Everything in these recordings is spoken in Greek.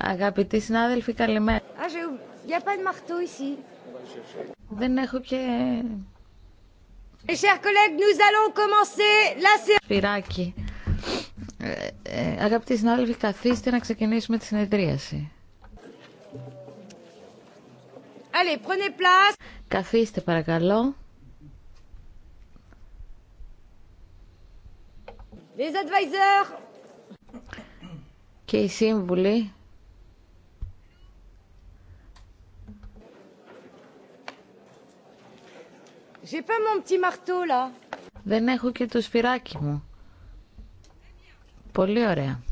Αγαπητοί συνάδελφοι, καλημέρα. Ah, Δεν έχω και... Σπυράκι. Ε, ε, αγαπητοί συνάδελφοι, καθίστε να ξεκινήσουμε τη συνεδρίαση. Allez, prenez place. Καθίστε παρακαλώ. Les advisors και οι σύμβουλοι Δεν έχω και το σφυράκι μου. Πολύ ωραία.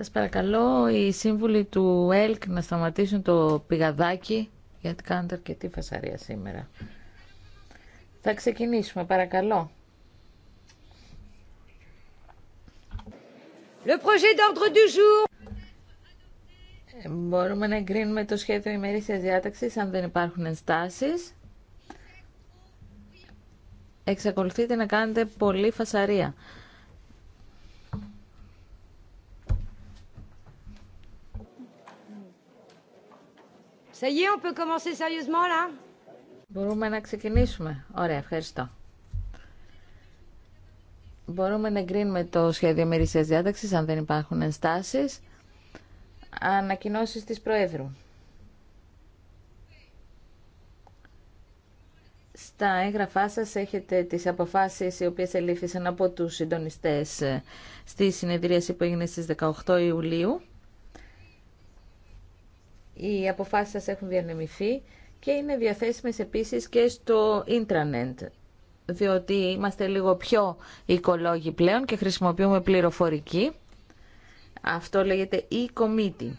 Σας παρακαλώ οι σύμβουλοι του ΕΛΚ να σταματήσουν το πηγαδάκι γιατί κάνετε αρκετή φασαρία σήμερα. Θα ξεκινήσουμε παρακαλώ. Le projet d'ordre du jour. Μπορούμε να εγκρίνουμε το σχέδιο ημερήσιας διάταξη αν δεν υπάρχουν ενστάσεις. Εξακολουθείτε να κάνετε πολύ φασαρία. Μπορούμε να ξεκινήσουμε. Ωραία, ευχαριστώ. Μπορούμε να εγκρίνουμε το σχέδιο μερισσίας διάταξης αν δεν υπάρχουν ενστάσεις. Ανακοινώσεις της Προέδρου. Στα έγγραφά σας έχετε τις αποφάσεις οι οποίες ελήφθησαν από τους συντονιστές ε, στη συνεδρίαση που έγινε στις 18 Ιουλίου. Οι αποφάσεις σας έχουν διανεμηθεί και είναι διαθέσιμες επίσης και στο intranet διότι είμαστε λίγο πιο οικολόγοι πλέον και χρησιμοποιούμε πληροφορική. Αυτό λέγεται e-committee.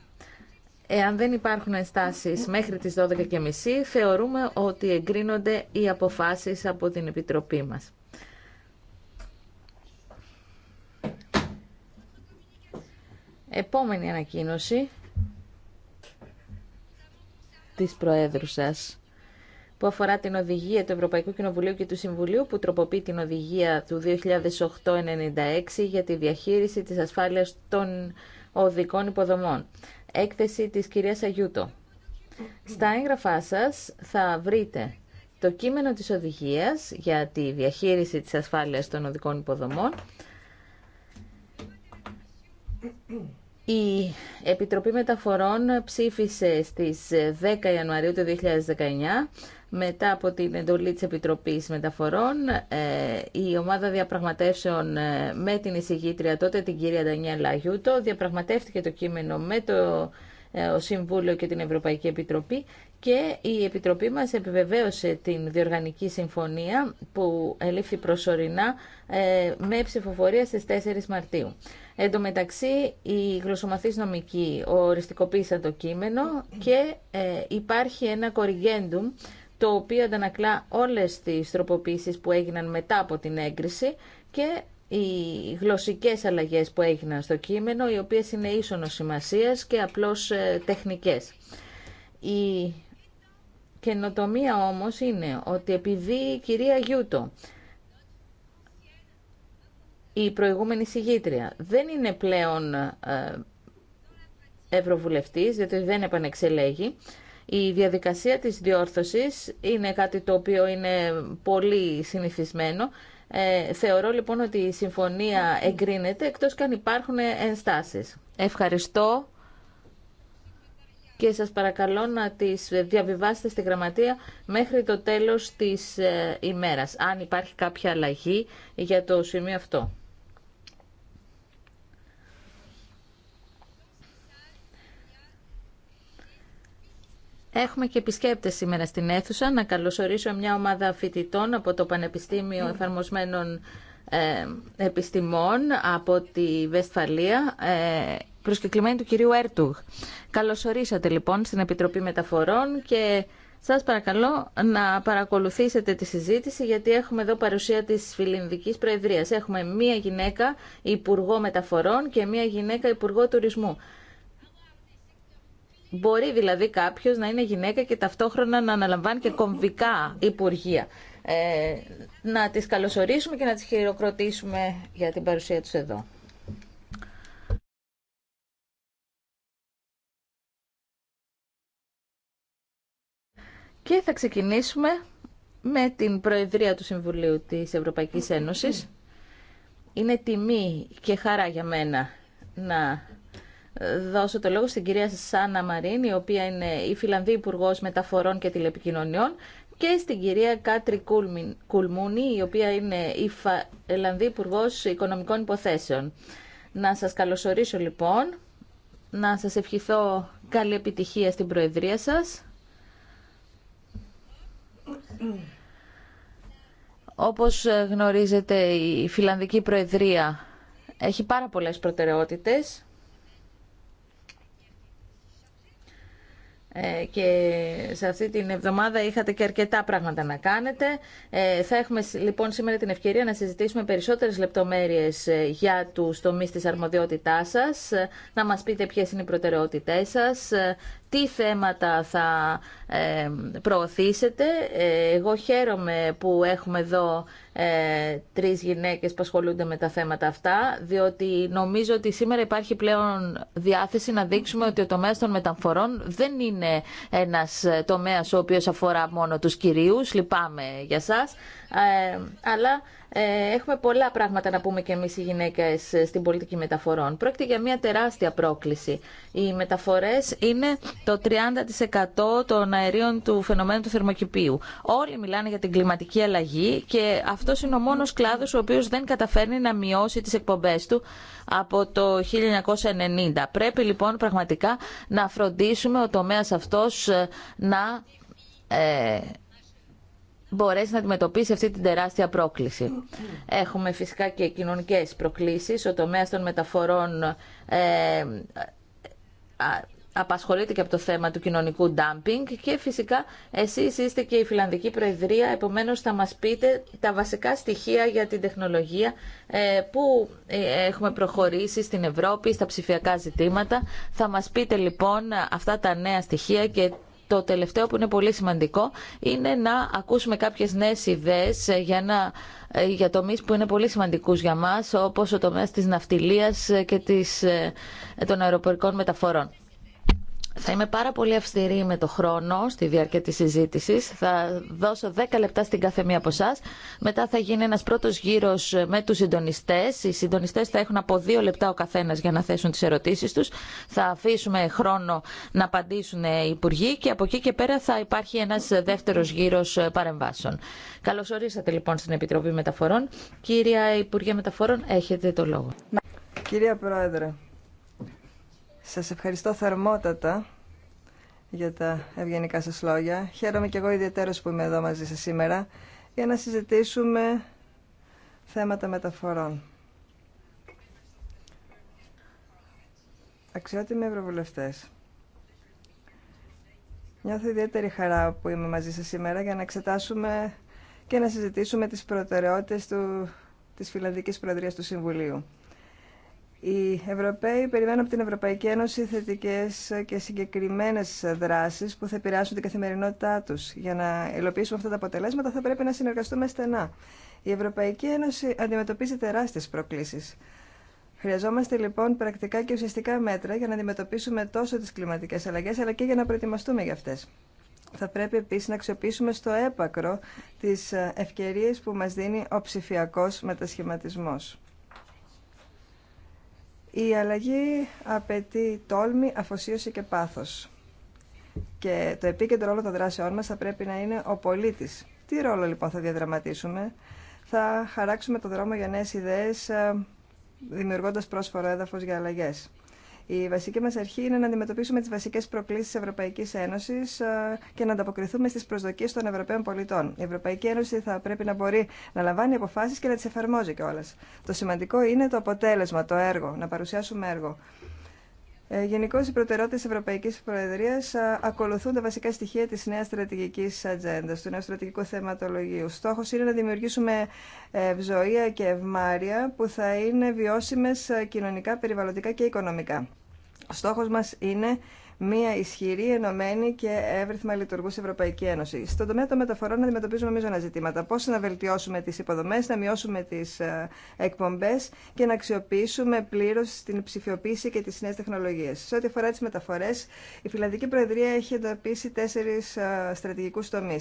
Εάν δεν υπάρχουν ενστάσεις μέχρι τις 12.30 θεωρούμε ότι εγκρίνονται οι αποφάσεις από την Επιτροπή μας. Επόμενη ανακοίνωση της Προέδρου σας που αφορά την οδηγία του Ευρωπαϊκού Κοινοβουλίου και του Συμβουλίου που τροποποιεί την οδηγία του 2008-96 για τη διαχείριση της ασφάλειας των οδικών υποδομών. Έκθεση της κυρίας Αγιούτο. Στα έγγραφά σας θα βρείτε το κείμενο της οδηγίας για τη διαχείριση της ασφάλειας των οδικών υποδομών η Επιτροπή Μεταφορών ψήφισε στις 10 Ιανουαρίου του 2019 μετά από την εντολή της Επιτροπής Μεταφορών ε, η ομάδα διαπραγματεύσεων ε, με την εισηγήτρια τότε την κυρία Ντανιά Λαγιούτο διαπραγματεύτηκε το κείμενο με το ε, ο Συμβούλιο και την Ευρωπαϊκή Επιτροπή και η Επιτροπή μας επιβεβαίωσε την διοργανική συμφωνία που ελήφθη προσωρινά με ψηφοφορία στις 4 Μαρτίου. Εν τω μεταξύ, οι γλωσσομαθείς νομικοί οριστικοποίησαν το κείμενο και ε, υπάρχει ένα κοριγέντουμ το οποίο αντανακλά όλες τις τροποποίησεις που έγιναν μετά από την έγκριση και οι γλωσσικές αλλαγές που έγιναν στο κείμενο, οι οποίες είναι ίσονο σημασίας και απλώς ε, τεχνικές. Η καινοτομία όμως είναι ότι επειδή η κυρία Γιούτο η προηγούμενη συγγήτρια. Δεν είναι πλέον ε, ευρωβουλευτής, διότι δεν επανεξελέγει. Η διαδικασία της διόρθωσης είναι κάτι το οποίο είναι πολύ συνηθισμένο. Ε, θεωρώ λοιπόν ότι η συμφωνία εγκρίνεται, εκτός και αν υπάρχουν ενστάσεις. Ευχαριστώ και σας παρακαλώ να τις διαβιβάσετε στη γραμματεία μέχρι το τέλος της ε, ημέρας, αν υπάρχει κάποια αλλαγή για το σημείο αυτό. Έχουμε και επισκέπτες σήμερα στην αίθουσα. Να καλωσορίσω μια ομάδα φοιτητών από το Πανεπιστήμιο Εφαρμοσμένων ε, Επιστημών από τη Βεσφαλία, ε, προσκεκλημένη του κυρίου Έρτουγ. Καλωσορίσατε λοιπόν στην Επιτροπή Μεταφορών και σας παρακαλώ να παρακολουθήσετε τη συζήτηση γιατί έχουμε εδώ παρουσία της Φιλινδικής Προεδρίας. Έχουμε μία γυναίκα Υπουργό Μεταφορών και μία γυναίκα Υπουργό Τουρισμού. Μπορεί δηλαδή κάποιος να είναι γυναίκα και ταυτόχρονα να αναλαμβάνει και κομβικά υπουργεία. Ε, να τις καλωσορίσουμε και να τις χειροκροτήσουμε για την παρουσία τους εδώ. Και θα ξεκινήσουμε με την Προεδρία του Συμβουλίου της Ευρωπαϊκής Ένωσης. Είναι τιμή και χαρά για μένα να δώσω το λόγο στην κυρία Σάνα Μαρίν, η οποία είναι η Φιλανδή Υπουργό Μεταφορών και Τηλεπικοινωνιών, και στην κυρία Κάτρι Κουλμούνη, η οποία είναι η Φιλανδή Υπουργό Οικονομικών Υποθέσεων. Να σας καλωσορίσω λοιπόν, να σας ευχηθώ καλή επιτυχία στην Προεδρία σας. Όπως γνωρίζετε, η Φιλανδική Προεδρία έχει πάρα πολλές προτεραιότητες Ε, και σε αυτή την εβδομάδα είχατε και αρκετά πράγματα να κάνετε. Ε, θα έχουμε λοιπόν σήμερα την ευκαιρία να συζητήσουμε περισσότερες λεπτομέρειες ε, για τους τομείς της αρμοδιότητάς σας, να μας πείτε ποιες είναι οι προτεραιότητές σας, τι θέματα θα ε, προωθήσετε. Ε, εγώ χαίρομαι που έχουμε εδώ ε, τρεις γυναίκες που ασχολούνται με τα θέματα αυτά, διότι νομίζω ότι σήμερα υπάρχει πλέον διάθεση να δείξουμε ότι ο τομέας των μεταφορών δεν είναι ένας τομέας ο οποίος αφορά μόνο τους κυρίους, λυπάμαι για σας, αλλά ε, έχουμε πολλά πράγματα να πούμε και εμείς οι γυναίκες ε, στην πολιτική μεταφορών. Πρόκειται για μια τεράστια πρόκληση. Οι μεταφορές είναι το 30% των αερίων του φαινομένου του θερμοκηπίου. Όλοι μιλάνε για την κλιματική αλλαγή και αυτό είναι ο μόνος κλάδος ο οποίος δεν καταφέρνει να μειώσει τις εκπομπές του από το 1990. Πρέπει λοιπόν πραγματικά να φροντίσουμε ο τομέας αυτός ε, να... Ε, μπορέσει να αντιμετωπίσει αυτή την τεράστια πρόκληση. Έχουμε φυσικά και κοινωνικές προκλήσεις. Ο τομέας των μεταφορών ε, απασχολείται και από το θέμα του κοινωνικού ντάμπινγκ και φυσικά εσείς είστε και η Φιλανδική Προεδρία, επομένως θα μας πείτε τα βασικά στοιχεία για την τεχνολογία ε, που ε, έχουμε προχωρήσει στην Ευρώπη, στα ψηφιακά ζητήματα. Θα μας πείτε λοιπόν αυτά τα νέα στοιχεία και το τελευταίο που είναι πολύ σημαντικό είναι να ακούσουμε κάποιες νέες ιδέες ε, για, να, ε, για που είναι πολύ σημαντικούς για μας, όπως ο τομέας της ναυτιλίας ε, και των αεροπορικών μεταφορών. Θα είμαι πάρα πολύ αυστηρή με το χρόνο στη διάρκεια της συζήτησης. Θα δώσω 10 λεπτά στην κάθε μία από εσά. Μετά θα γίνει ένας πρώτος γύρος με τους συντονιστές. Οι συντονιστές θα έχουν από δύο λεπτά ο καθένας για να θέσουν τις ερωτήσεις τους. Θα αφήσουμε χρόνο να απαντήσουν οι υπουργοί και από εκεί και πέρα θα υπάρχει ένας δεύτερος γύρος παρεμβάσεων. Καλώς ορίσατε λοιπόν στην Επιτροπή Μεταφορών. Κύρια Υπουργέ Μεταφορών, έχετε το λόγο. Κυρία Πρόεδρε, σας ευχαριστώ θερμότατα για τα ευγενικά σας λόγια. Χαίρομαι και εγώ ιδιαίτερος που είμαι εδώ μαζί σας σήμερα για να συζητήσουμε θέματα μεταφορών. Αξιότιμοι Ευρωβουλευτές, νιώθω ιδιαίτερη χαρά που είμαι μαζί σας σήμερα για να εξετάσουμε και να συζητήσουμε τις προτεραιότητες του, της Φιλανδικής Προεδρίας του Συμβουλίου. Οι Ευρωπαίοι περιμένουν από την Ευρωπαϊκή Ένωση θετικέ και συγκεκριμένε δράσει που θα επηρεάσουν την καθημερινότητά του. Για να υλοποιήσουμε αυτά τα αποτελέσματα, θα πρέπει να συνεργαστούμε στενά. Η Ευρωπαϊκή Ένωση αντιμετωπίζει τεράστιε προκλήσει. Χρειαζόμαστε λοιπόν πρακτικά και ουσιαστικά μέτρα για να αντιμετωπίσουμε τόσο τι κλιματικέ αλλαγέ, αλλά και για να προετοιμαστούμε για αυτέ. Θα πρέπει επίση να αξιοποιήσουμε στο έπακρο τι ευκαιρίε που μα δίνει ο ψηφιακό μετασχηματισμό. Η αλλαγή απαιτεί τόλμη, αφοσίωση και πάθος. Και το επίκεντρο όλων των δράσεών μας θα πρέπει να είναι ο πολίτης. Τι ρόλο λοιπόν θα διαδραματίσουμε. Θα χαράξουμε το δρόμο για νέες ιδέες, ε, δημιουργώντας πρόσφορο έδαφος για αλλαγές. Η βασική μας αρχή είναι να αντιμετωπίσουμε τις βασικές προκλήσεις της Ευρωπαϊκής Ένωσης ε, και να ανταποκριθούμε στις προσδοκίες των Ευρωπαίων πολιτών. Η Ευρωπαϊκή Ένωση θα πρέπει να μπορεί να λαμβάνει αποφάσεις και να τις εφαρμόζει κιόλα. Το σημαντικό είναι το αποτέλεσμα, το έργο, να παρουσιάσουμε έργο. Ε, Γενικώ, οι προτεραιότητε τη Ευρωπαϊκή Προεδρία ε, ακολουθούν τα βασικά στοιχεία τη νέα στρατηγική ατζέντα, του νέου στρατηγικού θεματολογίου. Στόχο είναι να δημιουργήσουμε ε, ευζοία και ευμάρεια που θα είναι βιώσιμε κοινωνικά, περιβαλλοντικά και οικονομικά. Ο στόχος μας είναι μια ισχυρή, ενωμένη και εύρυθμα λειτουργούσα Ευρωπαϊκή Ένωση. Στον τομέα των μεταφορών αντιμετωπίζουμε μείζωνα ζητήματα. Πώ να βελτιώσουμε τι υποδομέ, να μειώσουμε τι ε, εκπομπέ και να αξιοποιήσουμε πλήρω την ψηφιοποίηση και τι νέε τεχνολογίε. Σε ό,τι αφορά τι μεταφορέ, η Φιλανδική Προεδρία έχει εντοπίσει τέσσερι ε, στρατηγικού τομεί.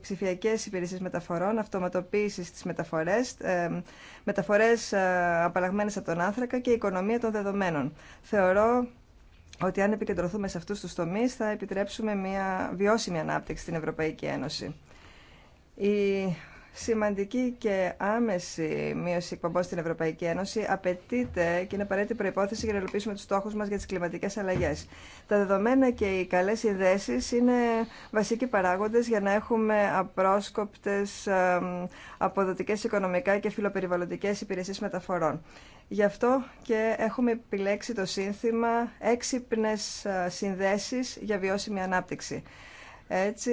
Ψηφιακέ υπηρεσίε μεταφορών, αυτοματοποίηση τη μεταφορέ, ε, μεταφορέ απαλλαγμένε από τον άνθρακα και οικονομία των δεδομένων. Θεωρώ ότι αν επικεντρωθούμε σε αυτούς τους τομείς θα επιτρέψουμε μια βιώσιμη ανάπτυξη στην Ευρωπαϊκή Ένωση. Η σημαντική και άμεση μείωση εκπομπών στην Ευρωπαϊκή Ένωση απαιτείται και είναι απαραίτητη προπόθεση για να ελοπίσουμε του στόχου μα για τι κλιματικέ αλλαγέ. Τα δεδομένα και οι καλέ ιδέσει είναι βασικοί παράγοντε για να έχουμε απρόσκοπτε, αποδοτικέ οικονομικά και φιλοπεριβαλλοντικέ υπηρεσίε μεταφορών. Γι' αυτό και έχουμε επιλέξει το σύνθημα έξυπνε συνδέσει για βιώσιμη ανάπτυξη. Έτσι,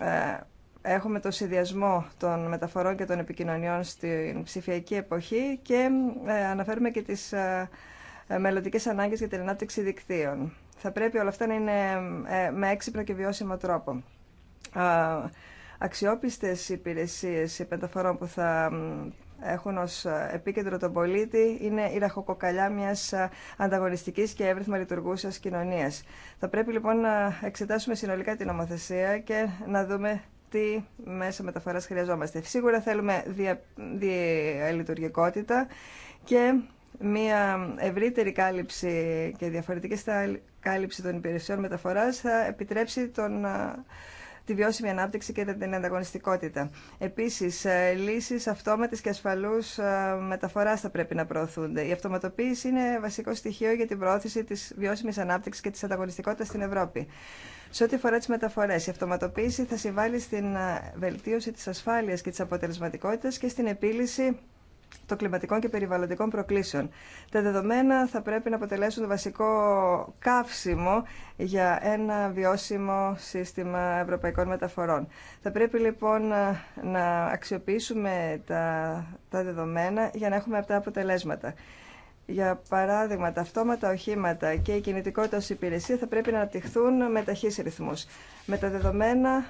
ε, έχουμε το συνδυασμό των μεταφορών και των επικοινωνιών στην ψηφιακή εποχή και ε, αναφέρουμε και τις ε, ε, μελλοντικέ ανάγκες για την ανάπτυξη δικτύων. Θα πρέπει όλα αυτά να είναι με έξυπνο και βιώσιμο τρόπο. Αξιόπιστες υπηρεσίες μεταφορών που θα έχουν ως επίκεντρο τον πολίτη είναι η ραχοκοκαλιά μιας ανταγωνιστικής και εύρυθμα λειτουργούσας κοινωνίας. Θα πρέπει λοιπόν να εξετάσουμε συνολικά την νομοθεσία και να δούμε τι μέσα μεταφοράς χρειαζόμαστε. Σίγουρα θέλουμε διαλειτουργικότητα και μια ευρύτερη κάλυψη και διαφορετική κάλυψη των υπηρεσιών μεταφοράς θα επιτρέψει τον, τη βιώσιμη ανάπτυξη και την ανταγωνιστικότητα. Επίσης, ε, λύσεις αυτόματης και ασφαλούς ε, μεταφοράς θα πρέπει να προωθούνται. Η αυτοματοποίηση είναι βασικό στοιχείο για την προώθηση της βιώσιμης ανάπτυξης και της ανταγωνιστικότητας στην Ευρώπη. Σε ό,τι αφορά τι μεταφορέ, η αυτοματοποίηση θα συμβάλλει στην ε, βελτίωση τη ασφάλεια και τη αποτελεσματικότητα και στην επίλυση των κλιματικών και περιβαλλοντικών προκλήσεων. Τα δεδομένα θα πρέπει να αποτελέσουν το βασικό καύσιμο για ένα βιώσιμο σύστημα ευρωπαϊκών μεταφορών. Θα πρέπει λοιπόν ε, να αξιοποιήσουμε τα, τα δεδομένα για να έχουμε αυτά αποτελέσματα. Για παράδειγμα, τα αυτόματα οχήματα και η κινητικότητα ως υπηρεσία θα πρέπει να αναπτυχθούν με ταχύς ρυθμούς. Με τα δεδομένα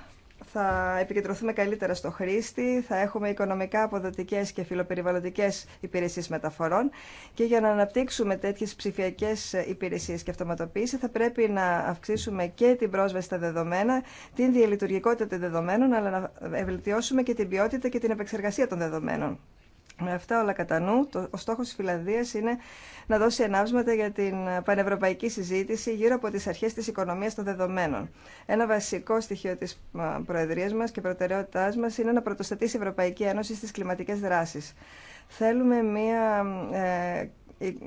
θα επικεντρωθούμε καλύτερα στο χρήστη, θα έχουμε οικονομικά αποδοτικές και φιλοπεριβαλλοντικές υπηρεσίες μεταφορών και για να αναπτύξουμε τέτοιες ψηφιακές υπηρεσίες και αυτοματοποίηση θα πρέπει να αυξήσουμε και την πρόσβαση στα δεδομένα, την διαλειτουργικότητα των δεδομένων, αλλά να βελτιώσουμε και την ποιότητα και την επεξεργασία των δεδομένων. Με αυτά όλα κατά νου, το, ο στόχος της Φιλανδίας είναι να δώσει ενάψματα για την ε, πανευρωπαϊκή συζήτηση γύρω από τις αρχές της οικονομίας των δεδομένων. Ένα βασικό στοιχείο της ε, Προεδρίας μας και προτεραιότητάς μας είναι να πρωτοστατήσει η Ευρωπαϊκή Ένωση στις κλιματικές δράσεις. Θέλουμε μια ε, ε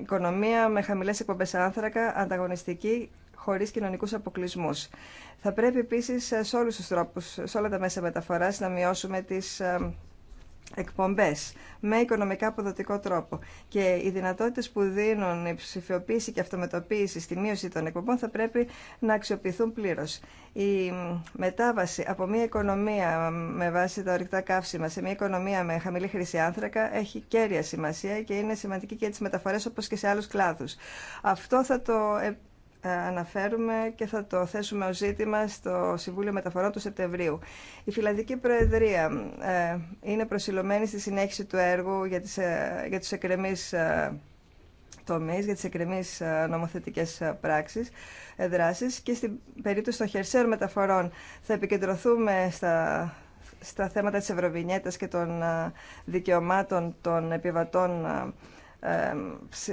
οικονομία με χαμηλές εκπομπές άνθρακα, ανταγωνιστική χωρί κοινωνικού αποκλεισμού. Θα πρέπει επίση σε όλου του τρόπου, σε όλα τα μέσα μεταφορά, να μειώσουμε τι εκπομπές με οικονομικά αποδοτικό τρόπο και οι δυνατότητες που δίνουν η ψηφιοποίηση και η αυτομετοποίηση στη μείωση των εκπομπών θα πρέπει να αξιοποιηθούν πλήρως. Η μετάβαση από μια οικονομία με βάση τα ορυκτά καύσιμα σε μια οικονομία με χαμηλή χρήση άνθρακα έχει κέρια σημασία και είναι σημαντική και για μεταφορές όπως και σε άλλους κλάδους. Αυτό θα το ε, αναφέρουμε και θα το θέσουμε ως ζήτημα στο Συμβούλιο Μεταφορών του Σεπτεμβρίου. Η Φιλανδική Προεδρία ε, είναι προσιλωμένη στη συνέχιση του έργου για, τις, ε, για τους εκκρεμείς τομείς, για τις εκκρεμείς νομοθετικές πράξεις, δράσεις και στην περίπτωση των χερσαίων μεταφορών θα επικεντρωθούμε στα στα θέματα της Ευρωβινιέτας και των δικαιωμάτων των επιβατών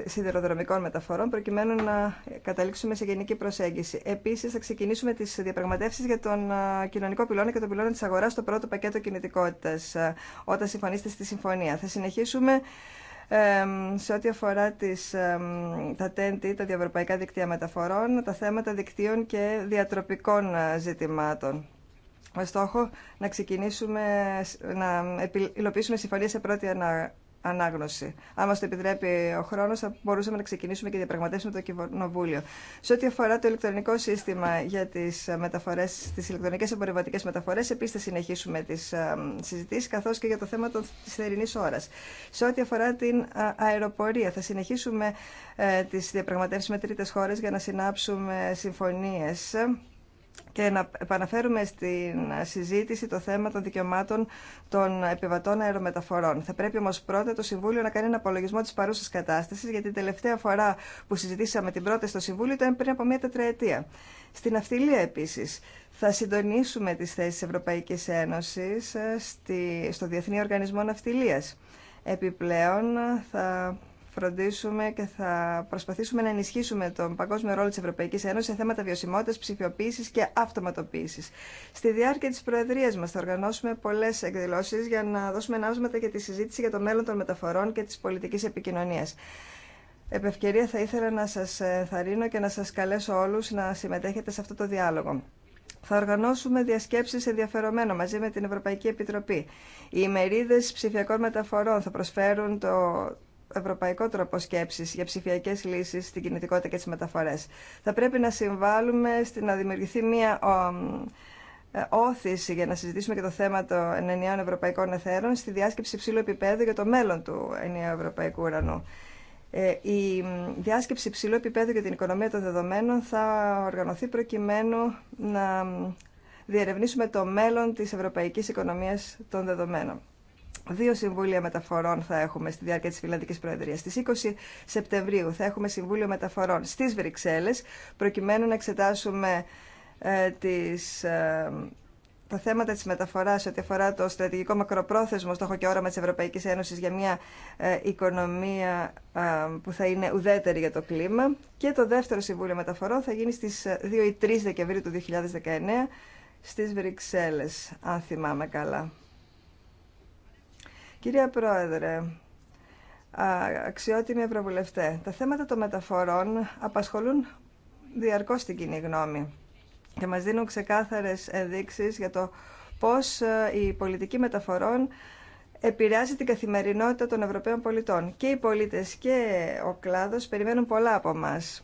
σιδηροδρομικών μεταφορών προκειμένου να καταλήξουμε σε γενική προσέγγιση. Επίσης θα ξεκινήσουμε τις διαπραγματεύσεις για τον κοινωνικό πυλώνα και τον πυλώνα της αγοράς στο πρώτο πακέτο κινητικότητας όταν συμφωνήσετε στη συμφωνία. Θα συνεχίσουμε σε ό,τι αφορά τις, τα τέντη, τα διευρωπαϊκά δικτύα μεταφορών, τα θέματα δικτύων και διατροπικών ζητημάτων με στόχο να ξεκινήσουμε, να υλοποιήσουμε συμφωνία σε πρώτη ανάγκη ανάγνωση. Αν μα το επιτρέπει ο χρόνο, θα μπορούσαμε να ξεκινήσουμε και διαπραγματεύσουμε το Κοινοβούλιο. Σε ό,τι αφορά το ηλεκτρονικό σύστημα για τι ε, μεταφορές, τις ηλεκτρονικέ εμπορευματικέ μεταφορέ, επίση θα συνεχίσουμε τι ε, συζητήσει, καθώ και για το θέμα τη θερινή ώρα. Σε ό,τι αφορά την ε, αεροπορία, θα συνεχίσουμε τι διαπραγματεύσει με τρίτε χώρε για να συνάψουμε συμφωνίε και να επαναφέρουμε στην συζήτηση το θέμα των δικαιωμάτων των επιβατών αερομεταφορών. Θα πρέπει όμω πρώτα το Συμβούλιο να κάνει ένα απολογισμό τη παρούσα κατάσταση, γιατί η τελευταία φορά που συζητήσαμε την πρόταση στο Συμβούλιο ήταν πριν από μία τετραετία. Στην αυτιλία επίση. Θα συντονίσουμε τις θέσεις Ευρωπαϊκής Ένωσης ε, στο Διεθνή Οργανισμό Ναυτιλίας. Επιπλέον θα φροντίσουμε και θα προσπαθήσουμε να ενισχύσουμε τον παγκόσμιο ρόλο τη Ευρωπαϊκή Ένωση σε θέματα βιωσιμότητα, ψηφιοποίηση και αυτοματοποίηση. Στη διάρκεια τη προεδρία μα, θα οργανώσουμε πολλέ εκδηλώσει για να δώσουμε ενάσματα για τη συζήτηση για το μέλλον των μεταφορών και τη πολιτική επικοινωνία. Επ' ευκαιρία θα ήθελα να σα ενθαρρύνω και να σα καλέσω όλου να συμμετέχετε σε αυτό το διάλογο. Θα οργανώσουμε διασκέψει ενδιαφερομένων μαζί με την Ευρωπαϊκή Επιτροπή. Οι ημερίδε ψηφιακών μεταφορών θα προσφέρουν το, ευρωπαϊκό τρόπο σκέψης για ψηφιακές λύσεις στην κινητικότητα και τις μεταφορές. Θα πρέπει να συμβάλλουμε να δημιουργηθεί μια ε, όθηση για να συζητήσουμε και το θέμα των ενιαίων ευρωπαϊκών εθέρων στη διάσκεψη ψηλού επίπεδου για το μέλλον του ενιαίου ευρωπαϊκού ουρανού. Ε, η διάσκεψη ψηλού επίπεδου για την οικονομία των δεδομένων θα οργανωθεί προκειμένου να διερευνήσουμε το μέλλον της ευρωπαϊκής οικονομίας των δεδομένων. Δύο συμβούλια μεταφορών θα έχουμε στη διάρκεια τη Φιλανδική Προεδρία. Στι 20 Σεπτεμβρίου θα έχουμε συμβούλιο μεταφορών στι Βρυξέλλες, προκειμένου να εξετάσουμε ε, τις, ε, τα θέματα της μεταφοράς ό,τι αφορά το στρατηγικό μακροπρόθεσμο στόχο και όραμα τη Ευρωπαϊκή Ένωση για μια ε, οικονομία που θα είναι ουδέτερη για το κλίμα. Και το δεύτερο Συμβούλιο Μεταφορών θα γίνει στι 2 ή 3 Δεκεμβρίου του 2019 στις Βρυξέλλες, αν θυμάμαι καλά. Κυρία Πρόεδρε, αξιότιμοι ευρωβουλευτέ, τα θέματα των μεταφορών απασχολούν διαρκώς την κοινή γνώμη και μας δίνουν ξεκάθαρες ενδείξεις για το πώς ε, η πολιτική μεταφορών επηρεάζει την καθημερινότητα των Ευρωπαίων πολιτών. Και οι πολίτες και ο κλάδος περιμένουν πολλά από μας.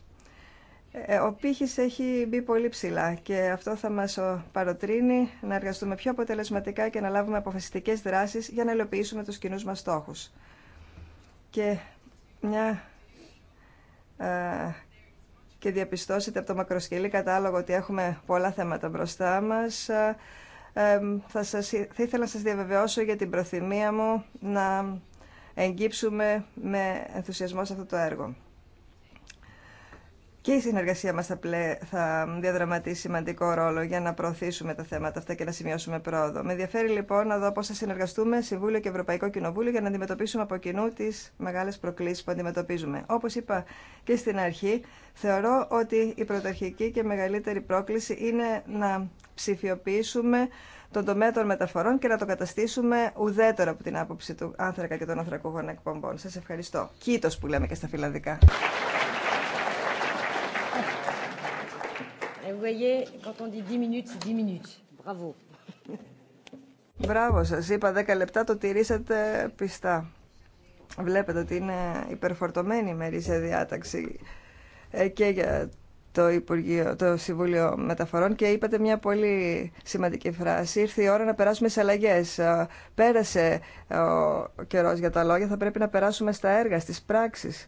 Ε, ο πύχης έχει μπει πολύ ψηλά και αυτό θα μας παροτρύνει να εργαστούμε πιο αποτελεσματικά και να λάβουμε αποφασιστικές δράσεις για να υλοποιήσουμε τους κοινού μας στόχους. Και μια ε, και διαπιστώσετε από το μακροσκελή κατάλογο ότι έχουμε πολλά θέματα μπροστά μας. Ε, θα, σας, θα ήθελα να σας διαβεβαιώσω για την προθυμία μου να εγγύψουμε με ενθουσιασμό σε αυτό το έργο και η συνεργασία μας θα, διαδραματίσει σημαντικό ρόλο για να προωθήσουμε τα θέματα αυτά και να σημειώσουμε πρόοδο. Με ενδιαφέρει λοιπόν να δω πώς θα συνεργαστούμε Συμβούλιο και Ευρωπαϊκό Κοινοβούλιο για να αντιμετωπίσουμε από κοινού τις μεγάλες προκλήσεις που αντιμετωπίζουμε. Όπως είπα και στην αρχή, θεωρώ ότι η πρωταρχική και μεγαλύτερη πρόκληση είναι να ψηφιοποιήσουμε τον τομέα των μεταφορών και να το καταστήσουμε ουδέτερο από την άποψη του άνθρακα και των ανθρακούχων εκπομπών. Σας ευχαριστώ. Κίτος που λέμε και στα φιλανδικά. Vous voyez, quand on dit 10 minutes, c'est 10 minutes. Bravo. Μπράβο σας, είπα 10 λεπτά, το τηρήσατε πιστά. Βλέπετε ότι είναι υπερφορτωμένη η μερίσια διάταξη ε, και για το, Υπουργείο, το Συμβούλιο Μεταφορών και είπατε μια πολύ σημαντική φράση. Ήρθε η ώρα να περάσουμε σε αλλαγέ. Ε, πέρασε ε, ο καιρός για τα λόγια, θα πρέπει να περάσουμε στα έργα, στις πράξεις.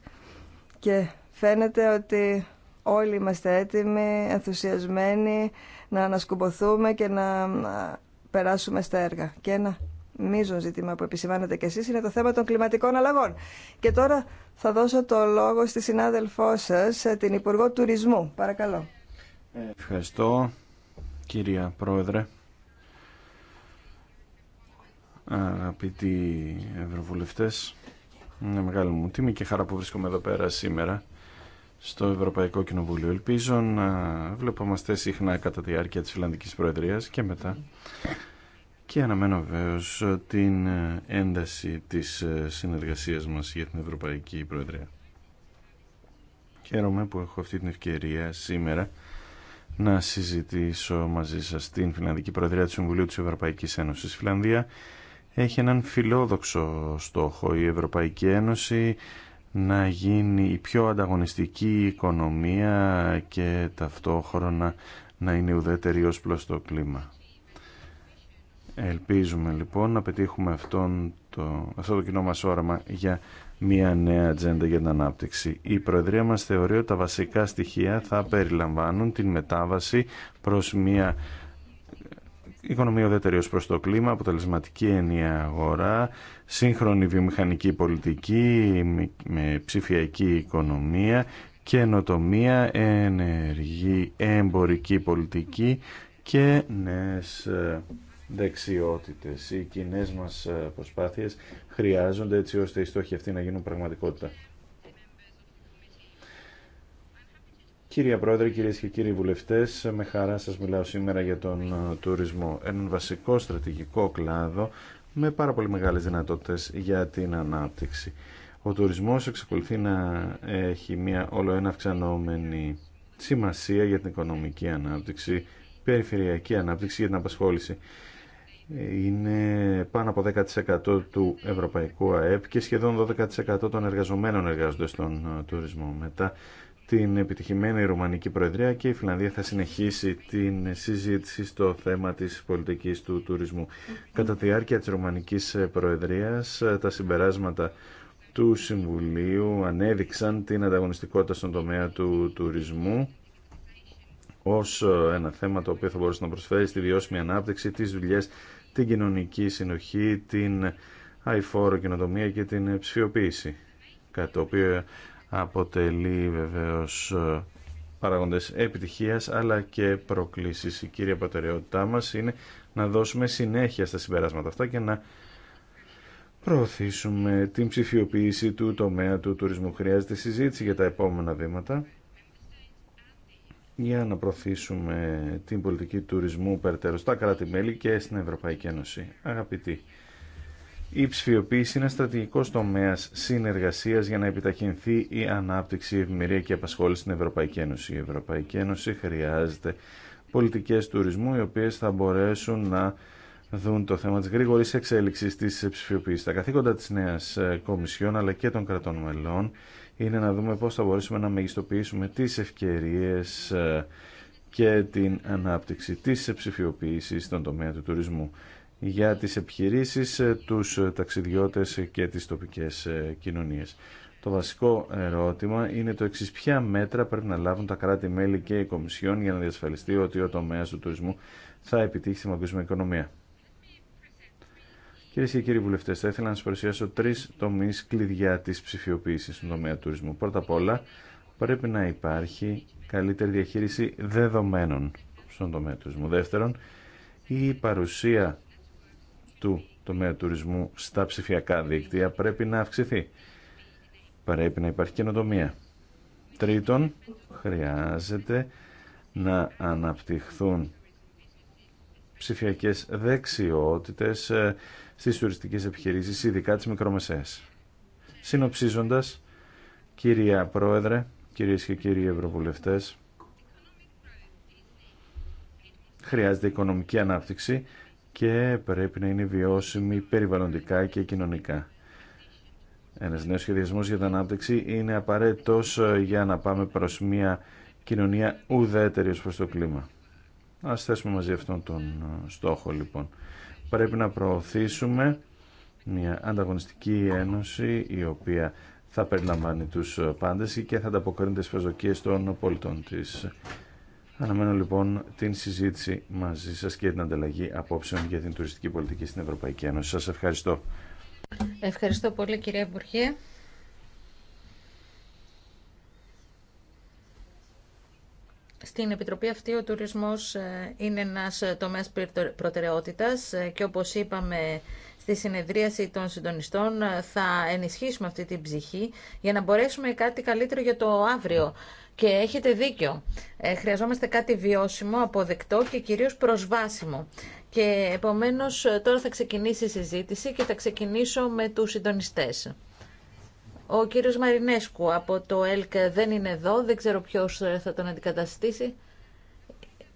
Και φαίνεται ότι όλοι είμαστε έτοιμοι, ενθουσιασμένοι να ανασκουμποθούμε και να περάσουμε στα έργα. Και ένα μείζον ζήτημα που επισημάνετε κι εσείς είναι το θέμα των κλιματικών αλλαγών. Και τώρα θα δώσω το λόγο στη συνάδελφό σας, ε, την Υπουργό Τουρισμού. Παρακαλώ. Ευχαριστώ, κυρία Πρόεδρε. Αγαπητοί Ευρωβουλευτές, είναι μεγάλη μου τιμή και χαρά που βρίσκομαι εδώ πέρα σήμερα στο Ευρωπαϊκό Κοινοβούλιο. Ελπίζω να βλεπόμαστε συχνά κατά τη διάρκεια της Φιλανδικής Προεδρίας και μετά. Και αναμένω βεβαίω την ένταση της συνεργασίας μας για την Ευρωπαϊκή Προεδρία. Χαίρομαι που έχω αυτή την ευκαιρία σήμερα να συζητήσω μαζί σας την Φιλανδική Προεδρία του Συμβουλίου της Ευρωπαϊκής Ένωσης. Η Φιλανδία έχει έναν φιλόδοξο στόχο. Η Ευρωπαϊκή Ένωση να γίνει η πιο ανταγωνιστική οικονομία και ταυτόχρονα να είναι ουδέτερη ως προς το κλίμα. Ελπίζουμε λοιπόν να πετύχουμε αυτόν το, αυτό το κοινό μας όραμα για μια νέα ατζέντα για την ανάπτυξη. Η Προεδρία μας θεωρεί ότι τα βασικά στοιχεία θα περιλαμβάνουν την μετάβαση προς μια οικονομία ουδέτερη ω προς το κλίμα, αποτελεσματική ενιαία αγορά, σύγχρονη βιομηχανική πολιτική με ψηφιακή οικονομία, καινοτομία, ενεργή εμπορική πολιτική και νέες ε, δεξιότητες. Οι κοινέ μας ε, προσπάθειες χρειάζονται έτσι ώστε οι στόχοι αυτοί να γίνουν πραγματικότητα. Κύριε Πρόεδρε, κυρίες και κύριοι βουλευτές, με χαρά σας μιλάω σήμερα για τον ε, τουρισμό. Έναν βασικό στρατηγικό κλάδο με πάρα πολύ μεγάλες δυνατότητες για την ανάπτυξη. Ο τουρισμός εξακολουθεί να έχει μια όλο ένα αυξανόμενη σημασία για την οικονομική ανάπτυξη, περιφερειακή ανάπτυξη για την απασχόληση. Είναι πάνω από 10% του ευρωπαϊκού ΑΕΠ και σχεδόν 12% των εργαζομένων εργάζονται στον ε, τουρισμό. Μετά την επιτυχημένη Ρουμανική Προεδρία και η Φιλανδία θα συνεχίσει την συζήτηση στο θέμα της πολιτικής του τουρισμού. Κατά τη διάρκεια της Ρουμανικής Προεδρίας, τα συμπεράσματα του Συμβουλίου ανέδειξαν την ανταγωνιστικότητα στον τομέα του τουρισμού ως ένα θέμα το οποίο θα μπορούσε να προσφέρει στη βιώσιμη ανάπτυξη, τις δουλειές, την κοινωνική συνοχή, την αηφόρο καινοτομία και την ψηφιοποίηση αποτελεί βεβαίως ε, παράγοντες επιτυχίας αλλά και προκλήσεις. Η κύρια προτεραιότητά μας είναι να δώσουμε συνέχεια στα συμπεράσματα αυτά και να προωθήσουμε την ψηφιοποίηση του τομέα του τουρισμού. Χρειάζεται συζήτηση για τα επόμενα βήματα για να προωθήσουμε την πολιτική τουρισμού περαιτέρω στα κράτη-μέλη και στην Ευρωπαϊκή Ένωση. Αγαπητοί η ψηφιοποίηση είναι στρατηγικό τομέα συνεργασία για να επιταχυνθεί η ανάπτυξη, η ευημερία και η απασχόληση στην Ευρωπαϊκή Ένωση. Η Ευρωπαϊκή Ένωση χρειάζεται πολιτικέ τουρισμού οι οποίε θα μπορέσουν να δουν το θέμα τη γρήγορη εξέλιξη τη ψηφιοποίηση. Τα καθήκοντα τη νέα ε, Κομισιόν αλλά και των κρατών μελών είναι να δούμε πώ θα μπορέσουμε να μεγιστοποιήσουμε τι ευκαιρίε ε, και την ανάπτυξη της ψηφιοποίηση στον τομέα του τουρισμού για τις επιχειρήσεις, ε, τους ε, ταξιδιώτες και τις τοπικές ε, κοινωνίες. Το βασικό ερώτημα είναι το εξής. Ποια μέτρα πρέπει να λάβουν τα κράτη-μέλη και η Κομισιόν για να διασφαλιστεί ότι ο τομέας του τουρισμού θα επιτύχει στη μαγκοσμία οικονομία. Κυρίε και κύριοι βουλευτέ, θα ήθελα να σα παρουσιάσω τρει τομεί κλειδιά τη ψηφιοποίηση στον τομέα τουρισμού. Πρώτα απ' όλα, πρέπει να υπάρχει καλύτερη διαχείριση δεδομένων στον τομέα τουρισμού. Δεύτερον, η παρουσία του τομέα τουρισμού στα ψηφιακά δίκτυα πρέπει να αυξηθεί. Πρέπει να υπάρχει καινοτομία. Τρίτον, χρειάζεται να αναπτυχθούν ψηφιακές δεξιότητες ε, στις τουριστικές επιχειρήσεις, ειδικά τις μικρομεσαίες. Συνοψίζοντας, κυρία Πρόεδρε, κυρίες και κύριοι Ευρωβουλευτές, χρειάζεται οικονομική ανάπτυξη και πρέπει να είναι βιώσιμη περιβαλλοντικά και κοινωνικά. Ένα νέο σχεδιασμό για την ανάπτυξη είναι απαραίτητος ε, για να πάμε προς μια κοινωνία ουδέτερη ω προς το κλίμα. Α θέσουμε μαζί αυτόν τον ε, στόχο λοιπόν. Πρέπει να προωθήσουμε μια ανταγωνιστική ένωση η οποία θα περιλαμβάνει τους πάντες και θα ανταποκρίνεται στις προσδοκίες των πολιτών της. Αναμένω λοιπόν την συζήτηση μαζί σας και την ανταλλαγή απόψεων για την τουριστική πολιτική στην Ευρωπαϊκή Ένωση. Σας ευχαριστώ. Ευχαριστώ πολύ κυρία Υπουργέ. Στην Επιτροπή αυτή ο τουρισμός ε, είναι ένας ε, τομέας προτεραιότητας ε, και όπως είπαμε στη συνεδρίαση των συντονιστών θα ενισχύσουμε αυτή την ψυχή για να μπορέσουμε κάτι καλύτερο για το αύριο. Και έχετε δίκιο. Ε, χρειαζόμαστε κάτι βιώσιμο, αποδεκτό και κυρίως προσβάσιμο. Και επομένως ε, τώρα θα ξεκινήσει η συζήτηση και θα ξεκινήσω με τους συντονιστές. Ο κύριος Μαρινέσκου από το ΕΛΚ δεν είναι εδώ, δεν ξέρω ποιος ε, θα τον αντικαταστήσει.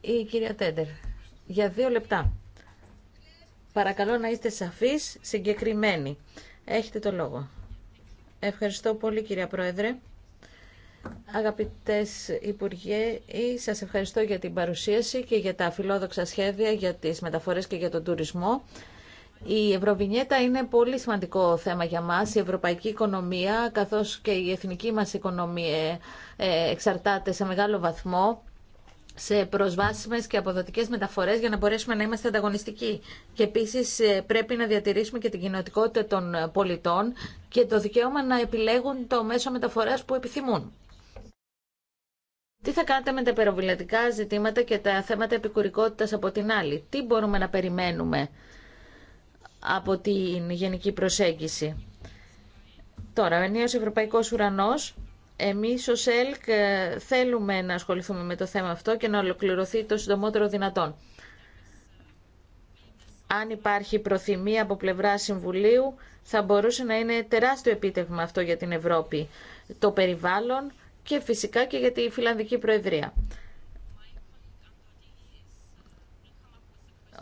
Η κυρία Τέντερ, για δύο λεπτά. Παρακαλώ να είστε σαφείς, συγκεκριμένοι. Έχετε το λόγο. Ευχαριστώ πολύ κυρία Πρόεδρε. Αγαπητές Υπουργέ, σας ευχαριστώ για την παρουσίαση και για τα φιλόδοξα σχέδια για τις μεταφορές και για τον τουρισμό. Η Ευρωβινιέτα είναι πολύ σημαντικό θέμα για μας. Η ευρωπαϊκή οικονομία, καθώς και η εθνική μας οικονομία ε, εξαρτάται σε μεγάλο βαθμό σε προσβάσιμες και αποδοτικές μεταφορές για να μπορέσουμε να είμαστε ανταγωνιστικοί. Και επίσης ε, πρέπει να διατηρήσουμε και την κοινωτικότητα των πολιτών και το δικαίωμα να επιλέγουν το μέσο μεταφοράς που επιθυμούν. Τι θα κάνετε με τα περιβαλλοντικά ζητήματα και τα θέματα επικουρικότητας από την άλλη. Τι μπορούμε να περιμένουμε από την γενική προσέγγιση. Τώρα, ο ενίος Ευρωπαϊκός Ουρανός. Εμείς ως ΕΛΚ ε, θέλουμε να ασχοληθούμε με το θέμα αυτό και να ολοκληρωθεί το συντομότερο δυνατόν. Αν υπάρχει προθυμία από πλευρά Συμβουλίου, θα μπορούσε να είναι τεράστιο επίτευγμα αυτό για την Ευρώπη. Το περιβάλλον και φυσικά και για τη Φιλανδική Προεδρία.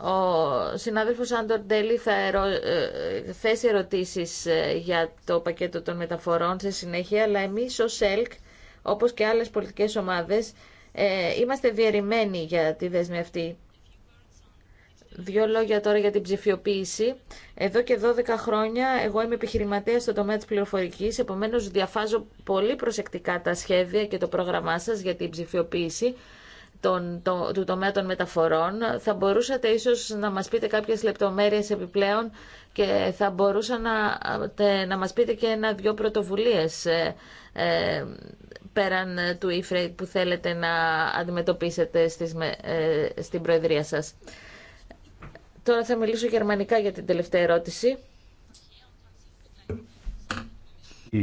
Ο συνάδελφος Άντορ Ντέλη θα ερω... Ε, θέσει ερωτήσεις ε, για το πακέτο των μεταφορών σε συνέχεια, αλλά εμείς ως ΕΛΚ, όπως και άλλες πολιτικές ομάδες, ε, είμαστε διαιρημένοι για τη δέσμη αυτή. Δύο λόγια τώρα για την ψηφιοποίηση. Εδώ και 12 χρόνια εγώ είμαι επιχειρηματία στο τομέα της πληροφορικής, επομένως διαφάζω πολύ προσεκτικά τα σχέδια και το πρόγραμμά σας για την ψηφιοποίηση το, του τομέα των μεταφορών. Θα μπορούσατε ίσως να μας πείτε κάποιες λεπτομέρειες επιπλέον και θα μπορούσα να, να μας πείτε και ένα-δυο πρωτοβουλίε ε, ε, πέραν του ΙΦΡΕ που θέλετε να αντιμετωπίσετε στις, ε, στην Προεδρία σας. Τώρα θα μιλήσω γερμανικά για την τελευταία ερώτηση. Οι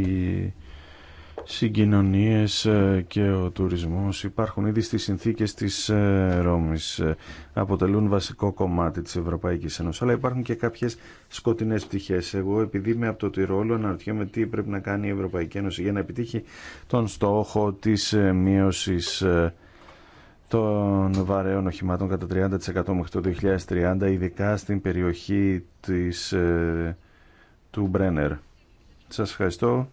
συγκοινωνίες ε, και ο τουρισμός υπάρχουν ήδη στις συνθήκες της ε, Ρώμης. Ε, αποτελούν βασικό κομμάτι της Ευρωπαϊκής Ένωσης. Αλλά υπάρχουν και κάποιες σκοτεινές πτυχές. Εγώ επειδή είμαι από το Τυρόλο αναρωτιέμαι τι πρέπει να κάνει η Ευρωπαϊκή Ένωση για να επιτύχει τον στόχο της μείωσης των βαρέων οχημάτων κατά 30% μέχρι το 2030, ειδικά στην περιοχή της, ε, του Μπρένερ. Σας ευχαριστώ.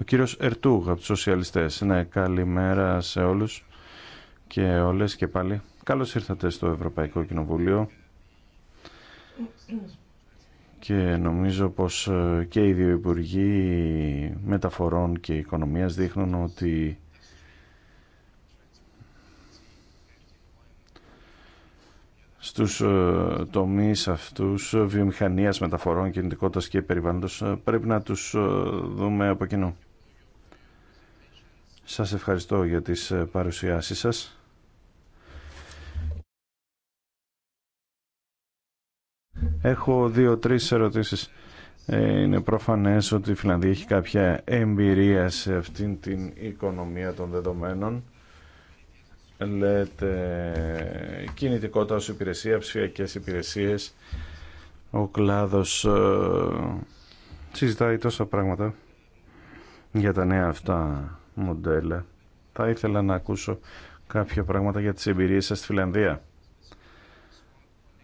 Ο κύριος Ερτούγ από τους Σοσιαλιστές. Ναι, καλημέρα σε όλους και όλες και πάλι. Καλώς ήρθατε στο Ευρωπαϊκό Κοινοβούλιο. Και νομίζω πως ε, και οι δύο Υπουργοί Μεταφορών και Οικονομίας δείχνουν ότι στους ε, τομείς αυτούς ε, βιομηχανίας, μεταφορών, κινητικότητας και περιβάλλοντος ε, πρέπει να τους δούμε από κοινού. Σας ευχαριστώ για τις παρουσιάσεις σας. Έχω δύο-τρεις ερωτήσεις. Είναι προφανές ότι η Φιλανδία έχει κάποια εμπειρία σε αυτήν την οικονομία των δεδομένων λέτε κινητικότητα ως υπηρεσία, ψηφιακές υπηρεσίες. Ο κλάδος ε, συζητάει τόσα πράγματα για τα νέα αυτά μοντέλα. Θα ήθελα να ακούσω κάποια πράγματα για τις εμπειρίες σας στη Φιλανδία.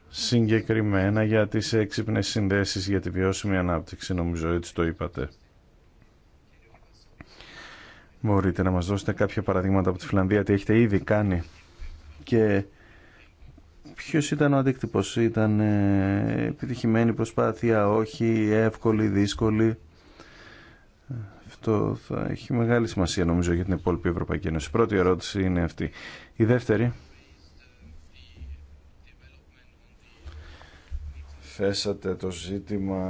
Συγκεκριμένα για τις έξυπνες συνδέσεις για τη βιώσιμη ανάπτυξη, νομίζω έτσι το είπατε. Μπορείτε να μας δώσετε κάποια παραδείγματα από τη Φιλανδία, τι έχετε ήδη κάνει και ποιος ήταν ο αντίκτυπος, ήταν ε, επιτυχημένη προσπάθεια, όχι, εύκολη, δύσκολη. Αυτό θα έχει μεγάλη σημασία νομίζω για την υπόλοιπη Ευρωπαϊκή Ένωση. Η πρώτη ερώτηση είναι αυτή. Η δεύτερη. Θέσατε το ζήτημα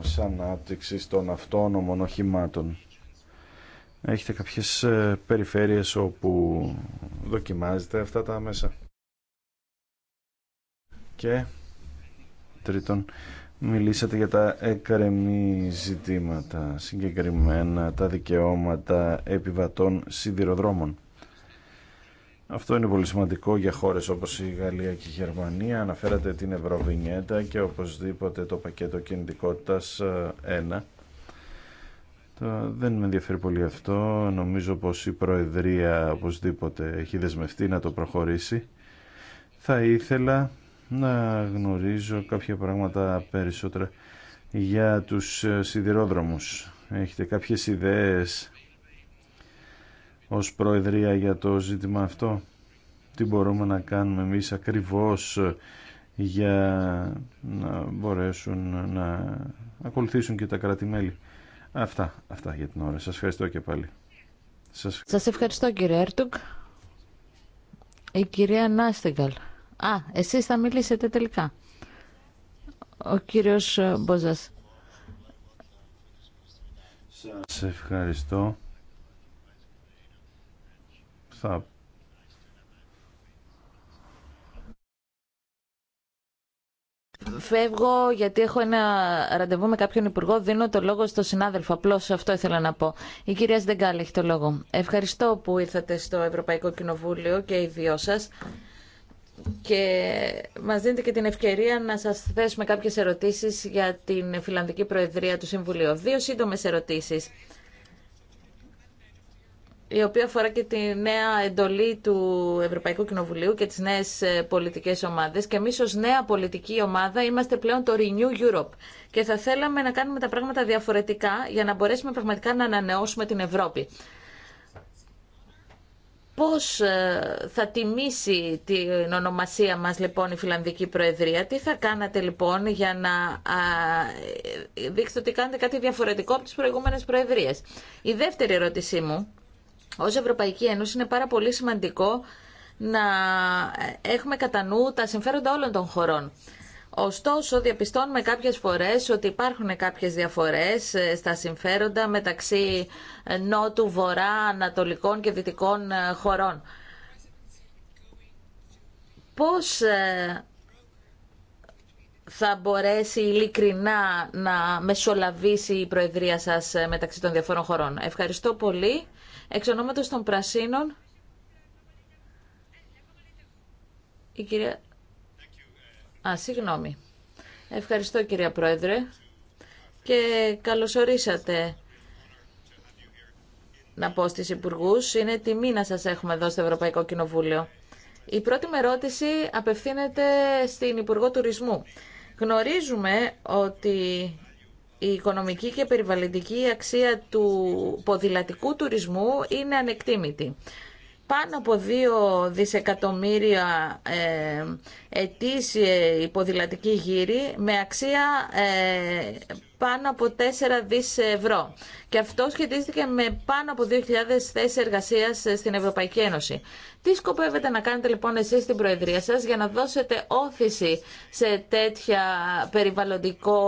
της ανάπτυξης των αυτόνομων οχημάτων. Έχετε κάποιες ε, περιφέρειες όπου δοκιμάζετε αυτά τα μέσα. Και τρίτον, μιλήσατε για τα εκρεμή ζητήματα, συγκεκριμένα τα δικαιώματα επιβατών σιδηροδρόμων. Αυτό είναι πολύ σημαντικό για χώρες όπως η Γαλλία και η Γερμανία. Αναφέρατε την Ευρωβινιέτα και οπωσδήποτε το πακέτο κινητικότητας 1 ε, δεν με ενδιαφέρει πολύ αυτό. Νομίζω πως η Προεδρία οπωσδήποτε έχει δεσμευτεί να το προχωρήσει. Θα ήθελα να γνωρίζω κάποια πράγματα περισσότερα για τους σιδηρόδρομους. Έχετε κάποιες ιδέες ως Προεδρία για το ζήτημα αυτό. Τι μπορούμε να κάνουμε εμείς ακριβώς για να μπορέσουν να ακολουθήσουν και τα κρατη Αυτά, αυτά για την ώρα. Σας ευχαριστώ και πάλι. Σας, Σας ευχαριστώ κύριε Έρτουγκ. Η κυρία Νάστιγκαλ. Α, εσείς θα μιλήσετε τελικά. Ο κύριος ε, Μπόζας. Σας ευχαριστώ. Θα Φεύγω γιατί έχω ένα ραντεβού με κάποιον υπουργό. Δίνω το λόγο στον συνάδελφο. Απλώ αυτό ήθελα να πω. Η κυρία Σντεγκάλ έχει το λόγο. Ευχαριστώ που ήρθατε στο Ευρωπαϊκό Κοινοβούλιο και οι δυο σα. Και μα δίνετε και την ευκαιρία να σα θέσουμε κάποιε ερωτήσει για την Φιλανδική Προεδρία του Συμβουλίου. Δύο σύντομε ερωτήσει η οποία αφορά και τη νέα εντολή του Ευρωπαϊκού Κοινοβουλίου και τις νέες ε, πολιτικές ομάδες και εμείς ως νέα πολιτική ομάδα είμαστε πλέον το Renew Europe και θα θέλαμε να κάνουμε τα πράγματα διαφορετικά για να μπορέσουμε πραγματικά να ανανεώσουμε την Ευρώπη. Πώς ε, θα τιμήσει την ονομασία μας λοιπόν η Φιλανδική Προεδρία, τι θα κάνατε λοιπόν για να ε, δείξετε ότι κάνετε κάτι διαφορετικό από τις προηγούμενες προεδρίες. Η δεύτερη ερώτησή μου ως Ευρωπαϊκή Ένωση είναι πάρα πολύ σημαντικό να έχουμε κατά νου τα συμφέροντα όλων των χωρών. Ωστόσο, διαπιστώνουμε κάποιες φορές ότι υπάρχουν κάποιες διαφορές ε, στα συμφέροντα μεταξύ ε, νότου, βορρά, ανατολικών και δυτικών ε, χωρών. Πώς θα μπορέσει ειλικρινά να μεσολαβήσει η Προεδρία σας μεταξύ των διαφορών χωρών. Ευχαριστώ πολύ. Εξ ονόματος των Πρασίνων, η κυρία... Α, συγγνώμη. Ευχαριστώ κυρία Πρόεδρε και καλωσορίσατε να πω στις υπουργού. Είναι τιμή να σας έχουμε εδώ στο Ευρωπαϊκό Κοινοβούλιο. Η πρώτη με ερώτηση απευθύνεται στην Υπουργό Τουρισμού. Γνωρίζουμε ότι η οικονομική και περιβαλλοντική αξία του ποδηλατικού τουρισμού είναι ανεκτήμητη πάνω από 2 δισεκατομμύρια ε, ετήσιοι γύρι με αξία ε, πάνω από 4 δις ευρώ. Και αυτό σχετίστηκε με πάνω από 2.000 θέσεις εργασίας στην Ευρωπαϊκή Ένωση. Τι σκοπεύετε να κάνετε λοιπόν εσείς στην Προεδρία σας για να δώσετε όθηση σε τέτοια περιβαλλοντικό,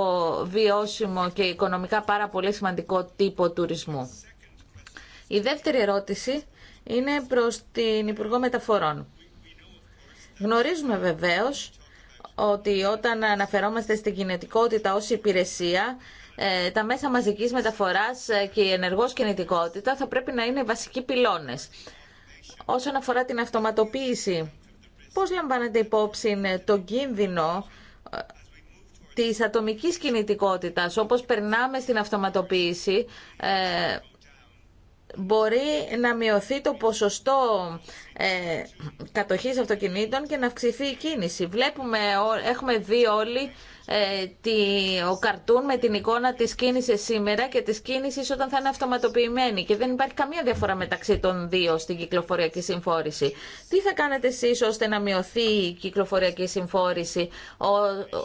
βιώσιμο και οικονομικά πάρα πολύ σημαντικό τύπο τουρισμού. Η δεύτερη ερώτηση είναι προς την Υπουργό Μεταφορών. Γνωρίζουμε βεβαίως ότι όταν αναφερόμαστε στην κινητικότητα ως υπηρεσία, ε, τα μέσα μαζικής μεταφοράς ε, και η ενεργός κινητικότητα θα πρέπει να είναι βασικοί πυλώνες. Όσον αφορά την αυτοματοποίηση, πώς λαμβάνετε υπόψη ε, το κίνδυνο της ατομικής κινητικότητας, όπως περνάμε στην αυτοματοποίηση, μπορεί να μειωθεί το ποσοστό ε, κατοχής αυτοκινήτων και να αυξηθεί η κίνηση. Βλέπουμε, έχουμε δει όλοι ε, ο καρτούν με την εικόνα της κίνησης σήμερα και της κίνησης όταν θα είναι αυτοματοποιημένη και δεν υπάρχει καμία διαφορά μεταξύ των δύο στην κυκλοφοριακή συμφόρηση. Τι θα κάνετε εσείς ώστε να μειωθεί η κυκλοφοριακή συμφόρηση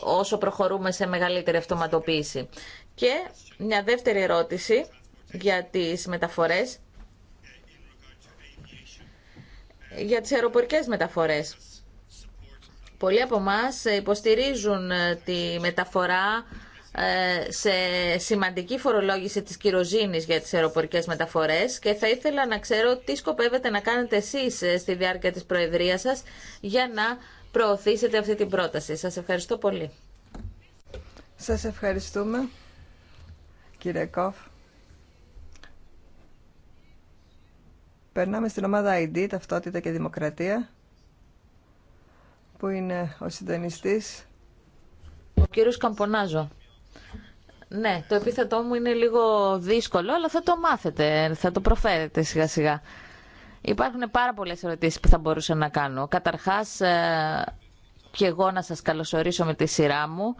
όσο προχωρούμε σε μεγαλύτερη αυτοματοποίηση. Και μια δεύτερη ερώτηση για τις μεταφορές, για τις αεροπορικές μεταφορές. Πολλοί από εμά υποστηρίζουν ε, τη μεταφορά ε, σε σημαντική φορολόγηση της κυροζήνης για τις αεροπορικές μεταφορές και θα ήθελα να ξέρω τι σκοπεύετε να κάνετε εσείς ε, στη διάρκεια της Προεδρίας σας για να προωθήσετε αυτή την πρόταση. Σας ευχαριστώ πολύ. Σας ευχαριστούμε, κύριε Κόφ. Περνάμε στην ομάδα ID, Ταυτότητα και Δημοκρατία, που είναι ο συντονιστής. Ο κύριος Καμπονάζο. Ναι, το επίθετό μου είναι λίγο δύσκολο, αλλά θα το μάθετε, θα το προφέρετε σιγά σιγά. Υπάρχουν πάρα πολλές ερωτήσεις που θα μπορούσα να κάνω. Καταρχάς, ε, και εγώ να σας καλωσορίσω με τη σειρά μου.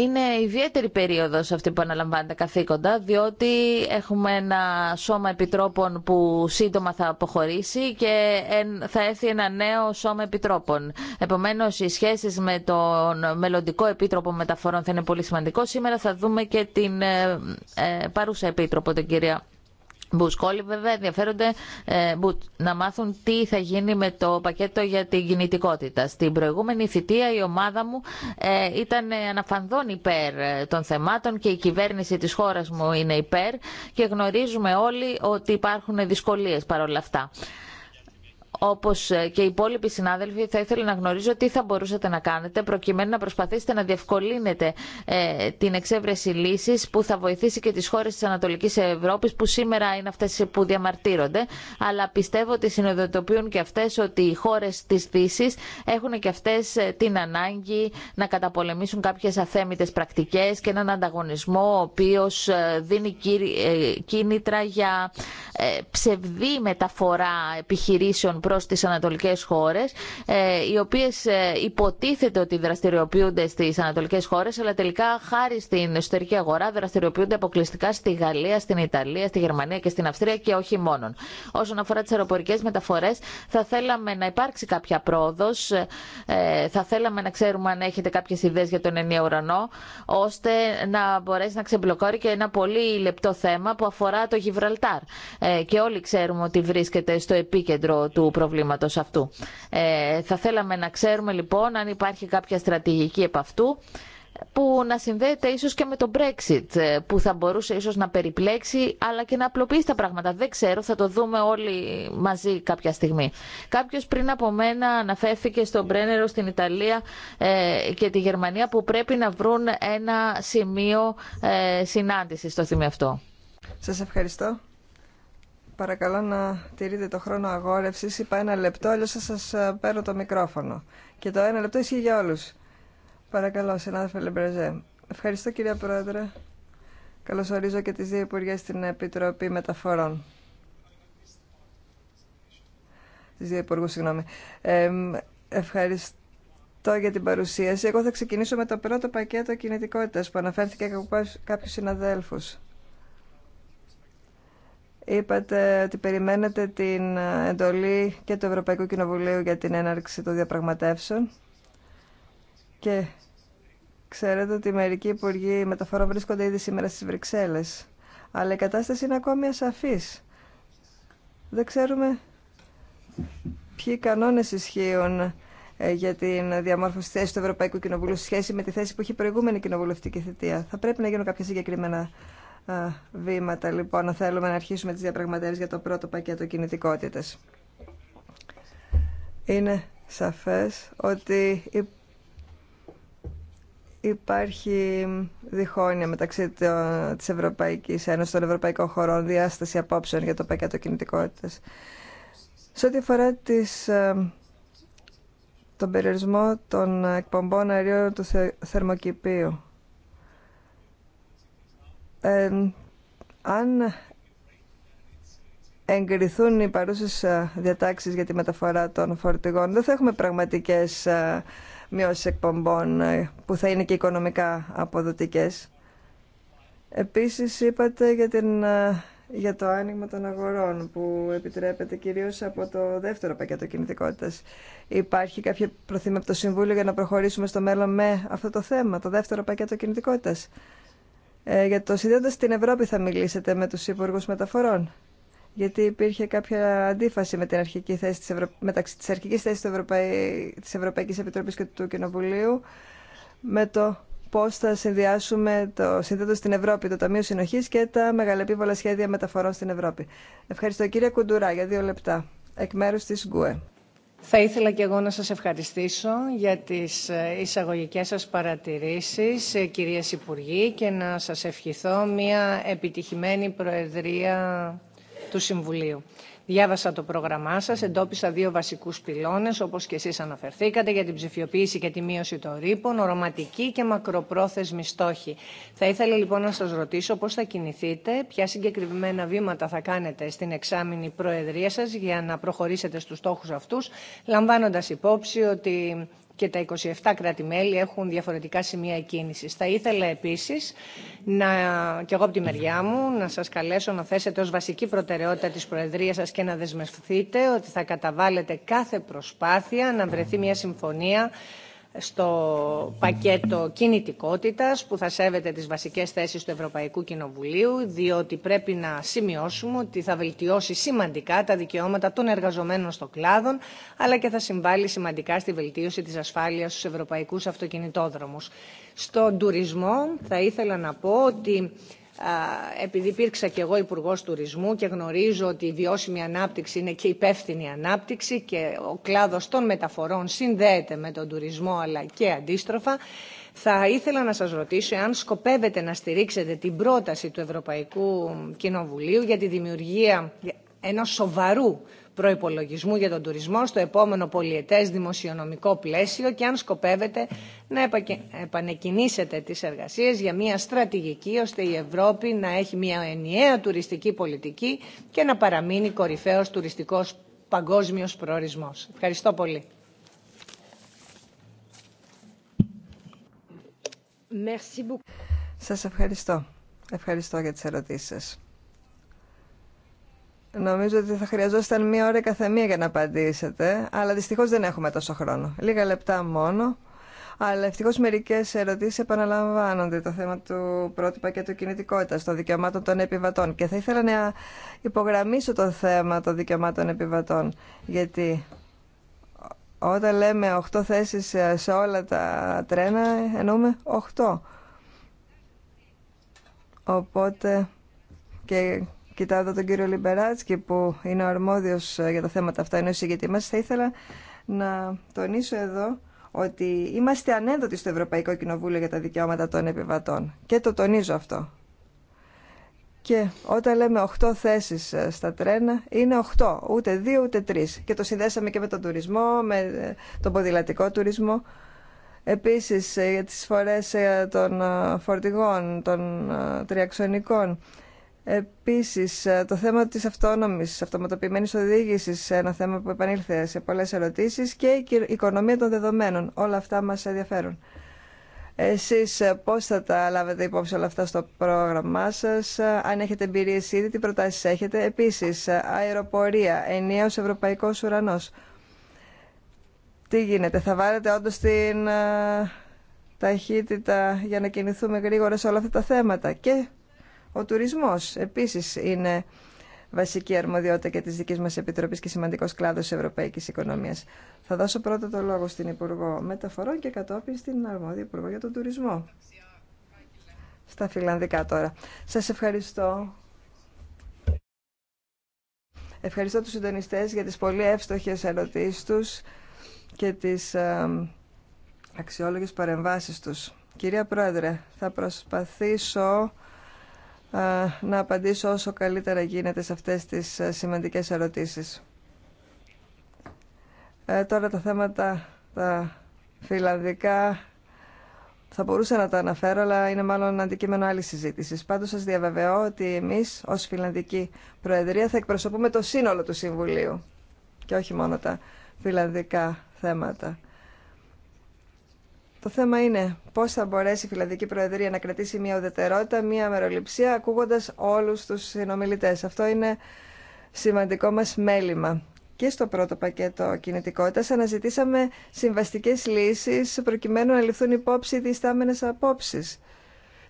Είναι ιδιαίτερη περίοδος αυτή που αναλαμβάνεται καθήκοντα, διότι έχουμε ένα σώμα επιτρόπων που σύντομα θα αποχωρήσει και θα έρθει ένα νέο σώμα επιτρόπων. Επομένως, οι σχέσεις με τον μελλοντικό επίτροπο μεταφορών θα είναι πολύ σημαντικό. Σήμερα θα δούμε και την ε, ε, παρούσα επίτροπο, την κυρία Μπουσκόλοι βέβαια ενδιαφέρονται ε, να μάθουν τι θα γίνει με το πακέτο για την κινητικότητα. Στην προηγούμενη θητεία η ομάδα μου ε, ήταν αναφανδόν υπέρ ε, των θεμάτων και η κυβέρνηση της χώρας μου είναι υπέρ και γνωρίζουμε όλοι ότι υπάρχουν δυσκολίες παρόλα αυτά. Όπω ε, και οι υπόλοιποι συνάδελφοι, θα ήθελα να γνωρίζω τι θα μπορούσατε να κάνετε προκειμένου να προσπαθήσετε να διευκολύνετε ε, την εξέβρεση λύση που θα βοηθήσει και τι χώρε τη Ανατολική Ευρώπη, που σήμερα είναι αυτέ που διαμαρτύρονται. Αλλά πιστεύω ότι συνειδητοποιούν και αυτέ ότι οι χώρε τη Δύση έχουν και αυτέ ε, την ανάγκη να καταπολεμήσουν κάποιες αθέμητε πρακτικέ και έναν ανταγωνισμό ο οποίο δίνει κίνητρα για ψευδή μεταφορά επιχειρήσεων Προ τι ανατολικέ χώρε, ε, οι οποίε ε, υποτίθεται ότι δραστηριοποιούνται στι ανατολικέ χώρε, αλλά τελικά χάρη στην εσωτερική αγορά δραστηριοποιούνται αποκλειστικά στη Γαλλία, στην Ιταλία, στη Γερμανία και στην Αυστρία και όχι μόνον. Όσον αφορά τι αεροπορικέ μεταφορέ, θα θέλαμε να υπάρξει κάποια πρόοδο. Ε, θα θέλαμε να ξέρουμε αν έχετε κάποιες ιδέε για τον ενιαίο ουρανό, ώστε να μπορέσει να ξεμπλοκάρει και ένα πολύ λεπτό θέμα που αφορά το Γιβραλτάρ. Και όλοι ξέρουμε ότι βρίσκεται στο επίκεντρο του προβλήματος αυτού. Ε, θα θέλαμε να ξέρουμε λοιπόν αν υπάρχει κάποια στρατηγική επ' αυτού που να συνδέεται ίσως και με το Brexit, ε, που θα μπορούσε ίσως να περιπλέξει, αλλά και να απλοποιήσει τα πράγματα. Δεν ξέρω, θα το δούμε όλοι μαζί κάποια στιγμή. Κάποιος πριν από μένα αναφέρθηκε στον Μπρένερο στην Ιταλία ε, και τη Γερμανία, που πρέπει να βρουν ένα σημείο ε, συνάντησης στο θυμίο αυτό. Σας ευχαριστώ. Παρακαλώ να τηρείτε το χρόνο αγόρευσης. Είπα ένα λεπτό, αλλιώς θα σας ε, παίρνω το μικρόφωνο. Και το ένα λεπτό ισχύει για όλους. Παρακαλώ, συνάδελφε Λεμπρεζέ. Ευχαριστώ κυρία Πρόεδρε. Καλωσορίζω και τις δύο υπουργέ στην Επιτροπή Μεταφορών. Τις δύο υπουργούς, συγγνώμη. ευχαριστώ για την παρουσίαση. Εγώ θα ξεκινήσω με το πρώτο πακέτο κινητικότητας που αναφέρθηκε από κάποιους Είπατε ότι περιμένετε την εντολή και του Ευρωπαϊκού Κοινοβουλίου για την έναρξη των διαπραγματεύσεων και ξέρετε ότι μερικοί υπουργοί μεταφορών βρίσκονται ήδη σήμερα στις Βρυξέλλες αλλά η κατάσταση είναι ακόμη ασαφής. Δεν ξέρουμε ποιοι κανόνες ισχύουν ε, για την διαμόρφωση θέση του Ευρωπαϊκού Κοινοβουλίου σε σχέση με τη θέση που έχει προηγούμενη κοινοβουλευτική θητεία. Θα πρέπει να γίνουν κάποια συγκεκριμένα βήματα λοιπόν να θέλουμε να αρχίσουμε τις διαπραγματεύσεις για το πρώτο πακέτο κινητικότητας. Είναι σαφές ότι υπάρχει διχόνοια μεταξύ της Ευρωπαϊκής Ένωσης των Ευρωπαϊκών χωρών διάσταση απόψεων για το πακέτο κινητικότητας. Σε ό,τι αφορά τις, ε, τον περιορισμό των εκπομπών αερίων του θερμοκηπίου αν εγκριθούν οι παρούσες ε, διατάξεις για τη μεταφορά των φορτηγών, δεν θα έχουμε πραγματικές ε, μειώσεις εκπομπών ε, που θα είναι και οικονομικά αποδοτικές. Επίσης είπατε για, την, για το άνοιγμα των αγορών που επιτρέπεται κυρίως από το δεύτερο πακέτο κινητικότητας. Υπάρχει κάποια προθυμία από το Συμβούλιο για να προχωρήσουμε στο μέλλον με αυτό το θέμα, το δεύτερο πακέτο κινητικότητας. Ε, για το συνδέοντα στην Ευρώπη θα μιλήσετε με τους Υπουργούς Μεταφορών. Γιατί υπήρχε κάποια αντίφαση με την αρχική θέση της Ευρω... μεταξύ της αρχικής θέσης της Ευρωπαϊκής Επιτροπής και του Κοινοβουλίου με το πώς θα συνδυάσουμε το συνδέοντα στην Ευρώπη, το Ταμείο Συνοχής και τα μεγαλεπίβολα σχέδια μεταφορών στην Ευρώπη. Ευχαριστώ κύριε Κουντουρά για δύο λεπτά. Εκ μέρους της ΓΚΟΕ. Θα ήθελα και εγώ να σας ευχαριστήσω για τις ε, εισαγωγικές σας παρατηρήσεις, ε, κυρία Υπουργοί, και να σας ευχηθώ μια επιτυχημένη Προεδρία του Συμβουλίου. Διάβασα το πρόγραμμά σα, εντόπισα δύο βασικού πυλώνε, όπω και εσεί αναφερθήκατε, για την ψηφιοποίηση και τη μείωση των ρήπων, οροματική και μακροπρόθεσμη στόχη. Θα ήθελα λοιπόν να σα ρωτήσω πώ θα κινηθείτε, ποια συγκεκριμένα βήματα θα κάνετε στην εξάμηνη προεδρία σα για να προχωρήσετε στου στόχου αυτού, λαμβάνοντα υπόψη ότι και τα 27 κράτη-μέλη έχουν διαφορετικά σημεία κίνηση. Θα ήθελα επίσης, να, και εγώ από τη μεριά μου, να σας καλέσω να θέσετε ως βασική προτεραιότητα τη Προεδρία σα και να δεσμευτείτε ότι θα καταβάλλετε κάθε προσπάθεια να βρεθεί μια συμφωνία στο πακέτο κινητικότητας που θα σέβεται τις βασικές θέσεις του Ευρωπαϊκού Κοινοβουλίου διότι πρέπει να σημειώσουμε ότι θα βελτιώσει σημαντικά τα δικαιώματα των εργαζομένων στο κλάδο αλλά και θα συμβάλλει σημαντικά στη βελτίωση της ασφάλειας στους ευρωπαϊκούς αυτοκινητόδρομους. Στον τουρισμό θα ήθελα να πω ότι επειδή υπήρξα και εγώ υπουργό τουρισμού και γνωρίζω ότι η βιώσιμη ανάπτυξη είναι και υπεύθυνη ανάπτυξη και ο κλάδος των μεταφορών συνδέεται με τον τουρισμό αλλά και αντίστροφα, θα ήθελα να σας ρωτήσω αν σκοπεύετε να στηρίξετε την πρόταση του Ευρωπαϊκού Κοινοβουλίου για τη δημιουργία ενός σοβαρού προϋπολογισμού για τον τουρισμό στο επόμενο πολιετές δημοσιονομικό πλαίσιο και αν σκοπεύετε να επανεκκινήσετε τις εργασίες για μια στρατηγική ώστε η Ευρώπη να έχει μια ενιαία τουριστική πολιτική και να παραμείνει κορυφαίος τουριστικός παγκόσμιος προορισμός. Ευχαριστώ πολύ. Σας ευχαριστώ. Ευχαριστώ για τις ερωτήσεις σας. Νομίζω ότι θα χρειαζόταν μία ώρα μία για να απαντήσετε, αλλά δυστυχώ δεν έχουμε τόσο χρόνο. Λίγα λεπτά μόνο, αλλά ευτυχώ μερικέ ερωτήσει επαναλαμβάνονται. Το θέμα του πρώτου πακέτου κινητικότητα των δικαιωμάτων των επιβατών. Και θα ήθελα να υπογραμμίσω το θέμα των δικαιωμάτων επιβατών, γιατί όταν λέμε 8 θέσει σε όλα τα τρένα, εννοούμε 8. Οπότε και κοιτάω εδώ τον κύριο Λιμπεράτσκι που είναι ο αρμόδιος ε, για τα θέματα αυτά, ενώ συγκεκριτή μας, θα ήθελα να τονίσω εδώ ότι είμαστε ανένδοτοι στο Ευρωπαϊκό Κοινοβούλιο για τα δικαιώματα των επιβατών. Και το τονίζω αυτό. Και όταν λέμε 8 θέσεις ε, στα τρένα, είναι 8, ούτε 2 ούτε 3. Και το συνδέσαμε και με τον τουρισμό, με ε, τον ποδηλατικό τουρισμό. Επίσης, για τις φορές των φορτηγών, των τριαξονικών. Επίση, ε, το θέμα της αυτόνομης, αυτοματοποιημένη οδήγησης, ένα θέμα που επανήλθε σε πολλέ ερωτήσει και η οικονομία των δεδομένων. Όλα αυτά μα ενδιαφέρουν. Εσεί ε, πώ θα τα λάβετε υπόψη όλα αυτά στο πρόγραμμά σα, ε, αν έχετε εμπειρίε ήδη, τι προτάσει έχετε. Επίση, αεροπορία, ενιαίος ευρωπαϊκό ουρανό. Τι γίνεται, θα βάλετε όντω την ταχύτητα για να κινηθούμε γρήγορα σε όλα αυτά τα θέματα και ο τουρισμός επίσης είναι βασική αρμοδιότητα και της δικής μας Επιτροπής και σημαντικός κλάδος της Ευρωπαϊκής Οικονομίας. Θα δώσω πρώτα το λόγο στην Υπουργό Μεταφορών και κατόπιν στην αρμόδια Υπουργό για τον Τουρισμό. Στα φιλανδικά τώρα. Σας ευχαριστώ. Ευχαριστώ τους συντονιστές για τις πολύ εύστοχες ερωτήσεις τους και τις ε, αξιόλογες παρεμβάσεις τους. Κυρία Πρόεδρε, θα προσπαθήσω να απαντήσω όσο καλύτερα γίνεται σε αυτές τις ε, σημαντικές ερωτήσεις. Ε, τώρα τα θέματα τα φιλανδικά θα μπορούσα να τα αναφέρω, αλλά είναι μάλλον αντικείμενο άλλη συζήτηση. Πάντω, σα διαβεβαιώ ότι εμεί, ω Φιλανδική Προεδρία, θα εκπροσωπούμε το σύνολο του Συμβουλίου και όχι μόνο τα φιλανδικά θέματα. Το θέμα είναι πώς θα μπορέσει η Φιλανδική Προεδρία να κρατήσει μια ουδετερότητα, μια μεροληψία, ακούγοντας όλους τους συνομιλητέ. Αυτό είναι σημαντικό μας μέλημα. Και στο πρώτο πακέτο κινητικότητας αναζητήσαμε συμβαστικέ λύσεις προκειμένου να ληφθούν υπόψη οι διστάμενε απόψεις.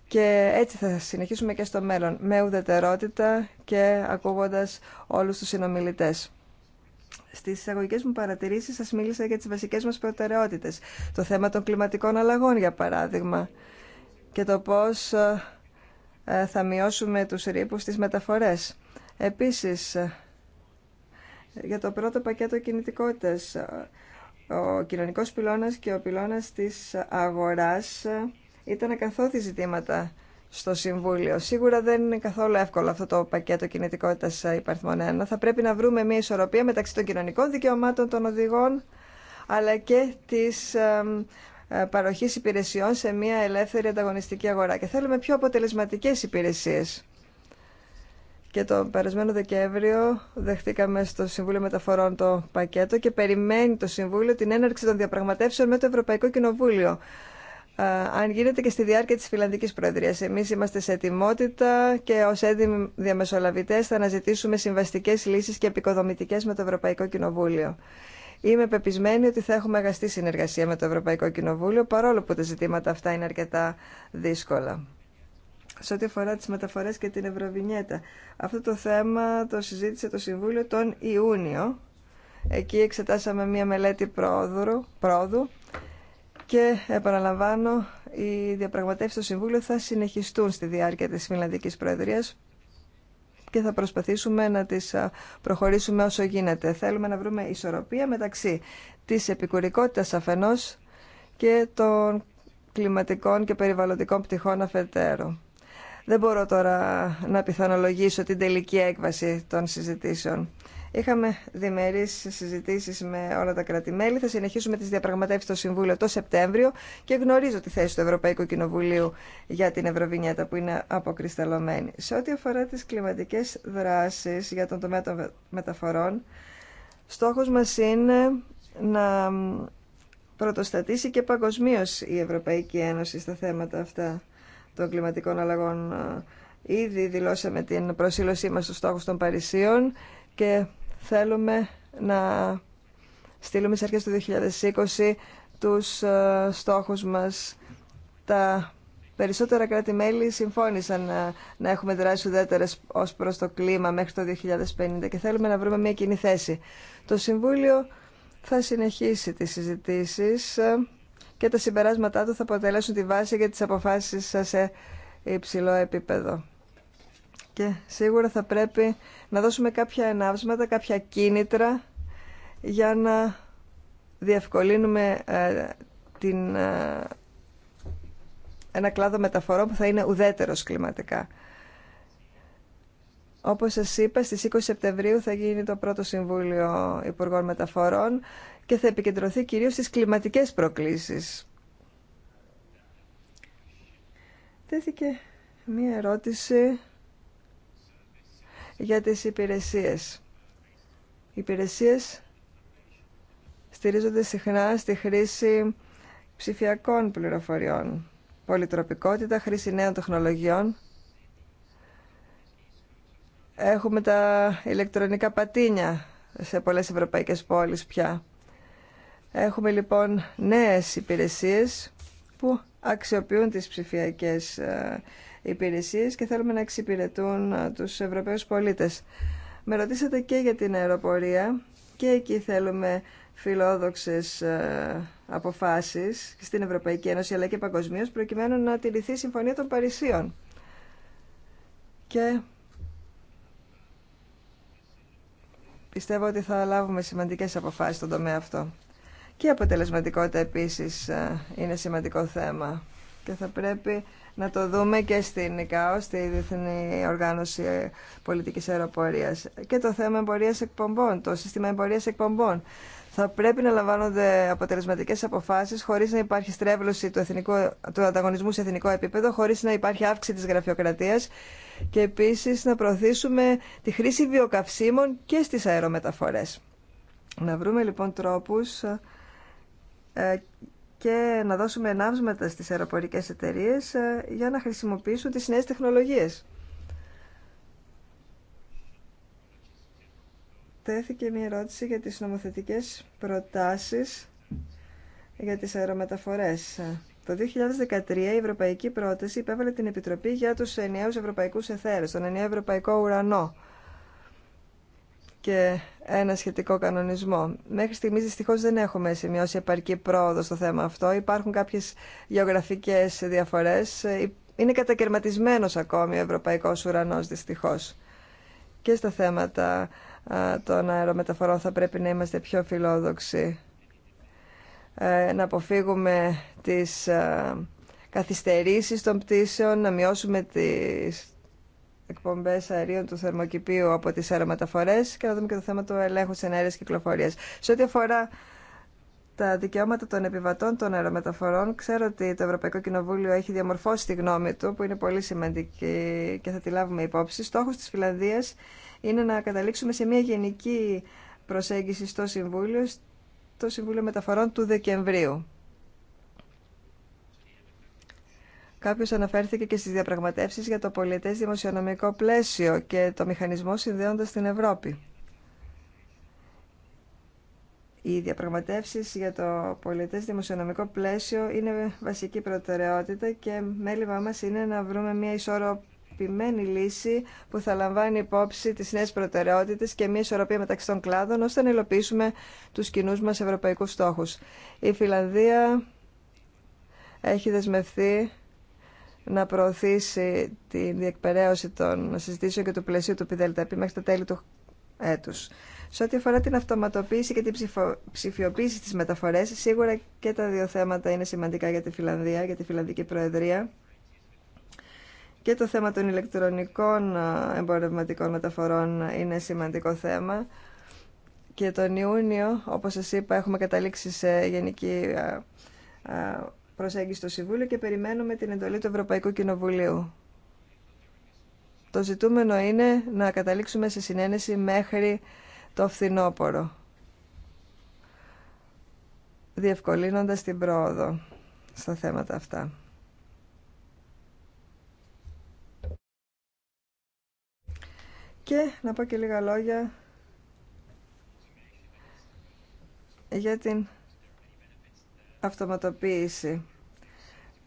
Και έτσι θα συνεχίσουμε και στο μέλλον, με ουδετερότητα και ακούγοντα όλους του συνομιλητέ. Στι εισαγωγικέ μου παρατηρήσει σα μίλησα για τι βασικέ μα προτεραιότητε. Το θέμα των κλιματικών αλλαγών, για παράδειγμα. Και το πώ ε, ε, θα μειώσουμε τους ρήπους στις μεταφορές. Επίσης, ε, για το πρώτο πακέτο κινητικότητας, ο κοινωνικός πυλώνας και ο πυλώνας της αγοράς ήταν ακαθόδη ζητήματα στο Συμβούλιο. Σίγουρα δεν είναι καθόλου εύκολο αυτό το πακέτο κινητικότητα υπαριθμών 1. Θα πρέπει να βρούμε μια ισορροπία μεταξύ των κοινωνικών δικαιωμάτων των οδηγών αλλά και τη ε, παροχή υπηρεσιών σε μια ελεύθερη ανταγωνιστική αγορά. Και θέλουμε πιο αποτελεσματικέ υπηρεσίε. Και τον περασμένο Δεκέμβριο δεχτήκαμε στο Συμβούλιο Μεταφορών το πακέτο και περιμένει το Συμβούλιο την έναρξη των διαπραγματεύσεων με το Ευρωπαϊκό Κοινοβούλιο αν γίνεται και στη διάρκεια της Φιλανδικής Προεδρίας. Εμείς είμαστε σε ετοιμότητα και ως έντιμοι διαμεσολαβητές θα αναζητήσουμε συμβαστικές λύσεις και επικοδομητικές με το Ευρωπαϊκό Κοινοβούλιο. Είμαι πεπισμένη ότι θα έχουμε αγαστή συνεργασία με το Ευρωπαϊκό Κοινοβούλιο, παρόλο που τα ζητήματα αυτά είναι αρκετά δύσκολα. Σε ό,τι αφορά τις μεταφορές και την Ευρωβινιέτα, αυτό το θέμα το συζήτησε το Συμβούλιο τον Ιούνιο. Εκεί εξετάσαμε μια μελέτη πρόδου και επαναλαμβάνω, οι διαπραγματεύσει στο Συμβούλιο θα συνεχιστούν στη διάρκεια της Φιλανδικής Προεδρίας και θα προσπαθήσουμε να τις προχωρήσουμε όσο γίνεται. Θέλουμε να βρούμε ισορροπία μεταξύ της επικουρικότητας αφενός και των κλιματικών και περιβαλλοντικών πτυχών αφετέρου. Δεν μπορώ τώρα να πιθανολογήσω την τελική έκβαση των συζητήσεων. Είχαμε διμερεί συζητήσει με όλα τα κρατη Θα συνεχίσουμε τι διαπραγματεύσει στο Συμβούλιο το Σεπτέμβριο και γνωρίζω τη θέση του Ευρωπαϊκού Κοινοβουλίου για την Ευρωβινιέτα που είναι αποκρισταλωμένη. Σε ό,τι αφορά τι κλιματικέ δράσει για τον τομέα των μεταφορών, στόχο μα είναι να πρωτοστατήσει και παγκοσμίω η Ευρωπαϊκή Ένωση στα θέματα αυτά των κλιματικών αλλαγών. Ήδη δηλώσαμε την προσήλωσή μας στους στόχους των Παρισίων και Θέλουμε να στείλουμε στις αρχές του 2020 τους ε, στόχους μας. Τα περισσότερα κράτη-μέλη συμφώνησαν ε, να, έχουμε δράσει ουδέτερες ως προς το κλίμα μέχρι το 2050 και θέλουμε να βρούμε μια κοινή θέση. Το Συμβούλιο θα συνεχίσει τις συζητήσεις ε, και τα συμπεράσματά του θα αποτελέσουν τη βάση για τις αποφάσεις σας σε υψηλό επίπεδο. Και σίγουρα θα πρέπει να δώσουμε κάποια ενάψματα, κάποια κίνητρα για να διευκολύνουμε ε, την, ε, ένα κλάδο μεταφορών που θα είναι ουδέτερος κλιματικά. Όπως σας είπα, στις 20 Σεπτεμβρίου θα γίνει το πρώτο Συμβούλιο Υπουργών Μεταφορών και θα επικεντρωθεί κυρίως στις κλιματικές προκλήσεις. Τέθηκε μία ερώτηση για τις υπηρεσίες. Οι υπηρεσίες στηρίζονται συχνά στη χρήση ψηφιακών πληροφοριών, πολυτροπικότητα, χρήση νέων τεχνολογιών. Έχουμε τα ηλεκτρονικά πατίνια σε πολλές ευρωπαϊκές πόλεις πια. Έχουμε λοιπόν νέες υπηρεσίες που αξιοποιούν τις ψηφιακές ε, υπηρεσίες και θέλουμε να εξυπηρετούν τους Ευρωπαίους πολίτες. Με ρωτήσατε και για την αεροπορία και εκεί θέλουμε φιλόδοξες αποφάσεις στην Ευρωπαϊκή Ένωση αλλά και παγκοσμίω προκειμένου να τηρηθεί η Συμφωνία των Παρισίων. Και πιστεύω ότι θα λάβουμε σημαντικές αποφάσεις στον τομέα αυτό. Και η αποτελεσματικότητα επίσης είναι σημαντικό θέμα και θα πρέπει να το δούμε και στην ΕΚΑΟ, στη Διεθνή Οργάνωση Πολιτικής Αεροπορίας. Και το θέμα εμπορίας εκπομπών, το σύστημα εμπορίας εκπομπών. Θα πρέπει να λαμβάνονται αποτελεσματικές αποφάσεις χωρίς να υπάρχει στρέβλωση του, εθνικού, του ανταγωνισμού σε εθνικό επίπεδο, χωρίς να υπάρχει αύξηση της γραφειοκρατίας και επίση να προωθήσουμε τη χρήση βιοκαυσίμων και στι αερομεταφορέ. Να βρούμε λοιπόν τρόπους ε, και να δώσουμε ενάμσματα στις αεροπορικές εταιρείες ε, για να χρησιμοποιήσουν τις νέες τεχνολογίες. Τέθηκε μια ερώτηση για τις νομοθετικές προτάσεις για τις αερομεταφορές. Το 2013 η Ευρωπαϊκή Πρόταση υπέβαλε την Επιτροπή για τους ενιαίους ευρωπαϊκούς εθέρες, τον ενιαίο ευρωπαϊκό ουρανό και ένα σχετικό κανονισμό. Μέχρι στιγμής δυστυχώ δεν έχουμε σημειώσει επαρκή πρόοδο στο θέμα αυτό. Υπάρχουν κάποιες γεωγραφικές διαφορές. Είναι κατακαιρματισμένος ακόμη ο ευρωπαϊκός ουρανός δυστυχώ. Και στα θέματα των αερομεταφορών θα πρέπει να είμαστε πιο φιλόδοξοι. Ε, να αποφύγουμε τις καθυστερήσεις των πτήσεων, να μειώσουμε τις, εκπομπέ αερίων του θερμοκηπίου από τι αερομεταφορέ και να δούμε και το θέμα του ελέγχου τη ενέργεια κυκλοφορία. Σε ό,τι αφορά τα δικαιώματα των επιβατών των αερομεταφορών, ξέρω ότι το Ευρωπαϊκό Κοινοβούλιο έχει διαμορφώσει τη γνώμη του, που είναι πολύ σημαντική και θα τη λάβουμε υπόψη. Στόχο τη Φιλανδία είναι να καταλήξουμε σε μια γενική προσέγγιση στο Συμβούλιο, στο Συμβούλιο Μεταφορών του Δεκεμβρίου. Κάποιο αναφέρθηκε και στις διαπραγματεύσεις για το πολιτέ δημοσιονομικό πλαίσιο και το μηχανισμό συνδέοντα την Ευρώπη. Οι διαπραγματεύσεις για το πολιτέ δημοσιονομικό πλαίσιο είναι βασική προτεραιότητα και μέλημά μας είναι να βρούμε μια ισορροπημένη λύση που θα λαμβάνει υπόψη τις νέες προτεραιότητες και μια ισορροπία μεταξύ των κλάδων ώστε να υλοποιήσουμε τους κοινού μας ευρωπαϊκούς στόχους. Η Φιλανδία έχει δεσμευθεί να προωθήσει την διεκπαιρέωση των συζητήσεων και του πλαισίου του ΠΙΔΕΛΤΑΠΗ μέχρι τα τέλη του έτου. Σε ό,τι αφορά την αυτοματοποίηση και την ψηφιοποίηση τη μεταφορέ, σίγουρα και τα δύο θέματα είναι σημαντικά για τη Φιλανδία, για τη Φιλανδική Προεδρία. Και το θέμα των ηλεκτρονικών εμπορευματικών μεταφορών είναι σημαντικό θέμα. Και τον Ιούνιο, όπως σας είπα, έχουμε καταλήξει σε γενική προσέγγιση στο Συμβούλιο και περιμένουμε την εντολή του Ευρωπαϊκού Κοινοβουλίου. Το ζητούμενο είναι να καταλήξουμε σε συνένεση μέχρι το φθινόπωρο, διευκολύνοντας την πρόοδο στα θέματα αυτά. Και να πω και λίγα λόγια για την αυτοματοποίηση.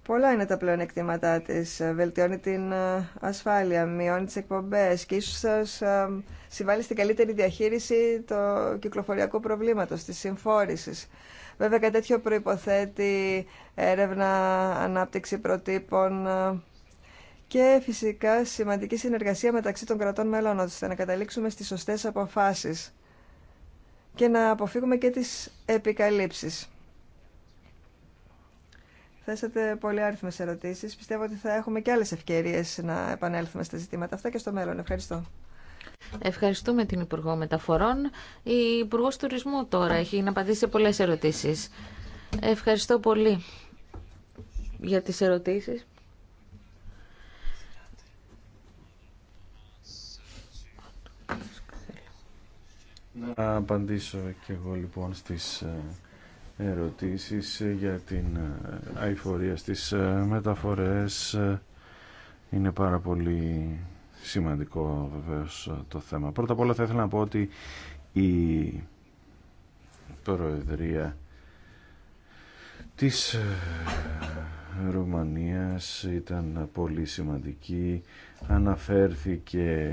Πολλά είναι τα πλεονεκτήματά της. Ε, βελτιώνει την ε, ασφάλεια, μειώνει τις εκπομπές και ίσως ε, συμβάλλει στην καλύτερη διαχείριση του κυκλοφοριακού προβλήματος, της συμφόρηση. Βέβαια, κάτι τέτοιο προϋποθέτει έρευνα, ανάπτυξη προτύπων και φυσικά σημαντική συνεργασία μεταξύ των κρατών μελών, ώστε να καταλήξουμε στις σωστές αποφάσεις και να αποφύγουμε και τις επικαλύψεις. Θέσατε πολύ άριθμες ερωτήσεις. Πιστεύω ότι θα έχουμε και άλλες ευκαιρίες να επανέλθουμε στα ζητήματα αυτά και στο μέλλον. Ευχαριστώ. Ευχαριστούμε την Υπουργό Μεταφορών. Η Υπουργό Τουρισμού τώρα έχει να απαντήσει σε πολλές ερωτήσεις. Ευχαριστώ πολύ για τις ερωτήσεις. Να απαντήσω και εγώ λοιπόν στις ε, ερωτήσεις ε, για την ε, αηφορία στις ε, μεταφορές. Είναι πάρα πολύ σημαντικό βεβαίως το θέμα. Πρώτα απ' όλα θα ήθελα να πω ότι η Προεδρία της Ρουμανίας ήταν πολύ σημαντική. Αναφέρθηκε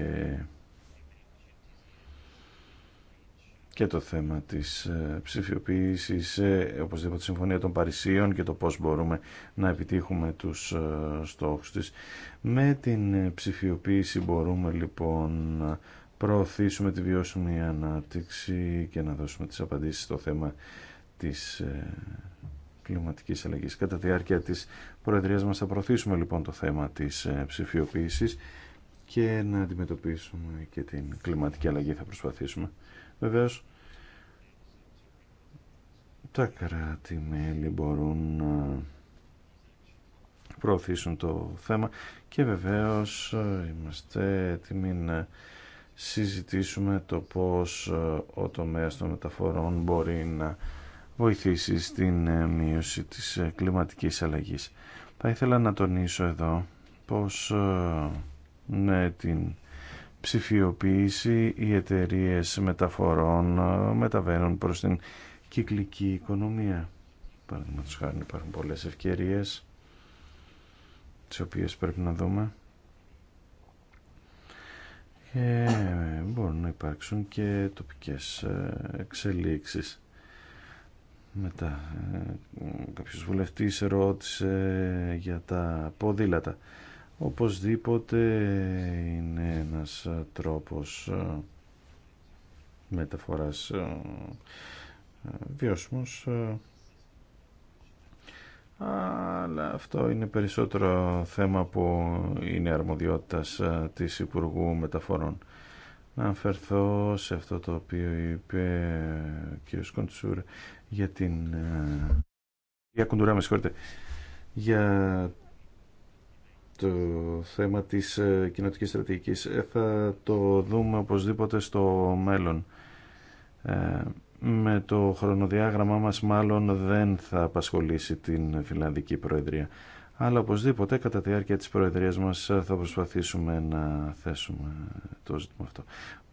και το θέμα της ε, ψηφιοποίησης, οπωσδήποτε Συμφωνία των Παρισίων και το πώς μπορούμε να επιτύχουμε τους ε, στόχους της. Με την ε, ψηφιοποίηση μπορούμε λοιπόν να προωθήσουμε τη βιώσιμη ανάπτυξη και να δώσουμε τις απαντήσεις στο θέμα της κλιματικής αλλαγής. Κατά τη διάρκεια της Προεδρίας μας θα προωθήσουμε λοιπόν το θέμα της ψηφιοποίησης και να αντιμετωπίσουμε και την κλιματική αλλαγή θα προσπαθήσουμε. Βεβαίως τα κράτη-μέλη μπορούν να προωθήσουν το θέμα και βεβαίως ε, είμαστε έτοιμοι να συζητήσουμε το πώς ε, ο τομέας των μεταφορών μπορεί να βοηθήσει στην ε, μείωση της κλιματικής αλλαγής. Θα ήθελα να τονίσω εδώ πως με την ψηφιοποίηση οι εταιρείες μεταφορών μεταβαίνουν προς την κυκλική οικονομία. Παραδείγματος χάρη υπάρχουν πολλές ευκαιρίες τις οποίες πρέπει να δούμε και ε, μπορούν να υπάρξουν και τοπικές ε, εξελίξεις. Μετά ε, κάποιος βουλευτής ρώτησε για τα ποδήλατα. Οπωσδήποτε είναι ένας τρόπος μεταφοράς βιώσιμος ε. αλλά αυτό είναι περισσότερο θέμα που είναι αρμοδιότητας ε, της Υπουργού Μεταφορών. Να αφαιρθώ σε αυτό το οποίο είπε ο κ. Κοντσούρ για την... Ε, για κουντουρά, με Για το θέμα της κοινωτικής στρατηγικής. Θα το δούμε οπωσδήποτε στο μέλλον με το χρονοδιάγραμμά μας μάλλον δεν θα απασχολήσει την Φιλανδική Προεδρία. Αλλά οπωσδήποτε κατά τη διάρκεια της Προεδρίας μας θα προσπαθήσουμε να θέσουμε το ζήτημα αυτό.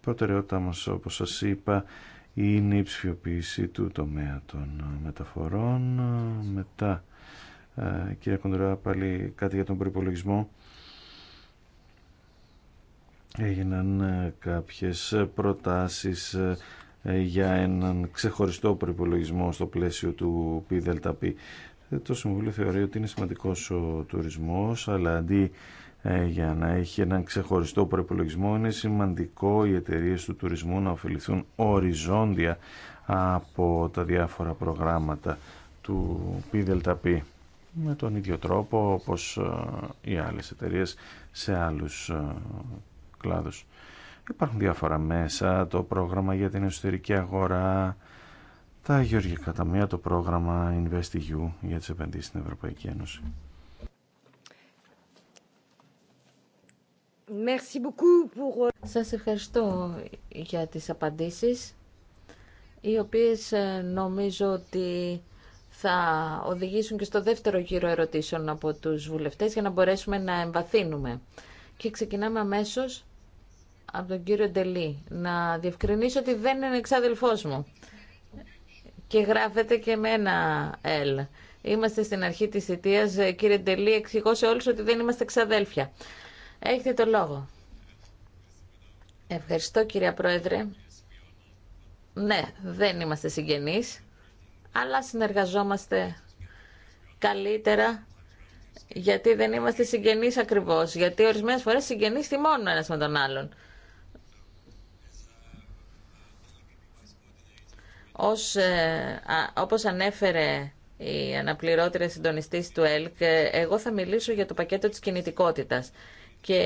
προτεραιότητά μας όπως σας είπα είναι η ψηφιοποίηση του τομέα των μεταφορών. Μετά, ε, κύριε Κοντουρά, πάλι κάτι για τον προπολογισμό. Έγιναν ε, κάποιες προτάσεις ε, ε, για έναν ξεχωριστό προπολογισμό στο πλαίσιο του ΠΔΠ. Ε, το Συμβούλιο θεωρεί ότι είναι σημαντικό ο τουρισμό, αλλά αντί ε, για να έχει έναν ξεχωριστό προπολογισμό είναι σημαντικό οι εταιρείε του τουρισμού να ωφεληθούν οριζόντια από τα διάφορα προγράμματα του ΠΔΠ με τον ίδιο τρόπο όπως οι άλλες εταιρείες σε άλλους κλάδους. Υπάρχουν διάφορα μέσα, το πρόγραμμα για την εσωτερική αγορά, τα γεωργικά ταμεία, το πρόγραμμα InvestEU για τις επενδύσεις στην Ευρωπαϊκή Ένωση. Euh, Σας ευχαριστώ για τις απαντήσεις, οι οποίες ε, νομίζω ότι θα οδηγήσουν και στο δεύτερο γύρο ερωτήσεων από τους βουλευτές για να μπορέσουμε να εμβαθύνουμε. Και ξεκινάμε αμέσως από τον κύριο Ντελή. Να διευκρινίσω ότι δεν είναι εξάδελφός μου. Και γράφεται και με ένα L. Είμαστε στην αρχή της θητείας. Ε, κύριε Ντελή, εξηγώ σε όλους ότι δεν είμαστε εξαδέλφια. Έχετε το λόγο. Ευχαριστώ κυρία Πρόεδρε. Ναι, δεν είμαστε συγγενείς, αλλά συνεργαζόμαστε καλύτερα γιατί δεν είμαστε συγγενείς ακριβώς. Γιατί ορισμένες φορές συγγενείς θυμώνουν ένας με τον άλλον. Ως, ε, όπως ανέφερε η αναπληρώτρια συντονιστής του ΕΛΚ, ε, εγώ θα μιλήσω για το πακέτο της κινητικότητας. Και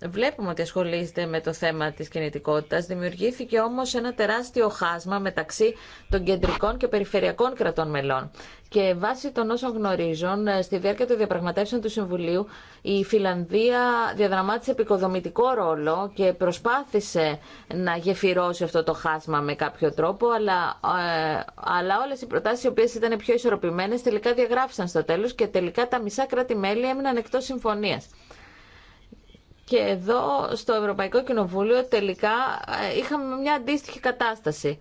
Βλέπουμε ότι ασχολείστε με το θέμα της κινητικότητας. Δημιουργήθηκε όμως ένα τεράστιο χάσμα μεταξύ των κεντρικών και περιφερειακών κρατών μελών. Και βάσει των όσων γνωρίζουν, ε, στη διάρκεια των διαπραγματεύσεων του Συμβουλίου, η Φιλανδία διαδραμάτισε επικοδομητικό ρόλο και προσπάθησε να γεφυρώσει αυτό το χάσμα με κάποιο τρόπο, αλλά, ε, αλλά όλες οι προτάσεις οι οποίες ήταν πιο ισορροπημένες τελικά διαγράφησαν στο τέλος και τελικά τα μισά κράτη-μέλη έμειναν εκτός συμφωνίας. Και εδώ στο Ευρωπαϊκό Κοινοβούλιο τελικά ε, είχαμε μια αντίστοιχη κατάσταση.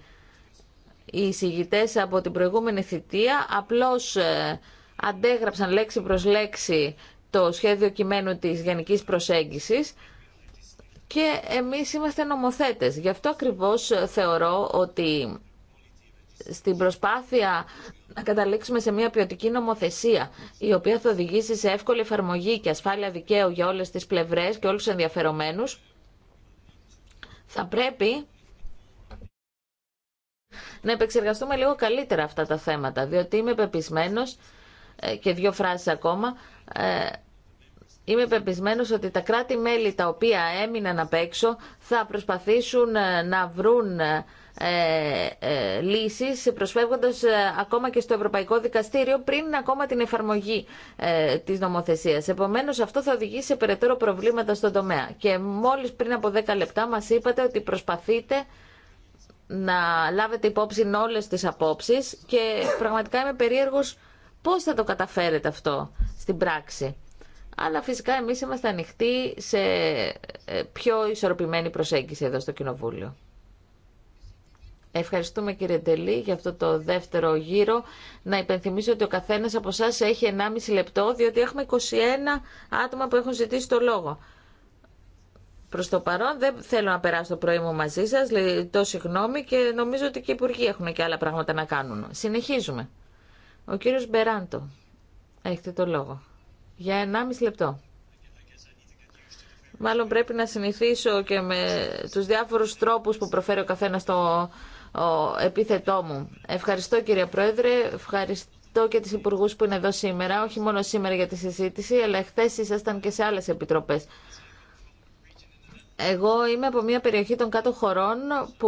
Οι συγητές από την προηγούμενη θητεία απλώς ε, αντέγραψαν λέξη προς λέξη το σχέδιο κειμένου της γενικής προσέγγισης και εμείς είμαστε νομοθέτες. Γι' αυτό ακριβώς ε, θεωρώ ότι στην προσπάθεια να καταλήξουμε σε μια ποιοτική νομοθεσία, η οποία θα οδηγήσει σε εύκολη εφαρμογή και ασφάλεια δικαίου για όλες τις πλευρές και όλους τους ενδιαφερομένους, θα πρέπει να επεξεργαστούμε λίγο καλύτερα αυτά τα θέματα, διότι είμαι πεπισμένος, ε, και δύο φράσεις ακόμα, ε, Είμαι πεπισμένο ότι τα κράτη-μέλη τα οποία έμειναν απ' έξω θα προσπαθήσουν ε, να βρουν ε, ε, λύσεις προσφεύγοντας ε, ακόμα και στο Ευρωπαϊκό Δικαστήριο πριν ακόμα την εφαρμογή τη νομοθεσία. Επομένω, αυτό θα οδηγήσει σε περαιτέρω προβλήματα στον τομέα. Και μόλι πριν από 10 λεπτά μα είπατε ότι προσπαθείτε να λάβετε υπόψη όλε τι απόψει και πραγματικά είμαι περίεργο πώς θα το καταφέρετε αυτό στην πράξη. Αλλά φυσικά εμείς είμαστε ανοιχτοί σε πιο ισορροπημένη προσέγγιση εδώ στο Κοινοβούλιο. Ευχαριστούμε κύριε Τελή, για αυτό το δεύτερο γύρο. Να υπενθυμίσω ότι ο καθένας από εσά έχει 1,5 λεπτό, διότι έχουμε 21 άτομα που έχουν ζητήσει το λόγο. Προς το παρόν δεν θέλω να περάσω το πρωί μου μαζί σας, το συγγνώμη και νομίζω ότι και οι υπουργοί έχουν και άλλα πράγματα να κάνουν. Συνεχίζουμε. Ο κύριος Μπεράντο, έχετε το λόγο. Για 1,5 λεπτό. Μάλλον πρέπει να συνηθίσω και με τους διάφορους τρόπους που προφέρει ο καθένας το ο επίθετό μου. Ευχαριστώ κύριε Πρόεδρε, ευχαριστώ και τις υπουργού που είναι εδώ σήμερα, όχι μόνο σήμερα για τη συζήτηση, αλλά χθε ήσασταν και σε άλλες επιτροπές. Εγώ είμαι από μια περιοχή των κάτω χωρών που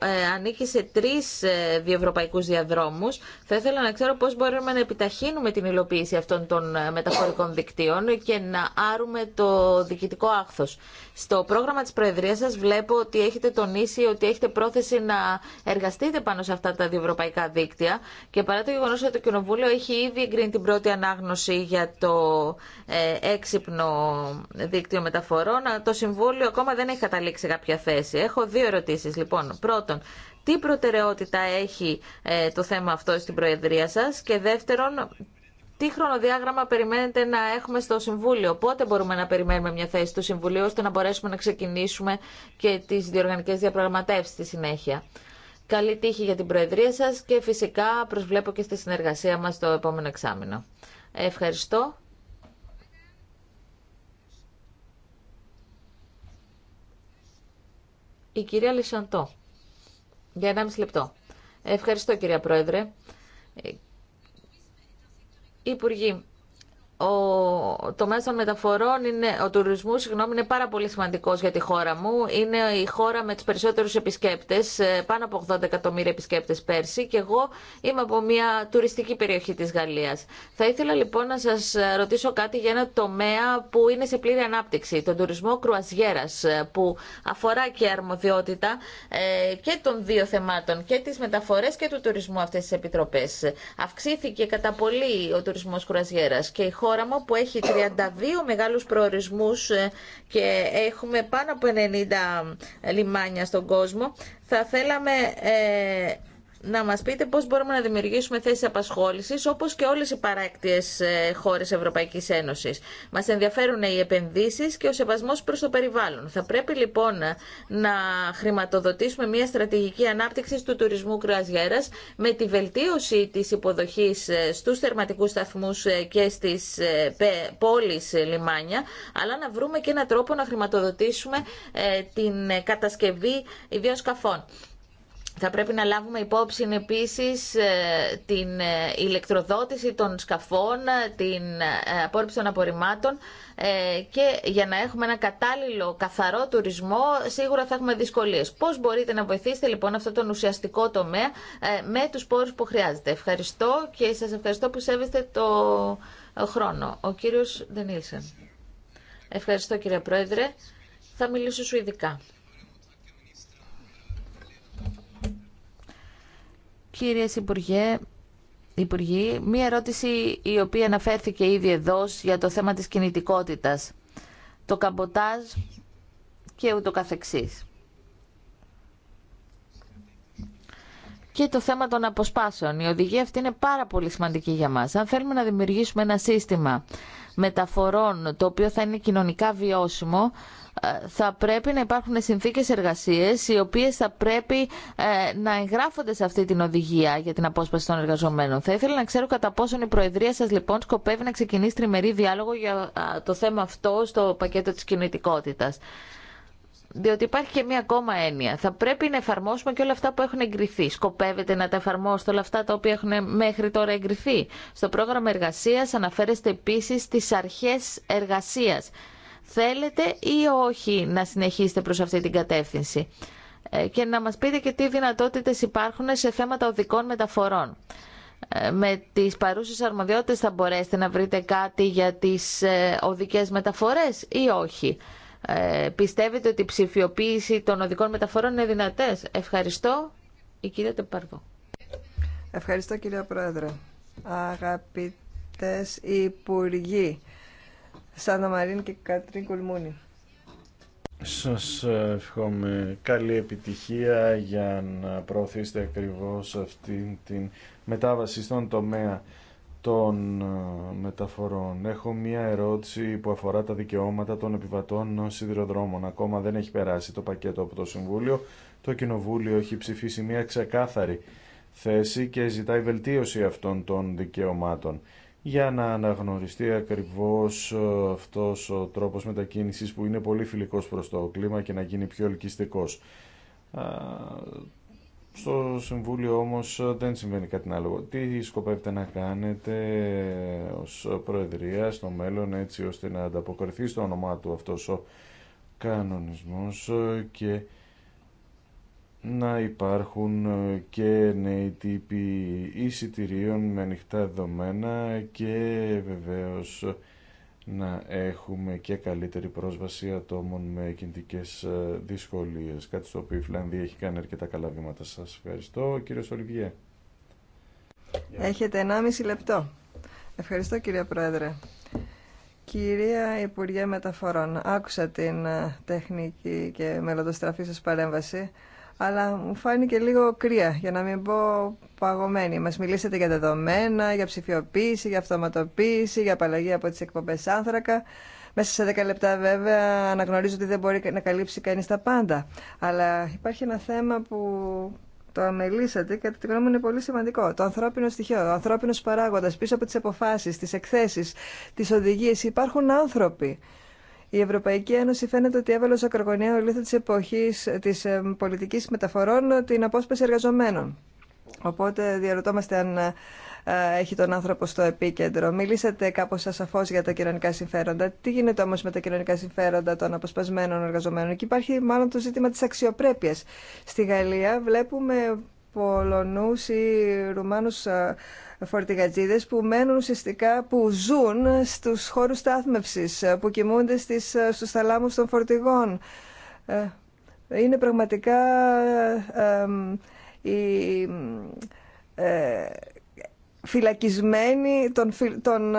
ε, ανήκει σε τρει ε, διευρωπαϊκούς διαδρόμους. Θα ήθελα να ξέρω πώ μπορούμε να επιταχύνουμε την υλοποίηση αυτών των ε, μεταφορικών δικτύων και να άρουμε το διοικητικό άχθο. Στο πρόγραμμα τη Προεδρία σα βλέπω ότι έχετε τονίσει ότι έχετε πρόθεση να εργαστείτε πάνω σε αυτά τα διευρωπαϊκά δίκτυα και παρά το γεγονό ότι το Κοινοβούλιο έχει ήδη εγκρίνει την πρώτη ανάγνωση για το ε, έξυπνο δίκτυο μεταφορών, το Συμβούλιο ακόμα δεν έχει καταλήξει κάποια θέση. Έχω δύο ερωτήσεις λοιπόν. Πρώτον, τι προτεραιότητα έχει ε, το θέμα αυτό στην Προεδρία σας και δεύτερον, τι χρονοδιάγραμμα περιμένετε να έχουμε στο Συμβούλιο, πότε μπορούμε να περιμένουμε μια θέση του Συμβουλίου ώστε να μπορέσουμε να ξεκινήσουμε και τις διοργανικές διαπραγματεύσεις στη συνέχεια. Καλή τύχη για την Προεδρία σας και φυσικά προσβλέπω και στη συνεργασία μας το επόμενο εξάμεινο. Ευχαριστώ. η κυρία Λισαντό. Για 1,5 λεπτό. Ευχαριστώ κυρία Πρόεδρε. Ε, Υπουργοί, ο τομέας των μεταφορών, είναι, ο τουρισμού συγγνώμη, είναι πάρα πολύ σημαντικό για τη χώρα μου. Είναι η χώρα με του περισσότερου επισκέπτε, ε, πάνω από 80 εκατομμύρια επισκέπτε πέρσι και εγώ είμαι από μια τουριστική περιοχή τη Γαλλία. Θα ήθελα λοιπόν να σα ρωτήσω κάτι για ένα τομέα που είναι σε πλήρη ανάπτυξη, τον τουρισμό κρουαζιέρας, ε, που αφορά και αρμοδιότητα ε, και των δύο θεμάτων, και τις μεταφορέ και του τουρισμού αυτέ τι επιτροπέ. Αυξήθηκε κατά πολύ ο τουρισμό κρουαζιέρα και η χώρα χώρα που έχει 32 μεγάλους προορισμούς ε, και έχουμε πάνω από 90 λιμάνια στον κόσμο, θα θέλαμε ε, να μας πείτε πώς μπορούμε να δημιουργήσουμε θέσεις απασχόλησης όπως και όλες οι παράκτιες ε, χώρες Ευρωπαϊκής Ένωσης. Μας ενδιαφέρουν οι επενδύσεις και ο σεβασμός προς το περιβάλλον. Θα πρέπει λοιπόν να χρηματοδοτήσουμε μια στρατηγική ανάπτυξη του τουρισμού κρουαζιέρας με τη βελτίωση της υποδοχής ε, στους θερματικούς σταθμούς ε, και στις πόλεις λιμάνια, αλλά να βρούμε και έναν τρόπο να χρηματοδοτήσουμε την κατασκευή ιδίων σκαφών. Θα πρέπει να λάβουμε υπόψη επίσης ε, την ε, ηλεκτροδότηση των σκαφών, ε, την απόρριψη των απορριμμάτων και για να έχουμε ένα κατάλληλο καθαρό τουρισμό σίγουρα θα έχουμε δυσκολίες. Πώς μπορείτε να βοηθήσετε λοιπόν αυτό τον ουσιαστικό τομέα με τους πόρους που χρειάζεται. Ευχαριστώ και σας ευχαριστώ που σέβεστε το χρόνο. Ο κύριος Δενίλσεν. Ευχαριστώ κύριε Πρόεδρε. Θα μιλήσω σου ειδικά. Κύριε Υπουργέ, Υπουργή, μία ερώτηση η οποία αναφέρθηκε ήδη εδώ για το θέμα της κινητικότητας, το καμποτάζ και ούτω καθεξής. και το θέμα των αποσπάσεων. Η οδηγία αυτή είναι πάρα πολύ σημαντική για μας. Αν θέλουμε να δημιουργήσουμε ένα σύστημα μεταφορών το οποίο θα είναι κοινωνικά βιώσιμο, ε, θα πρέπει να υπάρχουν συνθήκες εργασίες οι οποίες θα πρέπει ε, να εγγράφονται σε αυτή την οδηγία για την απόσπαση των εργαζομένων. Θα ήθελα να ξέρω κατά πόσον η Προεδρία σας λοιπόν σκοπεύει να ξεκινήσει τριμερή διάλογο για το θέμα αυτό στο πακέτο της κινητικότητας διότι υπάρχει και μία ακόμα έννοια. Θα πρέπει να εφαρμόσουμε και όλα αυτά που έχουν εγκριθεί. Σκοπεύετε να τα εφαρμόσετε όλα αυτά τα οποία έχουν μέχρι τώρα εγκριθεί. Στο πρόγραμμα εργασία αναφέρεστε επίση τι αρχέ εργασία. Θέλετε ή όχι να συνεχίσετε προ αυτή την κατεύθυνση. Ε, και να μας πείτε και τι δυνατότητες υπάρχουν σε θέματα οδικών μεταφορών ε, με τις παρούσες αρμοδιότητες θα μπορέσετε να βρείτε κάτι για τις ε, οδικές μεταφορές ή όχι. Ε, πιστεύετε ότι η ψηφιοποίηση των οδικών μεταφορών είναι δυνατές. Ευχαριστώ. Η κυρία Τεπαρβό. Ευχαριστώ κυρία Πρόεδρε. Αγαπητές Υπουργοί, Σάννα Μαρίν και Κατρίν Κουλμούνη. Σας ευχόμαι καλή επιτυχία για να προωθήσετε ακριβώς αυτή την μετάβαση στον τομέα των ε, μεταφορών. Έχω μία ερώτηση που αφορά τα δικαιώματα των επιβατών σιδηροδρόμων. Ακόμα δεν έχει περάσει το πακέτο από το Συμβούλιο. Το Κοινοβούλιο έχει ψηφίσει μία ξεκάθαρη θέση και ζητάει βελτίωση αυτών των δικαιωμάτων για να αναγνωριστεί ακριβώς ε, αυτός ο τρόπος μετακίνησης που είναι πολύ φιλικός προς το κλίμα και να γίνει πιο ελκυστικός. Στο Συμβούλιο όμως δεν συμβαίνει κάτι άλλο. Τι σκοπεύετε να κάνετε ως Προεδρία στο μέλλον έτσι ώστε να ανταποκριθεί στο όνομά του αυτός ο κανονισμός και να υπάρχουν και νέοι τύποι εισιτηρίων με ανοιχτά δεδομένα και βεβαίως να έχουμε και καλύτερη πρόσβαση ατόμων με κινητικές ε, δυσκολίες. Κάτι στο οποίο η Φιλανδία έχει κάνει αρκετά καλά βήματα. Σας ευχαριστώ. Κύριε Σολιβιέ. Έχετε 1,5 λεπτό. Ευχαριστώ κύριε Πρόεδρε. Κυρία Υπουργέ Μεταφορών, άκουσα την ε, τεχνική και μελλοντοστραφή σας παρέμβαση, αλλά μου φάνηκε λίγο κρύα, για να μην πω παγωμένη. Μας μιλήσατε για δεδομένα, για ψηφιοποίηση, για αυτοματοποίηση, για απαλλαγή από τις εκπομπές άνθρακα. Μέσα σε 10 λεπτά βέβαια αναγνωρίζω ότι δεν μπορεί να καλύψει κανείς τα πάντα. Αλλά υπάρχει ένα θέμα που το αμελήσατε και κατά τη γνώμη μου είναι πολύ σημαντικό. Το ανθρώπινο στοιχείο, ο ανθρώπινο παράγοντας πίσω από τις αποφάσεις, τις εκθέσεις, τις οδηγίες υπάρχουν άνθρωποι. Η Ευρωπαϊκή Ένωση φαίνεται ότι έβαλε ως ακρογωνία της εποχής της ε, πολιτικής μεταφορών την απόσπαση εργαζομένων. Οπότε διαρωτόμαστε αν ε, έχει τον άνθρωπο στο επίκεντρο. Μιλήσατε κάπω ασαφώ για τα κοινωνικά συμφέροντα. Τι γίνεται όμω με τα κοινωνικά συμφέροντα των αποσπασμένων εργαζομένων. Και υπάρχει μάλλον το ζήτημα τη αξιοπρέπεια. Στη Γαλλία βλέπουμε Πολωνούς ή Ρουμάνους ε, φορτηγατζίδες που μένουν ουσιαστικά, που ζουν στους χώρους στάθμευσης, ε, που κοιμούνται στις, ε, στους θαλάμους των φορτηγών. Είναι πραγματικά ε, φυλακισμένοι των,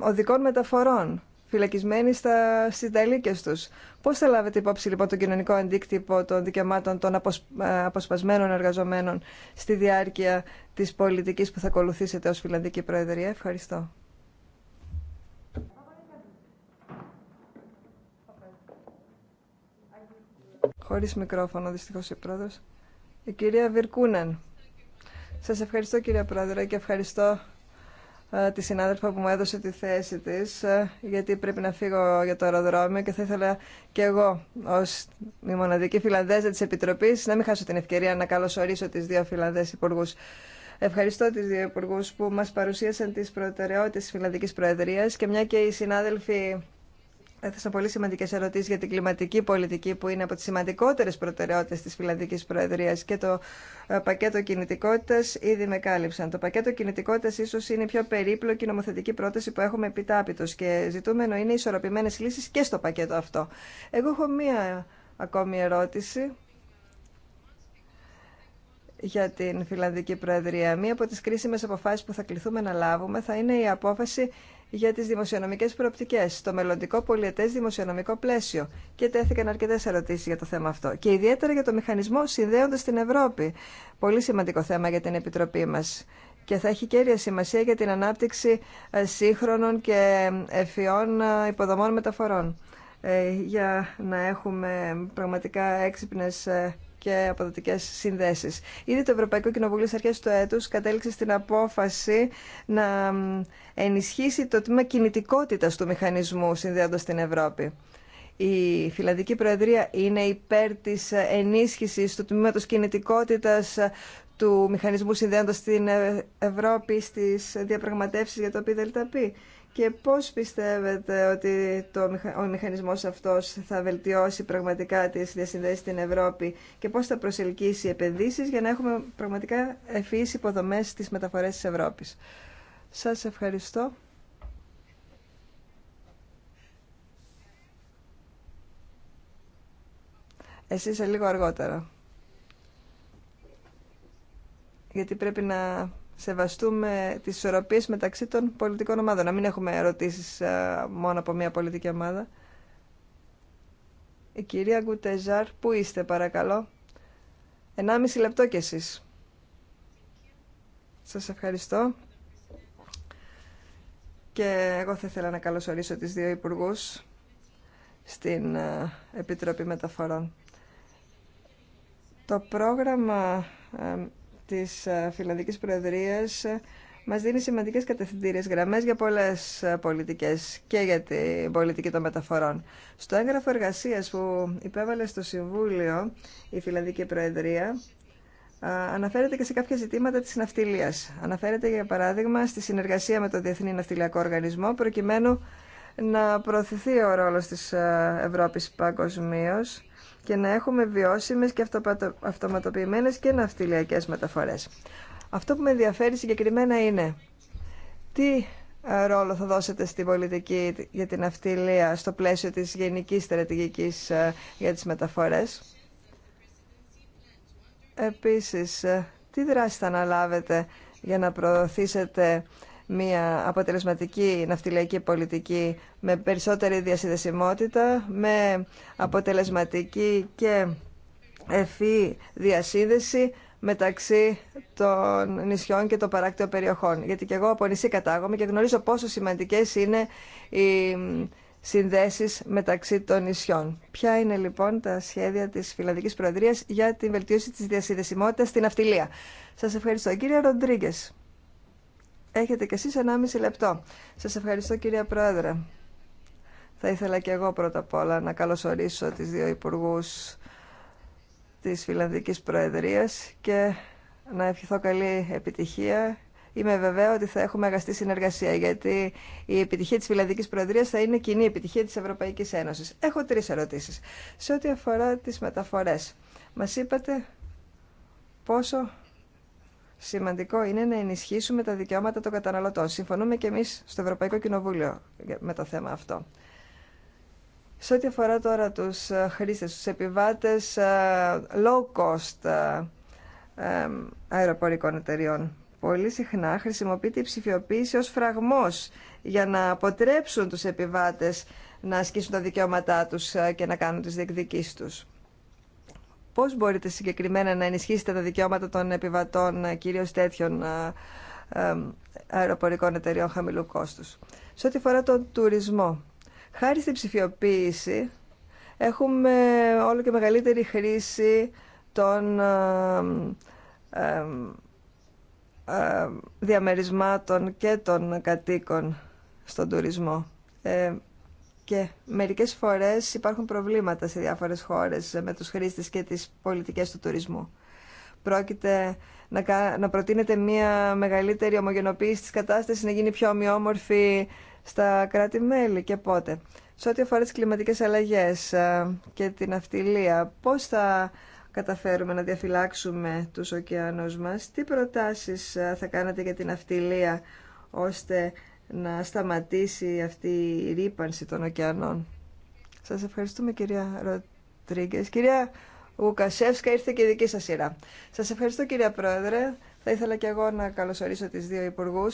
οδικών μεταφορών, φυλακισμένοι στα συνταλίκες τους. Πώ θα λάβετε υπόψη λοιπόν τον κοινωνικό αντίκτυπο των δικαιωμάτων των ε, αποσπασμένων εργαζομένων στη διάρκεια της πολιτικής που θα ακολουθήσετε ως Φιλανδική Προεδρία. Ευχαριστώ. Χωρί μικρόφωνο δυστυχώ. η πρόεδρο. Η κυρία Βιρκούναν. Σα ευχαριστώ κυρία Πρόεδρε και ευχαριστώ ε, τη συνάδελφα που μου έδωσε τη θέση της, ε, γιατί πρέπει να φύγω για το αεροδρόμιο και θα ήθελα και εγώ ως η μοναδική Φιλανδέζα της Επιτροπής να μην χάσω την ευκαιρία να καλωσορίσω τις δύο Φιλανδές υπουργού. Ευχαριστώ τις δύο υπουργού που μας παρουσίασαν τις προτεραιότητες της Φιλανδικής Προεδρίας και μια και οι συνάδελφοι έθεσαν πολύ σημαντικέ ερωτήσει για την κλιματική πολιτική που είναι από τι σημαντικότερε προτεραιότητε τη φιλανδική προεδρία και το ε, πακέτο κινητικότητα ήδη με κάλυψαν. Το πακέτο κινητικότητα ίσω είναι η πιο περίπλοκη νομοθετική πρόταση που έχουμε επιτάπητο και ζητούμενο είναι ισορροπημένε λύσει και στο πακέτο αυτό. Εγώ έχω μία ακόμη ερώτηση για την Φιλανδική Προεδρία. Μία από τις κρίσιμες αποφάσεις που θα κληθούμε να λάβουμε θα είναι η απόφαση για τις δημοσιονομικές προοπτικές, το μελλοντικό πολιετέ δημοσιονομικό πλαίσιο και τέθηκαν αρκετές ερωτήσεις για το θέμα αυτό και ιδιαίτερα για το μηχανισμό συνδέοντας την Ευρώπη. Πολύ σημαντικό θέμα για την Επιτροπή μας και θα έχει κέρια σημασία για την ανάπτυξη ε, σύγχρονων και ε, ευφυών ε, υποδομών μεταφορών για να έχουμε πραγματικά έξυπνες και αποδοτικέ συνδέσει. Ήδη το Ευρωπαϊκό Κοινοβούλιο στι αρχέ του έτου κατέληξε στην απόφαση να ενισχύσει το τμήμα κινητικότητα του μηχανισμού συνδέοντα την Ευρώπη. Η Φιλανδική Προεδρία είναι υπέρ τη ενίσχυση του τμήματο κινητικότητα του μηχανισμού συνδέοντα την Ευρώπη στι διαπραγματεύσει για το πει. Και πώς πιστεύετε ότι το, ο μηχανισμός αυτός θα βελτιώσει πραγματικά τις διασυνδέσεις στην Ευρώπη και πώς θα προσελκύσει επενδύσεις για να έχουμε πραγματικά ευφυείς υποδομές στις μεταφορές της Ευρώπης. Σας ευχαριστώ. Εσείς λίγο αργότερα. Γιατί πρέπει να σεβαστούμε τις ισορροπίε μεταξύ των πολιτικών ομάδων. Να μην έχουμε ερωτήσεις ε, μόνο από μία πολιτική ομάδα. Η κυρία Γκουτεζάρ, πού είστε παρακαλώ. 1,5 λεπτό κι εσείς. Σας ευχαριστώ. Και εγώ θα ήθελα να καλωσορίσω τις δύο υπουργούς στην ε, Επιτροπή Μεταφορών. Το πρόγραμμα ε, της ε, Φιλανδικής Προεδρίας ε, μας δίνει σημαντικές κατευθυντήριες γραμμές για πολλές ε, πολιτικές και για την πολιτική των μεταφορών. Στο έγγραφο εργασίας που υπέβαλε στο Συμβούλιο η Φιλανδική Προεδρία αναφέρεται και σε κάποια ζητήματα της ναυτιλίας. Αναφέρεται για παράδειγμα στη συνεργασία με το Διεθνή Ναυτιλιακό Οργανισμό προκειμένου να προωθηθεί ο ρόλος της Ευρώπης παγκοσμίω και να έχουμε βιώσιμες και αυτοματοποιημένες και ναυτιλιακές μεταφορές. Αυτό που με ενδιαφέρει συγκεκριμένα είναι τι ε, ρόλο θα δώσετε στην πολιτική για την ναυτιλία στο πλαίσιο της γενικής στρατηγικής ε, για τις μεταφορές. Επίσης, ε, τι δράση θα αναλάβετε για να προωθήσετε μια αποτελεσματική ναυτιλιακή πολιτική με περισσότερη διασυνδεσιμότητα, με αποτελεσματική και ευφύ διασύνδεση μεταξύ των νησιών και των παράκτειων περιοχών. Γιατί και εγώ από νησί κατάγομαι και γνωρίζω πόσο σημαντικές είναι οι συνδέσεις μεταξύ των νησιών. Ποια είναι λοιπόν τα σχέδια της Φιλανδικής Προεδρίας για την βελτίωση της διασυνδεσιμότητας στην αυτιλία. Σας ευχαριστώ. Κύριε Ροντρίγκες. Έχετε κι εσείς 1,5 λεπτό. Σας ευχαριστώ κυρία Πρόεδρε. Θα ήθελα και εγώ πρώτα απ' όλα να καλωσορίσω τις δύο υπουργούς της Φιλανδικής Προεδρίας και να ευχηθώ καλή επιτυχία. Είμαι βεβαία ότι θα έχουμε αγαστή συνεργασία, γιατί η επιτυχία της Φιλανδικής Προεδρίας θα είναι κοινή επιτυχία της Ευρωπαϊκής Ένωσης. Έχω τρεις ερωτήσεις. Σε ό,τι αφορά τις μεταφορές, μας είπατε πόσο Σημαντικό είναι να ενισχύσουμε τα δικαιώματα των καταναλωτών. Συμφωνούμε και εμείς στο Ευρωπαϊκό Κοινοβούλιο με το θέμα αυτό. Σε ό,τι αφορά τώρα τους ε, χρήστες, τους επιβάτες ε, low cost ε, αεροπορικών εταιριών, πολύ συχνά χρησιμοποιείται η ψηφιοποίηση ως φραγμός για να αποτρέψουν τους επιβάτες να ασκήσουν τα δικαιώματά τους και να κάνουν τις διεκδικήσεις τους πώς μπορείτε συγκεκριμένα να ενισχύσετε τα δικαιώματα των επιβατών, ε, κυρίως τέτοιων ε, ε, αεροπορικών εταιριών χαμηλού κόστους. Σε ό,τι αφορά τον τουρισμό, χάρη στην ψηφιοποίηση έχουμε όλο και μεγαλύτερη χρήση των διαμερισμάτων και των κατοίκων στον τουρισμό. Και μερικές φορές υπάρχουν προβλήματα σε διάφορες χώρες με τους χρήστες και τις πολιτικές του τουρισμού. Πρόκειται να προτείνεται μια μεγαλύτερη ομογενοποίηση της κατάστασης, να γίνει πιο ομοιόμορφη στα κράτη-μέλη και πότε. Σε ό,τι αφορά τις κλιματικές αλλαγές ε, και την αυτιλία, πώς θα καταφέρουμε να διαφυλάξουμε τους ωκεανούς μας, τι προτάσεις ε, θα κάνετε για την αυτιλία ώστε να σταματήσει αυτή η ρήπανση των ωκεανών. Σας ευχαριστούμε κυρία Ροτρίγκες. Κυρία Ουκασεύσκα, ήρθε και η δική σας σειρά. Σας ευχαριστώ κυρία Πρόεδρε. Θα ήθελα και εγώ να καλωσορίσω τις δύο υπουργού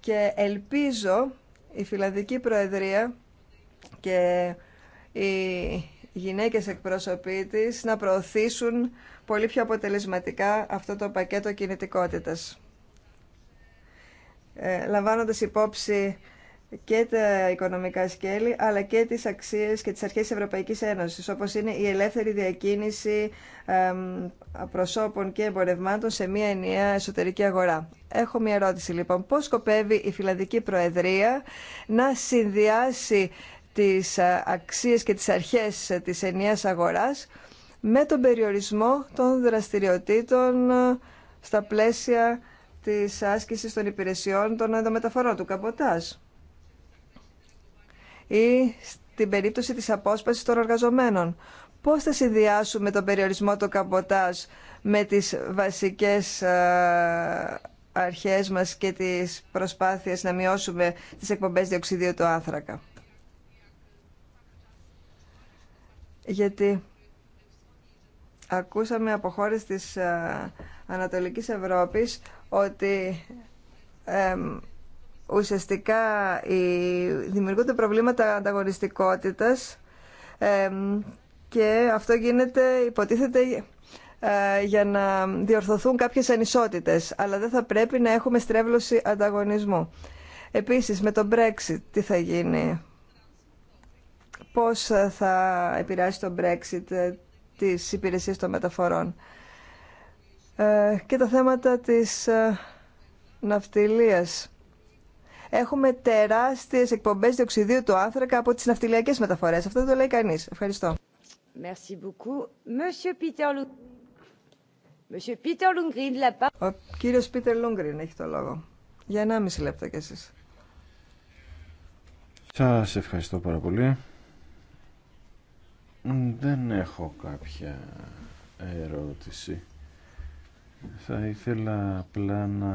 και ελπίζω η Φιλανδική Προεδρία και οι γυναίκες εκπρόσωποι της να προωθήσουν πολύ πιο αποτελεσματικά αυτό το πακέτο κινητικότητας. Ε, λαμβάνοντας υπόψη και τα οικονομικά σκέλη, αλλά και τις αξίες και τις αρχές της Ευρωπαϊκής Ένωσης, όπως είναι η ελεύθερη διακίνηση προσώπων και εμπορευμάτων σε μια ενιαία εσωτερική αγορά. Έχω μια ερώτηση λοιπόν. Πώς σκοπεύει η Φιλανδική Προεδρία να συνδυάσει τις ε, αξίες και τις αρχές της ενιαίας αγοράς με τον περιορισμό των δραστηριοτήτων ε, στα πλαίσια της άσκησης των υπηρεσιών των ενδομεταφορών του ΚΑΠΟΤΑΣ ή στην περίπτωση της απόσπασης των εργαζομένων. Πώς θα συνδυάσουμε τον περιορισμό του ΚΑΠΟΤΑΣ με τις βασικές ε, αρχές μας και τις προσπάθειες να μειώσουμε τις εκπομπές διοξιδίου του άνθρακα. Γιατί ακούσαμε από χώρες της ε, Ανατολικής Ευρώπης ότι ουσιαστικά δημιουργούνται προβλήματα ανταγωνιστικότητας και αυτό γίνεται, υποτίθεται ε, για να διορθωθούν κάποιες ανισότητες, αλλά δεν θα πρέπει να έχουμε στρέβλωση ανταγωνισμού. Επίσης, με το Brexit τι θα γίνει, πώς θα επηρεάσει το Brexit ε, τις υπηρεσίες των μεταφορών. Ε, και τα θέματα της ε, ναυτιλίας. Έχουμε τεράστιες εκπομπές διοξιδίου του άνθρακα από τις ναυτιλιακές μεταφορές. Αυτό δεν το λέει κανείς. Ευχαριστώ. Ο κύριος Πίτερ Λούγκριν έχει το λόγο. Για 1,5 λεπτό κι εσείς. Σας ευχαριστώ πάρα πολύ. Δεν έχω κάποια ερώτηση. Θα ήθελα απλά να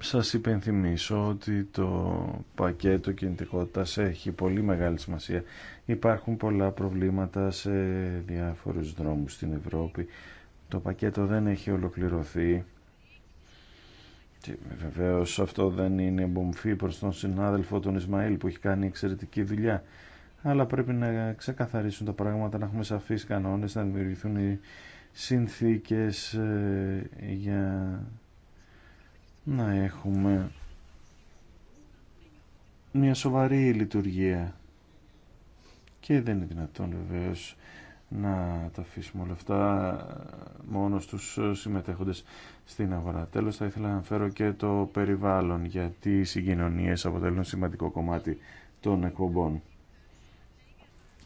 σας υπενθυμίσω ότι το πακέτο κινητικότητας έχει πολύ μεγάλη σημασία. Υπάρχουν πολλά προβλήματα σε διάφορους δρόμους στην Ευρώπη. Το πακέτο δεν έχει ολοκληρωθεί. Και βεβαίως αυτό δεν είναι μπομφή προς τον συνάδελφο τον Ισμαήλ που έχει κάνει εξαιρετική δουλειά αλλά πρέπει να ξεκαθαρίσουν τα πράγματα, να έχουμε σαφείς κανόνες, να δημιουργηθούν οι συνθήκες ε, για να έχουμε μια σοβαρή λειτουργία και δεν είναι δυνατόν βεβαίως να τα αφήσουμε όλα αυτά μόνο στους συμμετέχοντες στην αγορά. Τέλος θα ήθελα να φέρω και το περιβάλλον γιατί οι συγκοινωνίες αποτελούν σημαντικό κομμάτι των εκπομπών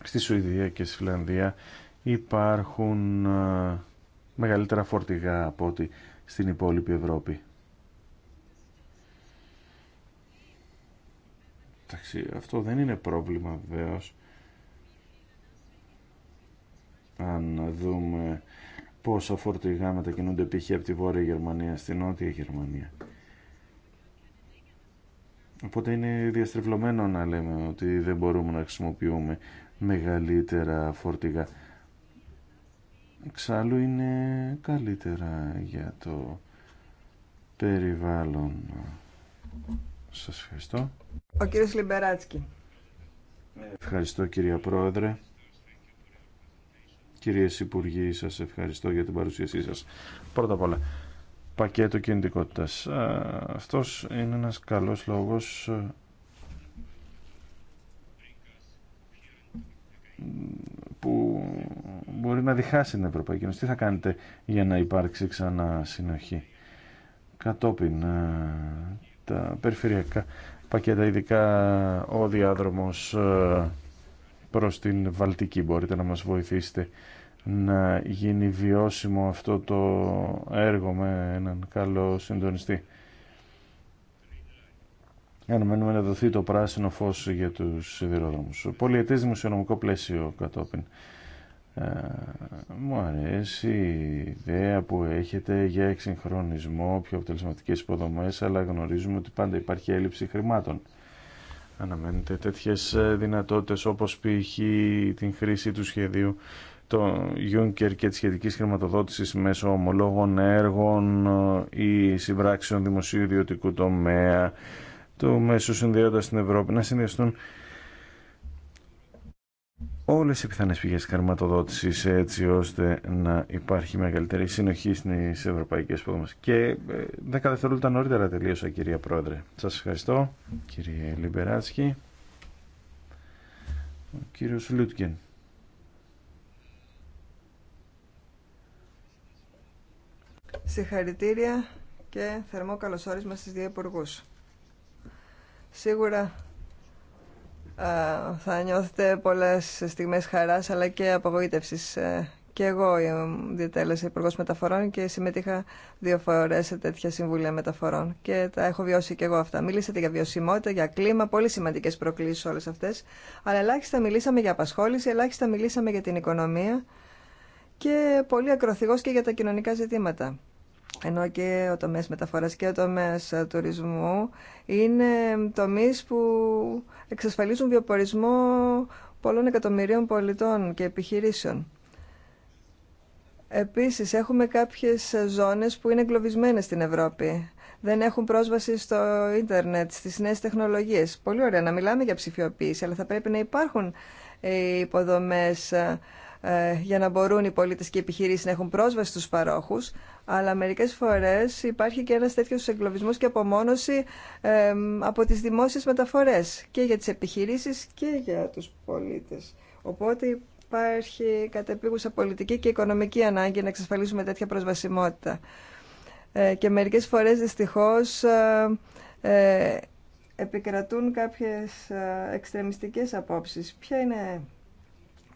στη Σουηδία και στη Φιλανδία υπάρχουν ε, μεγαλύτερα φορτηγά από ό,τι στην υπόλοιπη Ευρώπη. Εντάξει, αυτό δεν είναι πρόβλημα βεβαίω. Αν δούμε πόσα φορτηγά μετακινούνται π.χ. από τη Βόρεια Γερμανία στη Νότια Γερμανία. Οπότε είναι διαστρεβλωμένο να λέμε ότι δεν μπορούμε να χρησιμοποιούμε μεγαλύτερα φορτηγά. Εξάλλου είναι καλύτερα για το περιβάλλον. Σας ευχαριστώ. Ο κύριος Λιμπεράτσκι. Ευχαριστώ κυρία Πρόεδρε. Κύριε Υπουργοί, σας ευχαριστώ για την παρουσίασή σας. Πρώτα απ' όλα, πακέτο κινητικότητας. Αυτός είναι ένας καλός λόγος που μπορεί να διχάσει την Ευρωπαϊκή Ένωση. Τι θα κάνετε για να υπάρξει ξανά συνοχή. Κατόπιν ε, τα περιφερειακά πακέτα, ειδικά ο διάδρομος ε, προς την Βαλτική. Μπορείτε να μας βοηθήσετε να γίνει βιώσιμο αυτό το έργο με έναν καλό συντονιστή. Αναμένουμε να δοθεί το πράσινο φω για του σιδηροδρόμου. Πολιετέ δημοσιονομικό πλαίσιο κατόπιν. Ε, μου αρέσει η ιδέα που έχετε για εξυγχρονισμό, πιο αποτελεσματικέ υποδομέ, αλλά γνωρίζουμε ότι πάντα υπάρχει έλλειψη χρημάτων. Αναμένετε τέτοιε δυνατότητε όπω π.χ. την χρήση του σχεδίου το Juncker και τη σχετική χρηματοδότηση μέσω ομολόγων έργων ε, ή συμπράξεων δημοσίου ιδιωτικού τομέα του μέσου συνδέοντα στην Ευρώπη να συνδυαστούν όλες οι πιθανές πηγές καρματοδότησης έτσι ώστε να υπάρχει μεγαλύτερη συνοχή στις ευρωπαϊκές πόδες Και 10 ε, νωρίτερα τελείωσα κυρία Πρόεδρε. Σας ευχαριστώ κύριε Λιμπεράτσκι. Ο κύριος Λούτκεν. Συγχαρητήρια και θερμό καλωσόρισμα στις δύο υπουργούς. Σίγουρα θα νιώθετε πολλές στιγμές χαράς αλλά και απογοήτευσης. Ε, και εγώ διατέλεσα υπουργό μεταφορών και συμμετείχα δύο φορέ σε τέτοια συμβούλια μεταφορών. Και τα έχω βιώσει και εγώ αυτά. Μιλήσατε για βιωσιμότητα, για κλίμα, πολύ σημαντικέ προκλήσει όλε αυτέ. Αλλά ελάχιστα μιλήσαμε για απασχόληση, ελάχιστα μιλήσαμε για την οικονομία και πολύ ακροθυγό και για τα κοινωνικά ζητήματα ενώ και ο τομέας μεταφοράς και ο τομέας ε, τουρισμού είναι τομείς που εξασφαλίζουν βιοπορισμό πολλών εκατομμυρίων πολιτών και επιχειρήσεων. Επίσης, έχουμε κάποιες ζώνες που είναι εγκλωβισμένες στην Ευρώπη. Δεν έχουν πρόσβαση στο ίντερνετ, στις νέες τεχνολογίες. Πολύ ωραία να μιλάμε για ψηφιοποίηση, αλλά θα πρέπει να υπάρχουν ε, υποδομές ε, ε, για να μπορούν οι πολίτες και οι επιχειρήσεις να έχουν πρόσβαση στους παρόχους, αλλά μερικές φορές υπάρχει και ένας τέτοιος εγκλωβισμός και απομόνωση από τις δημόσιες μεταφορές και για τις επιχειρήσεις και για τους πολίτες. Οπότε υπάρχει κατεπίγουσα πολιτική και οικονομική ανάγκη να εξασφαλίσουμε τέτοια προσβασιμότητα. Ε, και μερικές φορές δυστυχώς ε, επικρατούν κάποιες εξτρεμιστικές απόψεις. Ποια είναι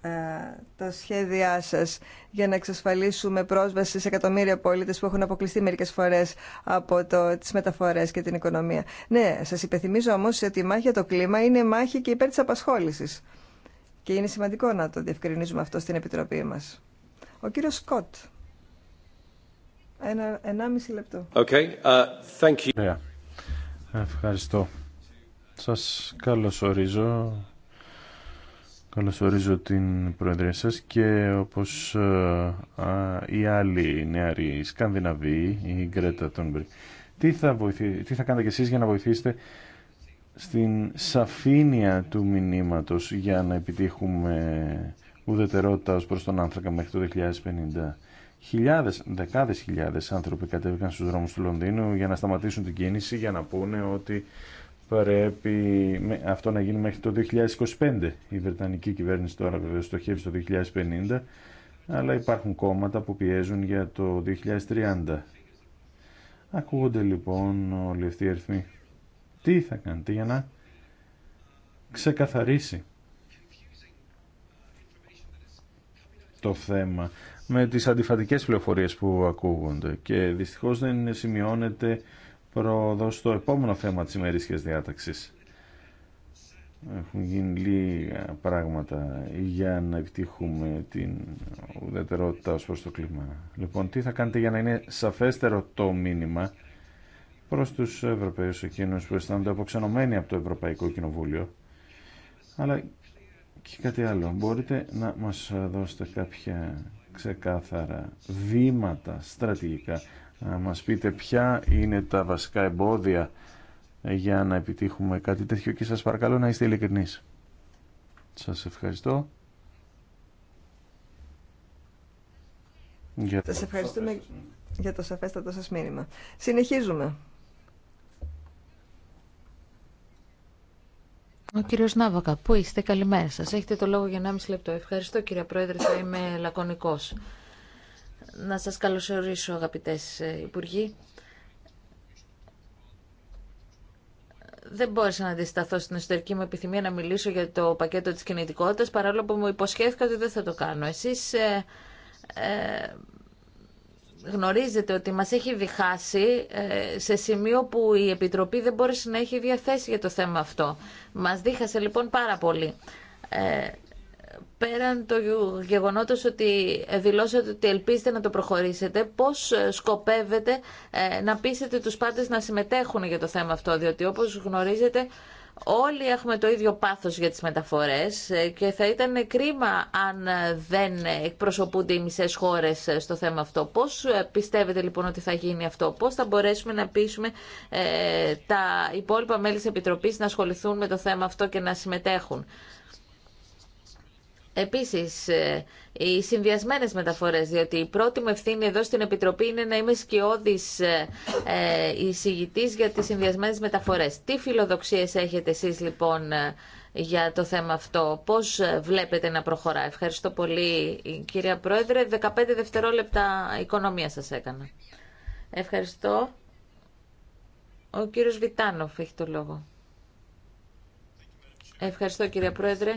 ε, τα σχέδιά σας για να εξασφαλίσουμε πρόσβαση σε εκατομμύρια πολίτες που έχουν αποκλειστεί μερικές φορές από το, τις μεταφορές και την οικονομία. Ναι, σας υπενθυμίζω όμως ότι η μάχη για το κλίμα είναι μάχη και υπέρ της απασχόλησης. Και είναι σημαντικό να το διευκρινίζουμε αυτό στην Επιτροπή μας. Ο κύριος Σκοτ. Ένα, ενάμιση λεπτό. Okay, uh, thank you. Ευχαριστώ. Σας καλωσορίζω Καλωσορίζω την Προεδρία σας και όπως ε, οι άλλοι νεαροί, Σκανδιναβοί, η Γκρέτα Τόνμπρι τι θα, τι θα κάνετε κι εσείς για να βοηθήσετε στην σαφήνεια του μηνύματος για να επιτύχουμε ουδετερότητα ως προς τον άνθρακα μέχρι το 2050. Χιλιάδες, δεκάδες χιλιάδες άνθρωποι κατέβηκαν στους δρόμους του Λονδίνου για να σταματήσουν την κίνηση, για να πούνε ότι πρέπει αυτό να γίνει μέχρι το 2025. Η Βρετανική κυβέρνηση τώρα βέβαια στοχεύει στο 2050, αλλά υπάρχουν κόμματα που πιέζουν για το 2030. Ακούγονται λοιπόν όλοι αυτοί οι αριθμοί. Τι θα κάνετε για να ξεκαθαρίσει το θέμα με τις αντιφατικές πληροφορίες που ακούγονται και δυστυχώς δεν σημειώνεται πρόοδο στο επόμενο θέμα της ημερήσιας διάταξης. Έχουν γίνει λίγα πράγματα για να επιτύχουμε την ουδετερότητα ως προς το κλίμα. Λοιπόν, τι θα κάνετε για να είναι σαφέστερο το μήνυμα προς τους Ευρωπαίους εκείνους που αισθάνονται αποξενωμένοι από το Ευρωπαϊκό Κοινοβούλιο. Αλλά και κάτι άλλο. Μπορείτε να μας δώσετε κάποια ξεκάθαρα βήματα στρατηγικά να μας πείτε ποια είναι τα βασικά εμπόδια για να επιτύχουμε κάτι τέτοιο και σας παρακαλώ να είστε ειλικρινείς. Σας ευχαριστώ. Για... Σας ευχαριστούμε για το σαφέστατο σας μήνυμα. Συνεχίζουμε. Ο κύριος Νάβακα, πού είστε, καλημέρα σας. Έχετε το λόγο για 1,5 λεπτό. Ευχαριστώ κύριε Πρόεδρε, θα είμαι λακωνικός. Να σας καλωσορίσω αγαπητές ε, Υπουργοί. δεν μπόρεσα να αντισταθώ στην εσωτερική μου επιθυμία να μιλήσω για το πακέτο της κινητικότητας, παρόλο που μου υποσχέθηκα ότι δεν θα το κάνω. Εσείς ε, ε γνωρίζετε ότι μας έχει διχάσει ε, σε σημείο που η Επιτροπή δεν μπόρεσε να έχει διαθέσει για το θέμα αυτό. Μας δίχασε λοιπόν πάρα πολύ πέραν το γεγονότος ότι δηλώσατε ότι ελπίζετε να το προχωρήσετε, πώς ε, σκοπεύετε ε, να πείσετε τους πάντες να συμμετέχουν για το θέμα αυτό, διότι όπως γνωρίζετε όλοι έχουμε το ίδιο πάθος για τις μεταφορές ε, και θα ήταν κρίμα αν δεν εκπροσωπούνται οι μισές χώρες στο θέμα αυτό. Πώς πιστεύετε λοιπόν ότι θα γίνει αυτό, πώς θα μπορέσουμε να πείσουμε τα υπόλοιπα μέλη της Επιτροπής να ασχοληθούν με το θέμα αυτό και να συμμετέχουν. Επίσης, ε, οι συνδυασμένε μεταφορές, διότι η πρώτη μου ευθύνη εδώ στην Επιτροπή είναι να είμαι σκιώδης ε, ε, εισηγητή για τις συνδυασμένε μεταφορές. Τι φιλοδοξίες έχετε εσεί λοιπόν για το θέμα αυτό, πώς βλέπετε να προχωρά. Ευχαριστώ πολύ κυρία Πρόεδρε. 15 δευτερόλεπτα οικονομία σας έκανα. Ευχαριστώ. Ο κύριος Βιτάνοφ έχει το λόγο. Ευχαριστώ κυρία Πρόεδρε.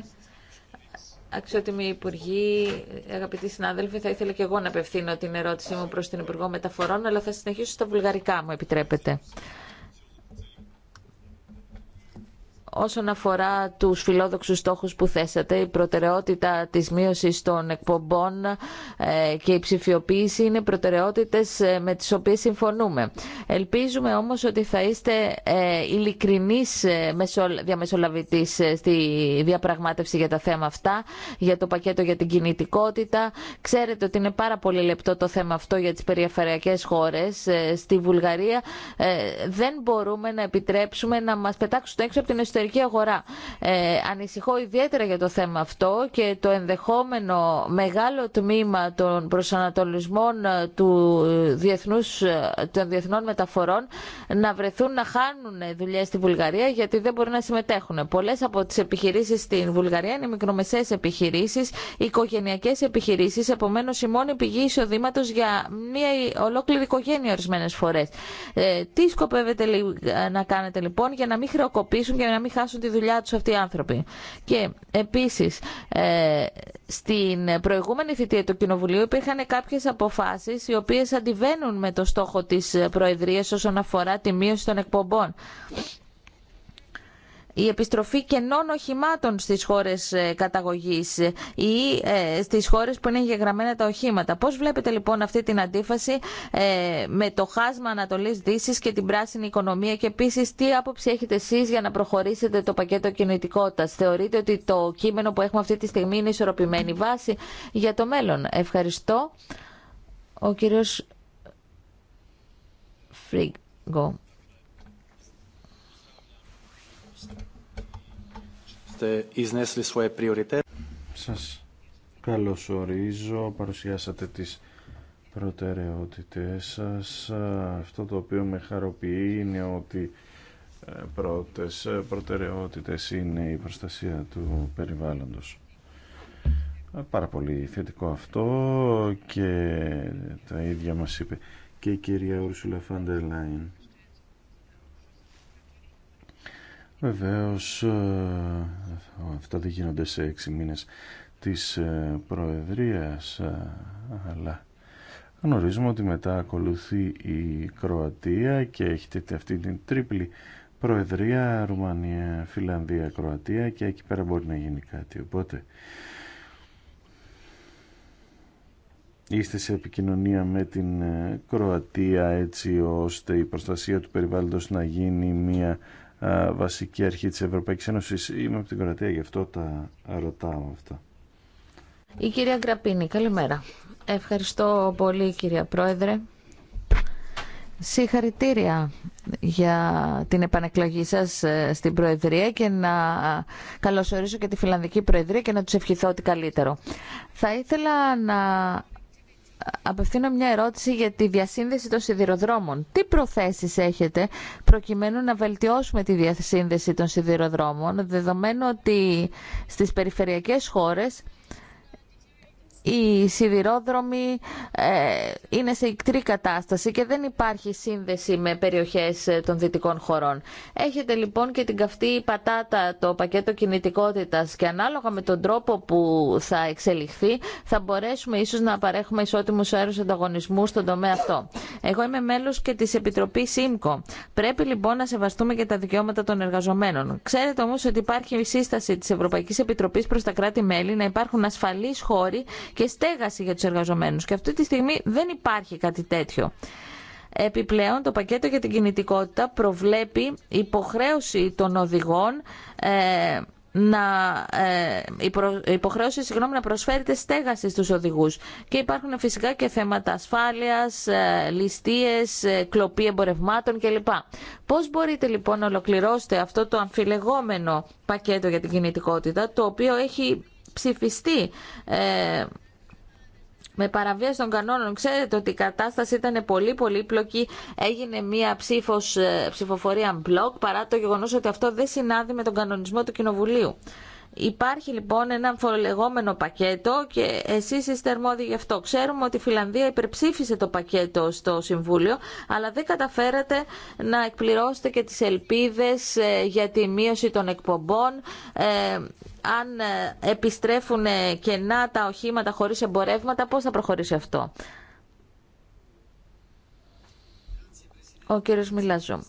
Αξιότιμοι Υπουργοί, αγαπητοί συνάδελφοι, θα ήθελα και εγώ να απευθύνω την ερώτησή μου προς την Υπουργό Μεταφορών, αλλά θα συνεχίσω στα βουλγαρικά, μου επιτρέπετε. Όσον αφορά τους φιλόδοξους στόχους που θέσατε, η προτεραιότητα της μείωσης των εκπομπών ε, και η ψηφιοποίηση είναι προτεραιότητες ε, με τις οποίες συμφωνούμε. Ελπίζουμε όμως ότι θα είστε ε, ειλικρινείς διαμεσολαβητής στη διαπραγμάτευση για τα θέματα αυτά, για το πακέτο για την κινητικότητα. Ξέρετε ότι είναι πάρα πολύ λεπτό το θέμα αυτό για τις περιφερειακές χώρες. Στη Βουλγαρία δεν μπορούμε να επιτρέψουμε να μας πετάξουν έξω από την εσωτερική εξωτερική αγορά. Ε, ανησυχώ ιδιαίτερα για το θέμα αυτό και το ενδεχόμενο μεγάλο τμήμα των προσανατολισμών ε, του διεθνούς, ε, των διεθνών μεταφορών να βρεθούν να χάνουν δουλειέ στη Βουλγαρία γιατί δεν μπορούν να συμμετέχουν. Πολλέ από τι επιχειρήσει στην Βουλγαρία είναι μικρομεσαίε επιχειρήσει, οικογενειακέ επιχειρήσει, επομένω η μόνη πηγή εισοδήματο για μια ολόκληρη οικογένεια ορισμένε φορέ. Ε, τι σκοπεύετε να κάνετε λοιπόν για να μην χρεοκοπήσουν και να μην χάσουν τη δουλειά τους αυτοί οι άνθρωποι. Και επίσης, ε, στην προηγούμενη θητεία του Κοινοβουλίου υπήρχαν κάποιες αποφάσεις οι οποίες αντιβαίνουν με το στόχο της Προεδρίας όσον αφορά τη μείωση των εκπομπών η επιστροφή κενών οχημάτων στις χώρες ε, καταγωγής ή ε, στις χώρες που είναι γεγραμμένα τα οχήματα. Πώς βλέπετε λοιπόν αυτή την αντίφαση ε, με το χάσμα Ανατολής δύση και την πράσινη οικονομία και επίση τι άποψη έχετε εσείς για να προχωρήσετε το πακέτο κινητικότητας. Θεωρείτε ότι το κείμενο που έχουμε αυτή τη στιγμή είναι ισορροπημένη βάση για το μέλλον. Ευχαριστώ. Ο κύριος Φρίγκο. ste Σας καλωσορίζω, παρουσιάσατε τις προτεραιότητες σας. Αυτό το οποίο με χαροποιεί είναι ότι ε, πρώτες ε, προτεραιότητες είναι η προστασία του περιβάλλοντος. Ε, πάρα πολύ θετικό αυτό και τα ίδια μας είπε και η κυρία Ούρσουλα Φαντελάιν Βεβαίω, ε, αυτά δεν γίνονται σε έξι μήνες της ε, Προεδρίας ε, αλλά γνωρίζουμε ότι μετά ακολουθεί η Κροατία και έχετε αυτή την τρίπλη Προεδρία, Ρουμανία, Φιλανδία, Κροατία και εκεί πέρα μπορεί να γίνει κάτι οπότε είστε σε επικοινωνία με την Κροατία έτσι ώστε η προστασία του περιβάλλοντος να γίνει μια βασική αρχή της Ευρωπαϊκής Ένωσης. Είμαι από την Κροατία, γι' αυτό τα ρωτάω αυτά. Η κυρία Γκραπίνη, καλημέρα. Ευχαριστώ πολύ κυρία Πρόεδρε. Συγχαρητήρια για την επανεκλογή σας ε, στην Προεδρία και να καλωσορίσω και τη Φιλανδική Προεδρία και να τους ευχηθώ ότι καλύτερο. Θα ήθελα να απευθύνω μια ερώτηση για τη διασύνδεση των σιδηροδρόμων. Τι προθέσεις έχετε προκειμένου να βελτιώσουμε τη διασύνδεση των σιδηροδρόμων, δεδομένου ότι στις περιφερειακές χώρες οι σιδηρόδρομοι ε, είναι σε ικτρή κατάσταση και δεν υπάρχει σύνδεση με περιοχές ε, των δυτικών χωρών. Έχετε λοιπόν και την καυτή πατάτα το πακέτο κινητικότητας και ανάλογα με τον τρόπο που θα εξελιχθεί θα μπορέσουμε ίσως να παρέχουμε ισότιμους αέρους ανταγωνισμού στον τομέα αυτό. Εγώ είμαι μέλος και της Επιτροπής ΣΥΜΚΟ. Πρέπει λοιπόν να σεβαστούμε και τα δικαιώματα των εργαζομένων. Ξέρετε όμως ότι υπάρχει η σύσταση της Ευρωπαϊκής Επιτροπής προς τα κράτη-μέλη να υπάρχουν ασφαλείς χώροι και στέγαση για τους εργαζομένους. Και αυτή τη στιγμή δεν υπάρχει κάτι τέτοιο. Επιπλέον, το πακέτο για την κινητικότητα προβλέπει υποχρέωση των οδηγών ε, να ε, υποχρέωση συγγνώμη, να προσφέρεται στέγαση στους οδηγούς. Και υπάρχουν φυσικά και θέματα ασφάλειας, ε, ληστείες, ε, κλοπή εμπορευμάτων κλπ. Πώς μπορείτε λοιπόν να ολοκληρώσετε αυτό το αμφιλεγόμενο πακέτο για την κινητικότητα, το οποίο έχει ψηφιστεί ε, με παραβίαση των κανόνων. Ξέρετε ότι η κατάσταση ήταν πολύ πολύπλοκη. Έγινε μία ψήφος, ε, ψηφοφορία μπλοκ παρά το γεγονός ότι αυτό δεν συνάδει με τον κανονισμό του Κοινοβουλίου. Υπάρχει λοιπόν ένα φορολεγόμενο πακέτο και εσείς είστε αρμόδιοι γι' αυτό. Ξέρουμε ότι η Φιλανδία υπερψήφισε το πακέτο στο Συμβούλιο, αλλά δεν καταφέρατε να εκπληρώσετε και τις ελπίδες ε, για τη μείωση των εκπομπών. Ε, αν ε, επιστρέφουν κενά τα οχήματα χωρίς εμπορεύματα, πώς θα προχωρήσει αυτό. Ο κύριος Μιλάζο.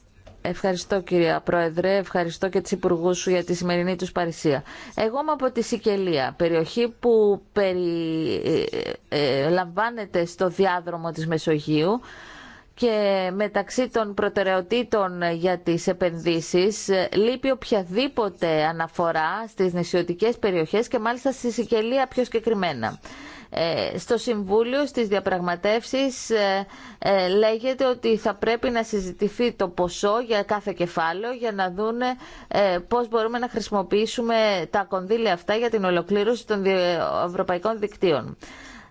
Ευχαριστώ κυρία Πρόεδρε, ευχαριστώ και τις υπουργούς σου για τη σημερινή τους παρουσία. Εγώ είμαι από τη Σικελία, περιοχή που ε, ε, ε, λαμβάνεται στο διάδρομο της Μεσογείου και μεταξύ των προτεραιοτήτων για τις επενδύσεις λείπει οποιαδήποτε αναφορά στις νησιωτικές περιοχές και μάλιστα στη Σικελία πιο συγκεκριμένα. Ε, στο Συμβούλιο, στις διαπραγματεύσεις, ε, ε, λέγεται ότι θα πρέπει να συζητηθεί το ποσό για κάθε κεφάλαιο για να δούνε πώς μπορούμε να χρησιμοποιήσουμε τα κονδύλια αυτά για την ολοκλήρωση των ευρωπαϊκών δικτύων.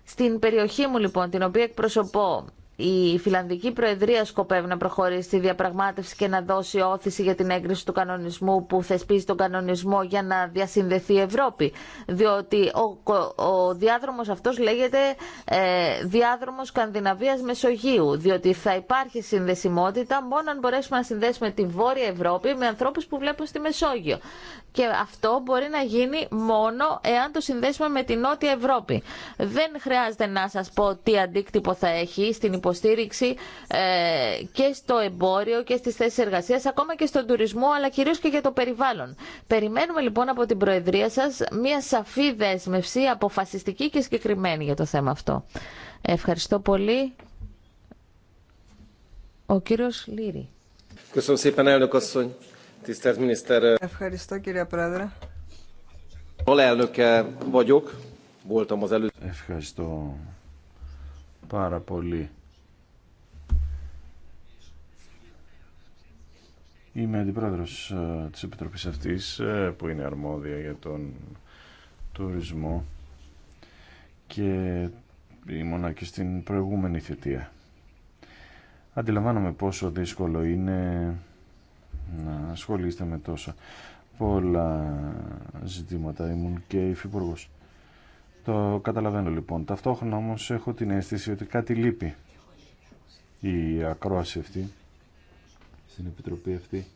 Στην περιοχή μου λοιπόν, την οποία εκπροσωπώ, η Φιλανδική Προεδρία σκοπεύει να προχωρήσει στη διαπραγμάτευση και να δώσει όθηση για την έγκριση του κανονισμού που θεσπίζει τον κανονισμό για να διασυνδεθεί η Ευρώπη. Διότι ο, ο, ο διάδρομος αυτός λέγεται ε, διάδρομος Σκανδιναβίας Μεσογείου. Διότι θα υπάρχει συνδεσιμότητα μόνο αν μπορέσουμε να συνδέσουμε τη Βόρεια Ευρώπη με ανθρώπους που βλέπουν στη Μεσόγειο και αυτό μπορεί να γίνει μόνο εάν το συνδέσουμε με την Νότια Ευρώπη. Δεν χρειάζεται να σας πω τι αντίκτυπο θα έχει στην υποστήριξη ε, και στο εμπόριο και στις θέσεις εργασίας, ακόμα και στον τουρισμό, αλλά κυρίως και για το περιβάλλον. Περιμένουμε λοιπόν από την Προεδρία σας μια σαφή δέσμευση, αποφασιστική και συγκεκριμένη για το θέμα αυτό. Ευχαριστώ πολύ. Ο κύριος Λύρη. Ευχαριστώ κύριε Πρόεδρε. Ευχαριστώ πάρα πολύ. Είμαι αντιπρόεδρος ε, της Επιτροπής αυτής ε, που είναι αρμόδια για τον τουρισμό και ήμουνα και στην προηγούμενη θητεία. Αντιλαμβάνομαι πόσο δύσκολο είναι να ασχολείστε με τόσα πολλά ζητήματα. Ήμουν και υφυπουργό. Το καταλαβαίνω λοιπόν. Ταυτόχρονα όμω έχω την αίσθηση ότι κάτι λείπει η ακρόαση αυτή στην επιτροπή αυτή.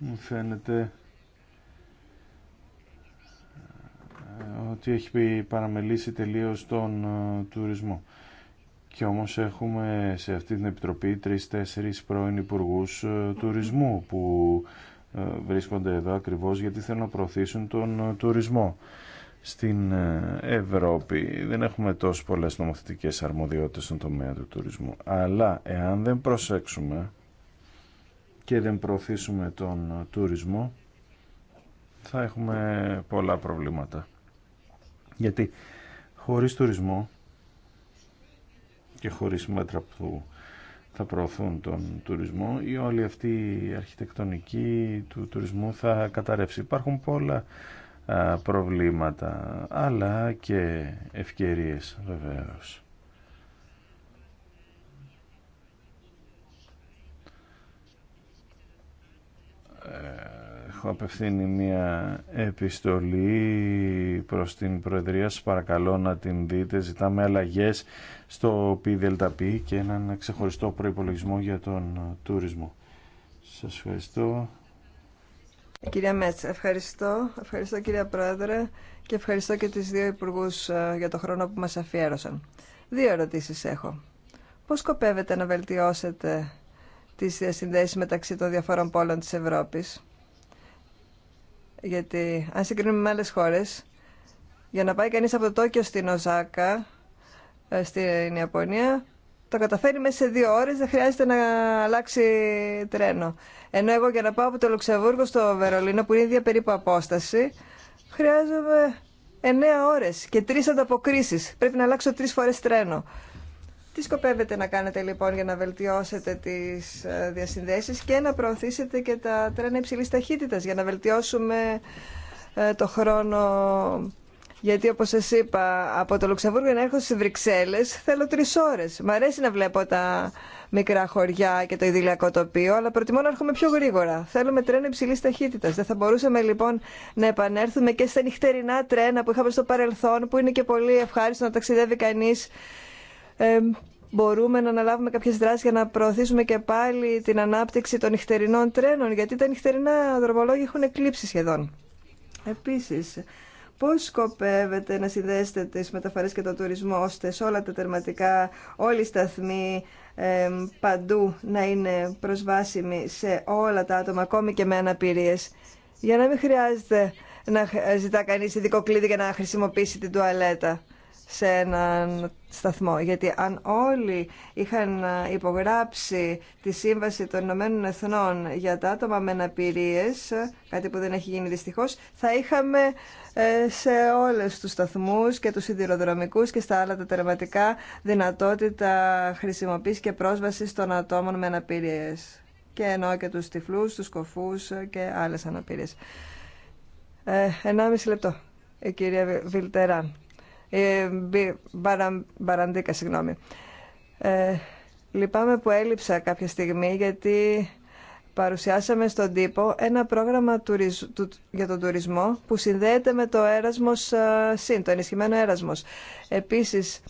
Μου φαίνεται ε, ότι έχει παραμελήσει τελείως τον ε, τουρισμό. Και όμως έχουμε σε αυτή την επιτροπή τρεις-τέσσερις πρώην υπουργού ε, τουρισμού που ε, βρίσκονται εδώ ακριβώς γιατί θέλουν να προωθήσουν τον ε, τουρισμό στην Ευρώπη. Δεν έχουμε τόσο πολλές νομοθετικές αρμοδιότητες στον τομέα του τουρισμού. Αλλά εάν δεν προσέξουμε και δεν προωθήσουμε τον τουρισμό θα έχουμε πολλά προβλήματα. Γιατί χωρίς τουρισμό και χωρίς μέτρα που θα προωθούν τον τουρισμό ή όλη αυτή η αρχιτεκτονική του τουρισμού θα καταρρεύσει. Υπάρχουν πολλά προβλήματα αλλά και ευκαιρίες βεβαίως. Ε, έχω απευθύνει μια επιστολή προς την Προεδρία. Σας παρακαλώ να την δείτε. Ζητάμε αλλαγές στο ΠΔΠ και έναν ξεχωριστό προϋπολογισμό για τον ε, τουρισμό. Σας ευχαριστώ. Κυρία Μέτς, ευχαριστώ. Ευχαριστώ κυρία Πρόεδρε και ευχαριστώ και τις δύο υπουργούς ε, για το χρόνο που μας αφιέρωσαν. Δύο ερωτήσεις έχω. Πώς σκοπεύετε να βελτιώσετε τις διασυνδέσεις μεταξύ των διαφόρων πόλων της Ευρώπης γιατί αν συγκρίνουμε με άλλες χώρες, για να πάει κανείς από το Τόκιο στην Οζάκα, ε, στην Ιαπωνία, το καταφέρει μέσα σε δύο ώρες, δεν χρειάζεται να αλλάξει τρένο. Ενώ εγώ για να πάω από το Λουξεμβούργο στο Βερολίνο, που είναι ίδια περίπου απόσταση, χρειάζομαι εννέα ώρες και τρεις ανταποκρίσεις. Πρέπει να αλλάξω τρεις φορές τρένο. Τι σκοπεύετε να κάνετε λοιπόν για να βελτιώσετε τις ε, διασυνδέσεις και να προωθήσετε και τα τρένα υψηλής ταχύτητας για να βελτιώσουμε ε, το χρόνο γιατί όπω σα είπα από το Λουξεμβούργο να έρχομαι στι Βρυξέλλε θέλω τρει ώρε. Μ' αρέσει να βλέπω τα μικρά χωριά και το ειδηλιακό τοπίο, αλλά προτιμώ να έρχομαι πιο γρήγορα. Θέλουμε τρένα υψηλή ταχύτητα. Δεν θα μπορούσαμε λοιπόν να επανέλθουμε και στα νυχτερινά τρένα που είχαμε στο παρελθόν, που είναι και πολύ ευχάριστο να ταξιδεύει κανεί μπορούμε να αναλάβουμε κάποιες δράσεις για να προωθήσουμε και πάλι την ανάπτυξη των νυχτερινών τρένων, γιατί τα νυχτερινά δρομολόγια έχουν εκλείψει σχεδόν. Επίσης, πώς σκοπεύετε να συνδέσετε τις μεταφορές και τον τουρισμό, ώστε σε όλα τα τερματικά, όλοι οι σταθμοί παντού να είναι προσβάσιμοι σε όλα τα άτομα, ακόμη και με αναπηρίες, για να μην χρειάζεται να ζητά κανείς ειδικό κλείδι για να χρησιμοποιήσει την τουαλέτα σε έναν σταθμό. Γιατί αν όλοι είχαν υπογράψει τη Σύμβαση των Ηνωμένων Εθνών για τα άτομα με αναπηρίες, κάτι που δεν έχει γίνει δυστυχώς, θα είχαμε ε, σε όλες τους σταθμούς και τους σιδηροδρομικούς και στα άλλα τα τερματικά δυνατότητα χρησιμοποίηση και πρόσβαση των ατόμων με αναπηρίες. Και ενώ και τους τυφλούς, τους κοφούς και άλλες αναπηρίες. Ε, λεπτό, η ε, κυρία Βιλτερά. Ε, μπαραντίκα, συγγνώμη. Ε, λυπάμαι που έλειψα κάποια στιγμή γιατί παρουσιάσαμε στον τύπο ένα πρόγραμμα για τον τουρισμό που συνδέεται με το έρασμος ε, ΣΥΝ, το ενισχυμένο έρασμος. Επίσης,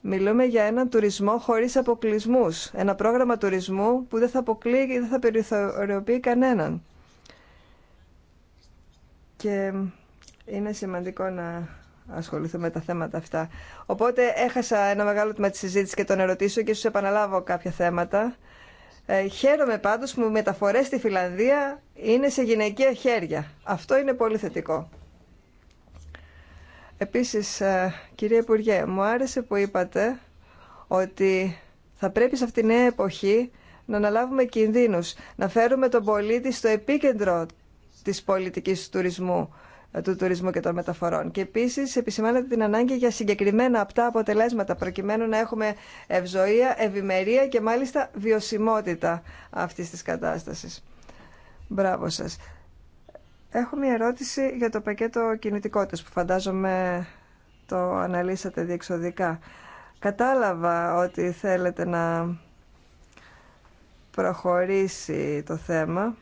μιλούμε για έναν τουρισμό χωρίς αποκλεισμούς. Ένα πρόγραμμα τουρισμού που δεν θα αποκλείει και δεν θα περιθωριοποιεί κανέναν. Και είναι σημαντικό να ασχοληθούμε με τα θέματα αυτά. Οπότε έχασα ένα μεγάλο τμήμα τη συζήτηση και τον ερωτήσω και σου επαναλάβω κάποια θέματα. Ε, χαίρομαι πάντως που οι μεταφορές στη Φιλανδία είναι σε γυναικεία χέρια. Αυτό είναι πολύ θετικό. Επίσης, ε, κύριε Υπουργέ, μου άρεσε που είπατε ότι θα πρέπει σε αυτήν την νέα εποχή να αναλάβουμε κινδύνους, να φέρουμε τον πολίτη στο επίκεντρο της πολιτικής τουρισμού, του τουρισμού και των μεταφορών. Και επίση επισημάνεται την ανάγκη για συγκεκριμένα αυτά αποτελέσματα προκειμένου να έχουμε ευζοία, ευημερία και μάλιστα βιωσιμότητα αυτής της κατάστασης. Μπράβο σας. Έχω μια ερώτηση για το πακέτο κινητικότητα που φαντάζομαι το αναλύσατε διεξοδικά. Κατάλαβα ότι θέλετε να προχωρήσει το θέμα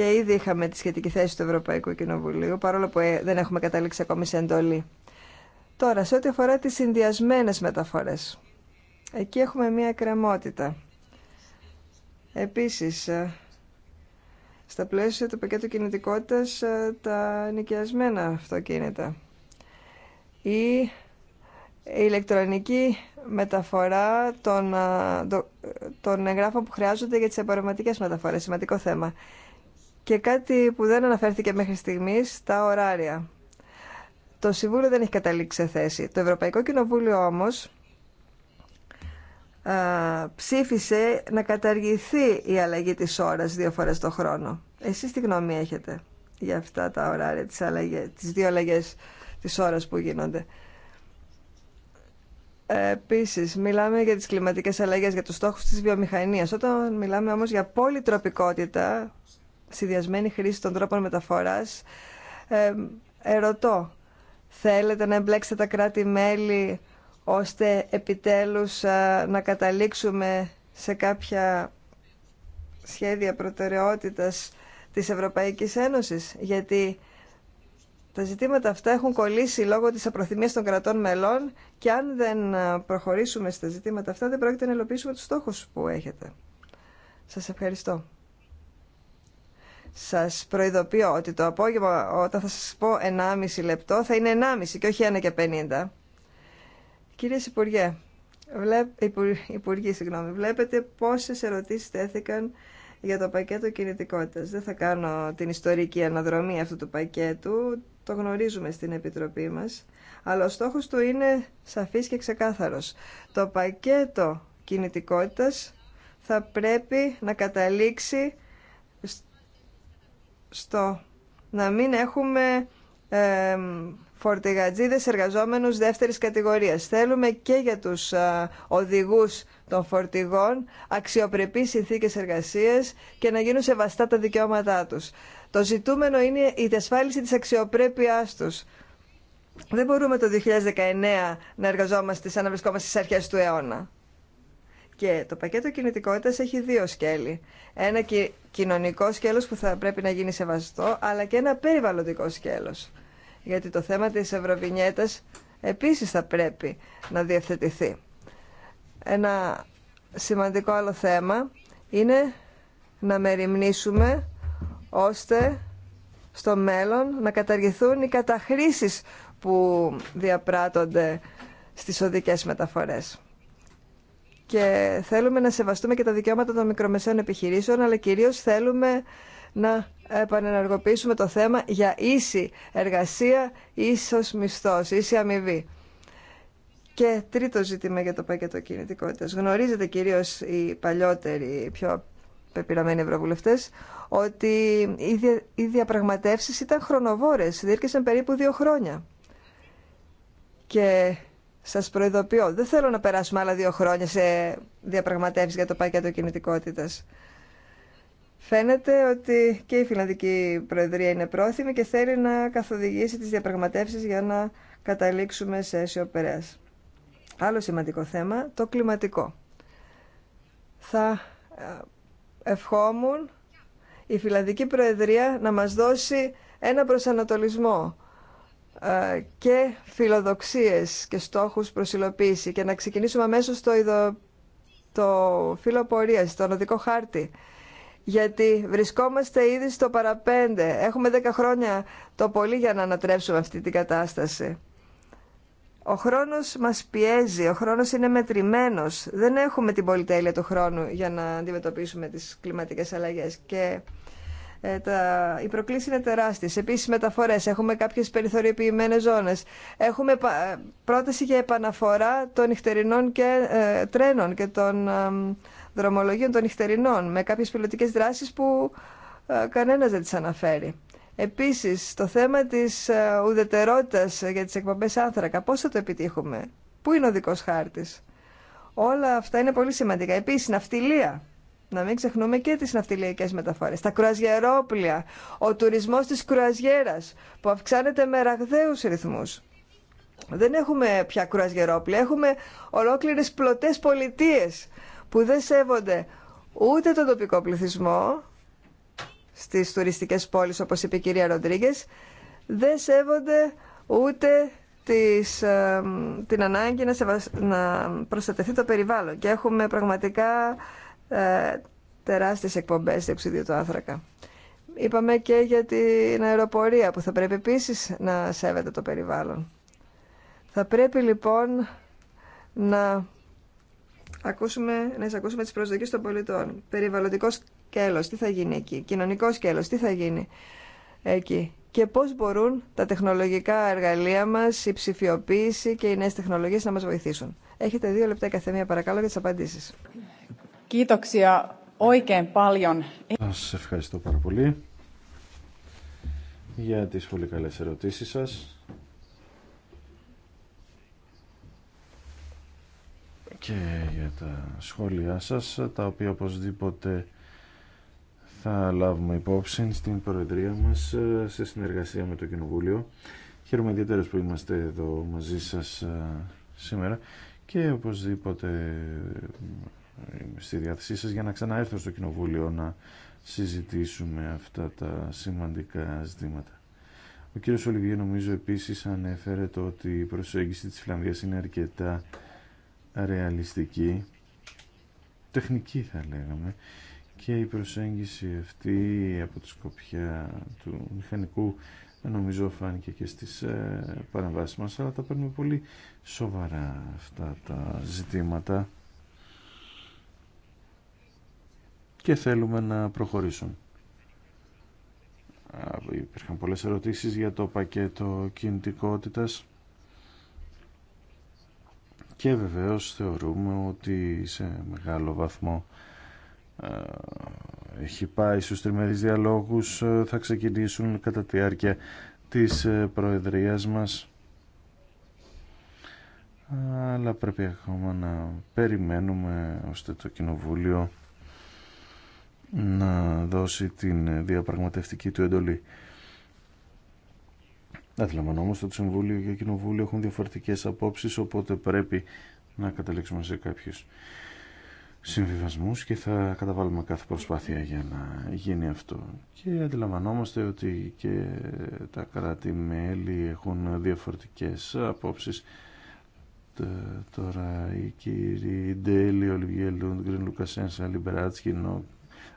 και ήδη είχαμε τη σχετική θέση του Ευρωπαϊκού Κοινοβουλίου, παρόλο που ε, δεν έχουμε καταλήξει ακόμη σε εντολή. Τώρα, σε ό,τι αφορά τις συνδυασμένες μεταφορές, εκεί έχουμε μία κρεμότητα. Επίσης, ε, στα πλαίσια του πακέτου κινητικότητας, ε, τα νοικιασμένα αυτοκίνητα. Ή η ηλεκτρονικη μεταφορά των, των εγγράφων που χρειάζονται για τις επαρωματικές μεταφορές. Σημαντικό θέμα. Και κάτι που δεν αναφέρθηκε μέχρι στιγμής, τα ωράρια. Το Συμβούλιο δεν έχει καταλήξει σε θέση. Το Ευρωπαϊκό Κοινοβούλιο όμως ψήφισε να καταργηθεί η αλλαγή της ώρας δύο φορές το χρόνο. Εσείς τι γνώμη έχετε για αυτά τα ωράρια, τις, τις δύο αλλαγές της ώρας που γίνονται. Επίση, μιλάμε για τι κλιματικέ αλλαγέ, για του στόχου τη βιομηχανία. Όταν μιλάμε όμω για πολυτροπικότητα, συνδυασμένη χρήση των τρόπων μεταφοράς, ερωτώ, θέλετε να εμπλέξετε τα κράτη-μέλη ώστε επιτέλους να καταλήξουμε σε κάποια σχέδια προτεραιότητας της Ευρωπαϊκής Ένωσης, γιατί τα ζητήματα αυτά έχουν κολλήσει λόγω της απροθυμίας των κρατών μελών και αν δεν προχωρήσουμε στα ζητήματα αυτά δεν πρόκειται να υλοποιήσουμε τους στόχους που έχετε. Σας ευχαριστώ. Σας προειδοποιώ ότι το απόγευμα όταν θα σας πω 1,5 λεπτό θα είναι 1,5 και όχι 1,50. και 50. Κυρίες Υπουργέ, βλέπ, υπου, Υπουργοί, συγγνώμη, βλέπετε πόσες ερωτήσεις τέθηκαν για το πακέτο κινητικότητας. Δεν θα κάνω την ιστορική αναδρομή αυτού του πακέτου, το γνωρίζουμε στην Επιτροπή μας, αλλά ο στόχος του είναι σαφής και ξεκάθαρος. Το πακέτο κινητικότητας θα πρέπει να καταλήξει στο να μην έχουμε ε, φορτηγατζίδες εργαζόμενους δεύτερης κατηγορίας. Θέλουμε και για τους ε, οδηγούς των φορτηγών αξιοπρεπείς συνθήκες εργασίας και να γίνουν σεβαστά τα δικαιώματά τους. Το ζητούμενο είναι η διασφάλιση της αξιοπρέπειάς τους. Δεν μπορούμε το 2019 να εργαζόμαστε σαν να βρισκόμαστε στις αρχές του αιώνα. Και το πακέτο κινητικότητας έχει δύο σκέλη. Ένα κοινωνικό σκέλος που θα πρέπει να γίνει σεβαστό, αλλά και ένα περιβαλλοντικό σκέλος. Γιατί το θέμα της Ευρωβινιέτας επίσης θα πρέπει να διευθετηθεί. Ένα σημαντικό άλλο θέμα είναι να μεριμνήσουμε ώστε στο μέλλον να καταργηθούν οι καταχρήσεις που διαπράττονται στις οδικές μεταφορές και θέλουμε να σεβαστούμε και τα δικαιώματα των μικρομεσαίων επιχειρήσεων, αλλά κυρίως θέλουμε να επανενεργοποιήσουμε το θέμα για ίση εργασία, ίσος μισθός, ίση αμοιβή. Και τρίτο ζήτημα για το πακέτο κινητικότητα. Γνωρίζετε κυρίω οι παλιότεροι, οι πιο πεπειραμένοι ευρωβουλευτέ, ότι οι διαπραγματεύσει ήταν χρονοβόρε, διήρκεσαν περίπου δύο χρόνια. Και Σα προειδοποιώ, δεν θέλω να περάσουμε άλλα δύο χρόνια σε διαπραγματεύσεις για το πακέτο κινητικότητα. Φαίνεται ότι και η Φιλανδική Προεδρία είναι πρόθυμη και θέλει να καθοδηγήσει τις διαπραγματεύσεις για να καταλήξουμε σε αίσιο Άλλο σημαντικό θέμα, το κλιματικό. Θα ε, ευχόμουν η Φιλανδική Προεδρία να μας δώσει ένα προσανατολισμό ε, και φιλοδοξίες και στόχους προσιλοποίηση και να ξεκινήσουμε αμέσως στο ειδο... το φύλλο πορείας, τον οδικό χάρτη. Γιατί βρισκόμαστε ήδη στο παραπέντε. Έχουμε 10 χρόνια το πολύ για να ανατρέψουμε αυτή την κατάσταση. Ο χρόνος μας πιέζει, ο χρόνος είναι μετρημένος. Δεν έχουμε την πολυτέλεια του χρόνου για να αντιμετωπίσουμε τις κλιματικές αλλαγές. Και ε, τα, η προκλήσει είναι τεράστια. Επίση, μεταφορέ. Έχουμε κάποιε περιθωριοποιημένε ζώνε. Έχουμε ε, πρόταση για επαναφορά των νυχτερινών και, ε, τρένων και των ε, δρομολογίων των νυχτερινών με κάποιε πιλωτικέ δράσει που ε, κανένα δεν τι αναφέρει. Επίση, το θέμα τη ουδετερότητα για τι εκπομπές άνθρακα. Πώ θα το επιτύχουμε, Πού είναι ο δικό χάρτη. Όλα αυτά είναι πολύ σημαντικά. Επίση, ναυτιλία να μην ξεχνούμε και τις ναυτιλιακές μεταφορές, τα κρουαζιερόπλια, ο τουρισμός της κρουαζιέρας που αυξάνεται με ραγδαίους ρυθμούς. Δεν έχουμε πια κρουαζιερόπλια, έχουμε ολόκληρες πλωτές πολιτείες που δεν σέβονται ούτε τον τοπικό πληθυσμό στις τουριστικές πόλεις όπως είπε η κυρία Ροντρίγκες, δεν σέβονται ούτε ε, την ανάγκη να, προστατευτεί το περιβάλλον και έχουμε πραγματικά ε, τεράστιες εκπομπές διοξιδίου του άνθρακα. Είπαμε και για την αεροπορία που θα πρέπει επίσης να σέβεται το περιβάλλον. Θα πρέπει λοιπόν να ακούσουμε, να ακούσουμε τις προσδοκίες των πολιτών. Περιβαλλοντικό σκέλος, τι θα γίνει εκεί. Κοινωνικό σκέλος, τι θα γίνει εκεί. Και πώς μπορούν τα τεχνολογικά εργαλεία μας, η ψηφιοποίηση και οι νέες τεχνολογίες να μας βοηθήσουν. Έχετε δύο λεπτά καθεμία παρακαλώ για τις απαντήσεις. Κοίταξια Σας ευχαριστώ πάρα πολύ για τις πολύ καλές ερωτήσεις σας. και για τα σχόλιά σας, τα οποία οπωσδήποτε θα λάβουμε υπόψη στην Προεδρία μας σε συνεργασία με το Κοινοβούλιο. Χαίρομαι ιδιαίτερα που είμαστε εδώ μαζί σας ε, σήμερα και οπωσδήποτε στη διάθεσή σας για να ξαναέρθω στο Κοινοβούλιο να συζητήσουμε αυτά τα σημαντικά ζητήματα. Ο κύριος Ολιβιέ νομίζω επίσης ανέφερε το ότι η προσέγγιση της Φιλανδίας είναι αρκετά ρεαλιστική, τεχνική θα λέγαμε, και η προσέγγιση αυτή από τη σκοπιά του μηχανικού νομίζω φάνηκε και στις ε, παρεμβάσεις μας, αλλά τα παίρνουμε πολύ σοβαρά αυτά τα ζητήματα και θέλουμε να προχωρήσουν. Υπήρχαν πολλές ερωτήσεις για το πακέτο κινητικότητας και βεβαίως θεωρούμε ότι σε μεγάλο βαθμό έχει πάει στους τριμερείς διαλόγους θα ξεκινήσουν κατά τη διάρκεια της ε, προεδρίας μας αλλά πρέπει ακόμα να περιμένουμε ώστε το Κοινοβούλιο να δώσει την διαπραγματευτική του εντολή. Αντιλαμβανόμαστε ότι το Συμβούλιο και το Κοινοβούλιο έχουν διαφορετικές απόψεις, οπότε πρέπει να καταλήξουμε σε κάποιους συμβιβασμούς και θα καταβάλουμε κάθε προσπάθεια για να γίνει αυτό. Και αντιλαμβανόμαστε ότι και τα κράτη-μέλη έχουν διαφορετικές απόψεις. Τώρα η κύριοι Ντέλη, Λούντ, Γκριν Λουκασένσα, Λιμπεράτσκι,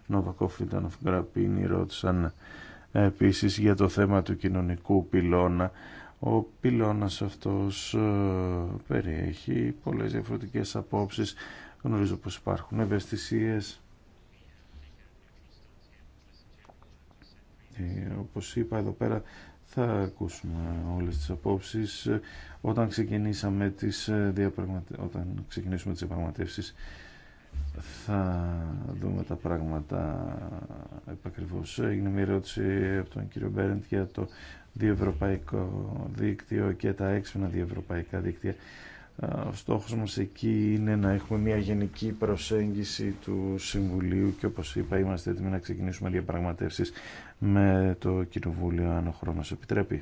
Νοβακόφ, ήταν Γκραπίνη ρώτησαν επίσης για το θέμα του κοινωνικού πυλώνα. Ο πυλώνας αυτός ε, περιέχει πολλές διαφορετικές απόψεις. Γνωρίζω πως υπάρχουν ευαισθησίες. Ε, όπως είπα εδώ πέρα θα ακούσουμε όλες τις απόψεις ε, όταν ξεκινήσαμε ε, όταν ξεκινήσουμε τις διαπραγματεύσεις θα δούμε τα πράγματα επακριβώς. Έγινε μια ερώτηση από τον κύριο Μπέρεντ για το διευρωπαϊκό δίκτυο και τα έξυπνα διευρωπαϊκά δίκτυα. Ο στόχος μας εκεί είναι να έχουμε μια γενική προσέγγιση του Συμβουλίου και όπως είπα είμαστε έτοιμοι να ξεκινήσουμε διαπραγματεύσει με το Κοινοβούλιο αν ο χρόνος επιτρέπει.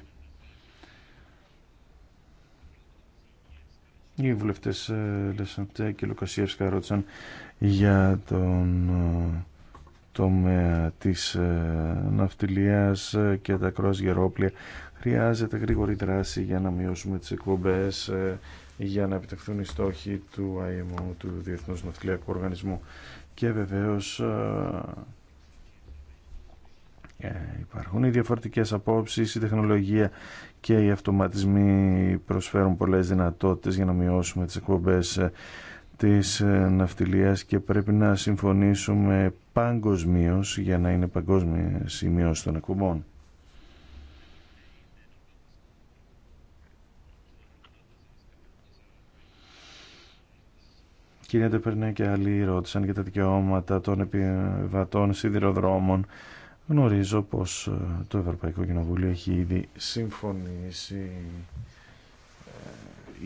Οι βουλευτέ ε, Λεσαντέ και Λουκασιεύσκα ρώτησαν για τον ε, τομέα της ε, ναυτιλίας και τα κρός Χρειάζεται γρήγορη δράση για να μειώσουμε τις εκπομπέ για να επιτευχθούν οι στόχοι του IMO, του Διεθνούς Ναυτιλιακού Οργανισμού. Και βεβαίως υπάρχουν οι διαφορετικέ απόψει η τεχνολογία και οι αυτοματισμοί προσφέρουν πολλές δυνατότητες για να μειώσουμε τις εκπομπές ε, της ε, ναυτιλίας και πρέπει να συμφωνήσουμε παγκοσμίω για να είναι παγκόσμια σημείο των εκπομπών. Κυρία Τεπερνέ και άλλοι ρώτησαν για τα δικαιώματα των επιβατών σιδηροδρόμων Γνωρίζω πως ε, το Ευρωπαϊκό Κοινοβούλιο έχει ήδη συμφωνήσει. Ε,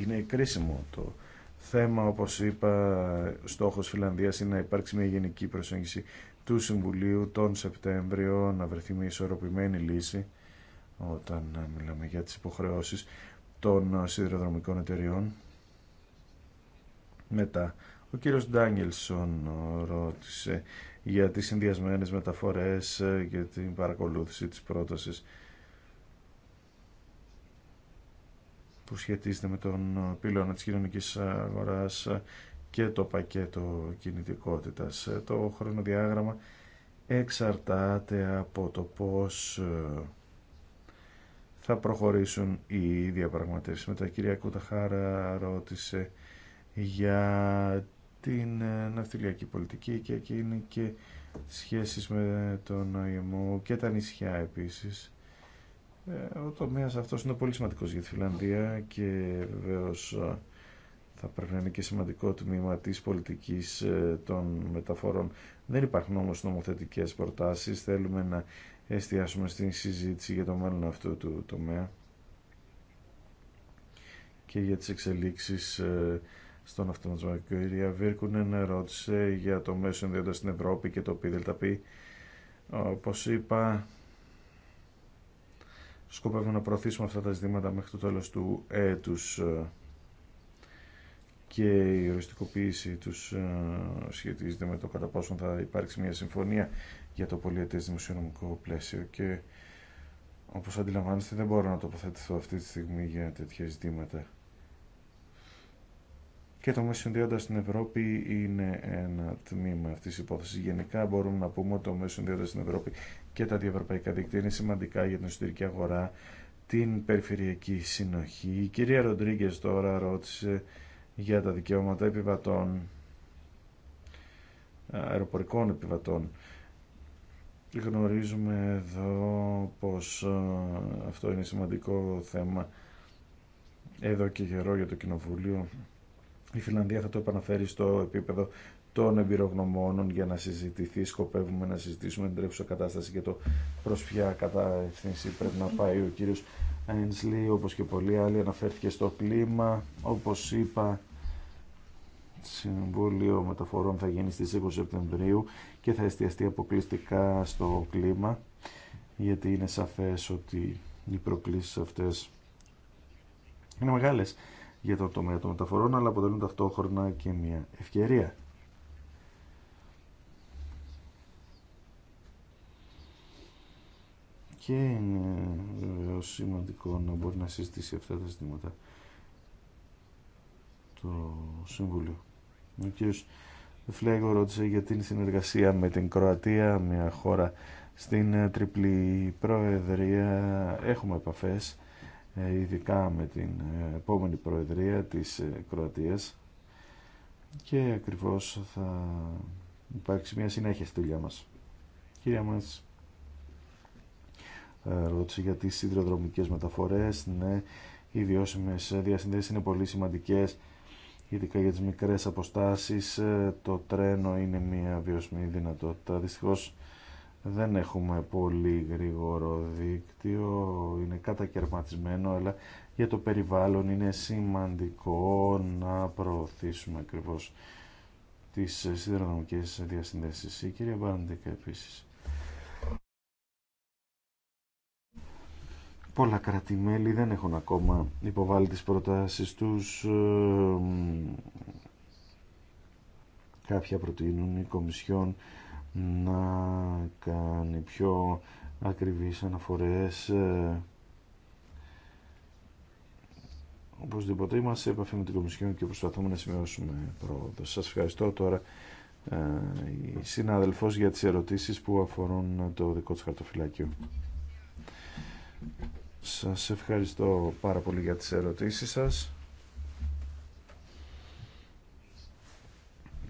είναι κρίσιμο το θέμα, όπως είπα, στόχος Φιλανδίας είναι να υπάρξει μια γενική προσέγγιση του Συμβουλίου τον Σεπτέμβριο, να βρεθεί μια ισορροπημένη λύση όταν ε, μιλάμε για τις υποχρεώσεις των σιδηροδρομικών εταιριών. Μετά, ο κύριος Ντάγγελσον ρώτησε για τις συνδυασμένες μεταφορές και ε, την παρακολούθηση της πρότασης που σχετίζεται με τον ε, πύλωνα της κοινωνικής αγοράς ε, και το πακέτο κινητικότητας. Το χρονοδιάγραμμα εξαρτάται από το πώς θα προχωρήσουν οι διαπραγματεύσεις. Μετά η κυρία Κουταχάρα ρώτησε για την ε, ναυτιλιακή πολιτική και είναι και σχέσεις με τον ΙΜΟ και τα νησιά επίσης. Ε, ο τομέας αυτός είναι πολύ σημαντικός για τη Φιλανδία και βεβαίω ε, θα πρέπει να είναι και σημαντικό τμήμα της πολιτικής των μεταφορών. Δεν υπάρχουν όμως νομοθετικές προτάσεις. Θέλουμε να εστιάσουμε στην συζήτηση για το μέλλον αυτού του τομέα και για τις εξελίξεις στον αυτοματισμό. Η κυρία Βίρκουνεν ρώτησε για το μέσο ενδιόντα στην Ευρώπη και το ΠΔΠ. Όπως είπα, σκοπεύουμε να προωθήσουμε αυτά τα ζητήματα μέχρι το τέλος του έτου, ε, και η οριστικοποίηση τους ε, σχετίζεται με το κατά πόσο θα υπάρξει μια συμφωνία για το πολυετές δημοσιονομικό πλαίσιο και όπως αντιλαμβάνεστε δεν μπορώ να τοποθετηθώ αυτή τη στιγμή για τέτοια ζητήματα και το μέσο ιδιώτα στην Ευρώπη είναι ένα τμήμα αυτή τη υπόθεση. Γενικά μπορούμε να πούμε ότι το μέσο ιδιώτα στην Ευρώπη και τα διευρωπαϊκά δίκτυα είναι σημαντικά για την εσωτερική αγορά, την περιφερειακή συνοχή. Η κυρία Ροντρίγκε τώρα ρώτησε για τα δικαιώματα επιβατών, αεροπορικών επιβατών. Γνωρίζουμε εδώ πως αυτό είναι σημαντικό θέμα εδώ και καιρό για το Κοινοβούλιο η Φιλανδία θα το επαναφέρει στο επίπεδο των εμπειρογνωμόνων για να συζητηθεί. Σκοπεύουμε να συζητήσουμε την τρέχουσα κατάσταση και το προ ποια κατεύθυνση πρέπει να πάει ο κύριος Ένσλι, όπως και πολλοί άλλοι, αναφέρθηκε στο κλίμα. Όπως είπα, Συμβούλιο Μεταφορών θα γίνει στις 20 Σεπτεμβρίου και θα εστιαστεί αποκλειστικά στο κλίμα, γιατί είναι σαφές ότι οι προκλήσεις αυτές είναι μεγάλες για τον τομέα των μεταφορών, αλλά αποτελούν ταυτόχρονα και μια ευκαιρία. Και είναι βεβαίω σημαντικό να μπορεί να συζητήσει αυτά τα ζητήματα το Συμβούλιο. Ο κ. Φλέγκο ρώτησε για την συνεργασία με την Κροατία, μια χώρα στην ε, τριπλή προεδρία. Έχουμε επαφές ε, ειδικά με την ε, επόμενη Προεδρία της ε, Κροατίας και ακριβώς θα υπάρξει μια συνέχεια στη δουλειά μας. Κυρία μας, ρώτησε για τις σιδηροδρομικές μεταφορές. Ναι, οι βιώσιμες διασυνδέσεις είναι πολύ σημαντικές, ειδικά για τις μικρές αποστάσεις. Το τρένο είναι μια βιώσιμη δυνατότητα. Δυστυχώς δεν έχουμε πολύ γρήγορο δίκτυο, είναι κατακαιρματισμένο, αλλά για το περιβάλλον είναι σημαντικό να προωθήσουμε ακριβώ τις σιδηροδρομικές διασυνδέσεις. Η κυρία επίσης. Πολλά κρατημέλη δεν έχουν ακόμα υποβάλει τις προτάσεις τους. Κάποια προτείνουν η Κομισιόν να κάνει πιο ακριβείς αναφορές ε, οπωσδήποτε είμαστε σε επαφή με την Κομισιόν και προσπαθούμε να σημειώσουμε πρόοδο. Σας ευχαριστώ τώρα ε, η συνάδελφος για τις ερωτήσεις που αφορούν το δικό της χαρτοφυλάκιο. Σας ευχαριστώ πάρα πολύ για τις ερωτήσεις σας.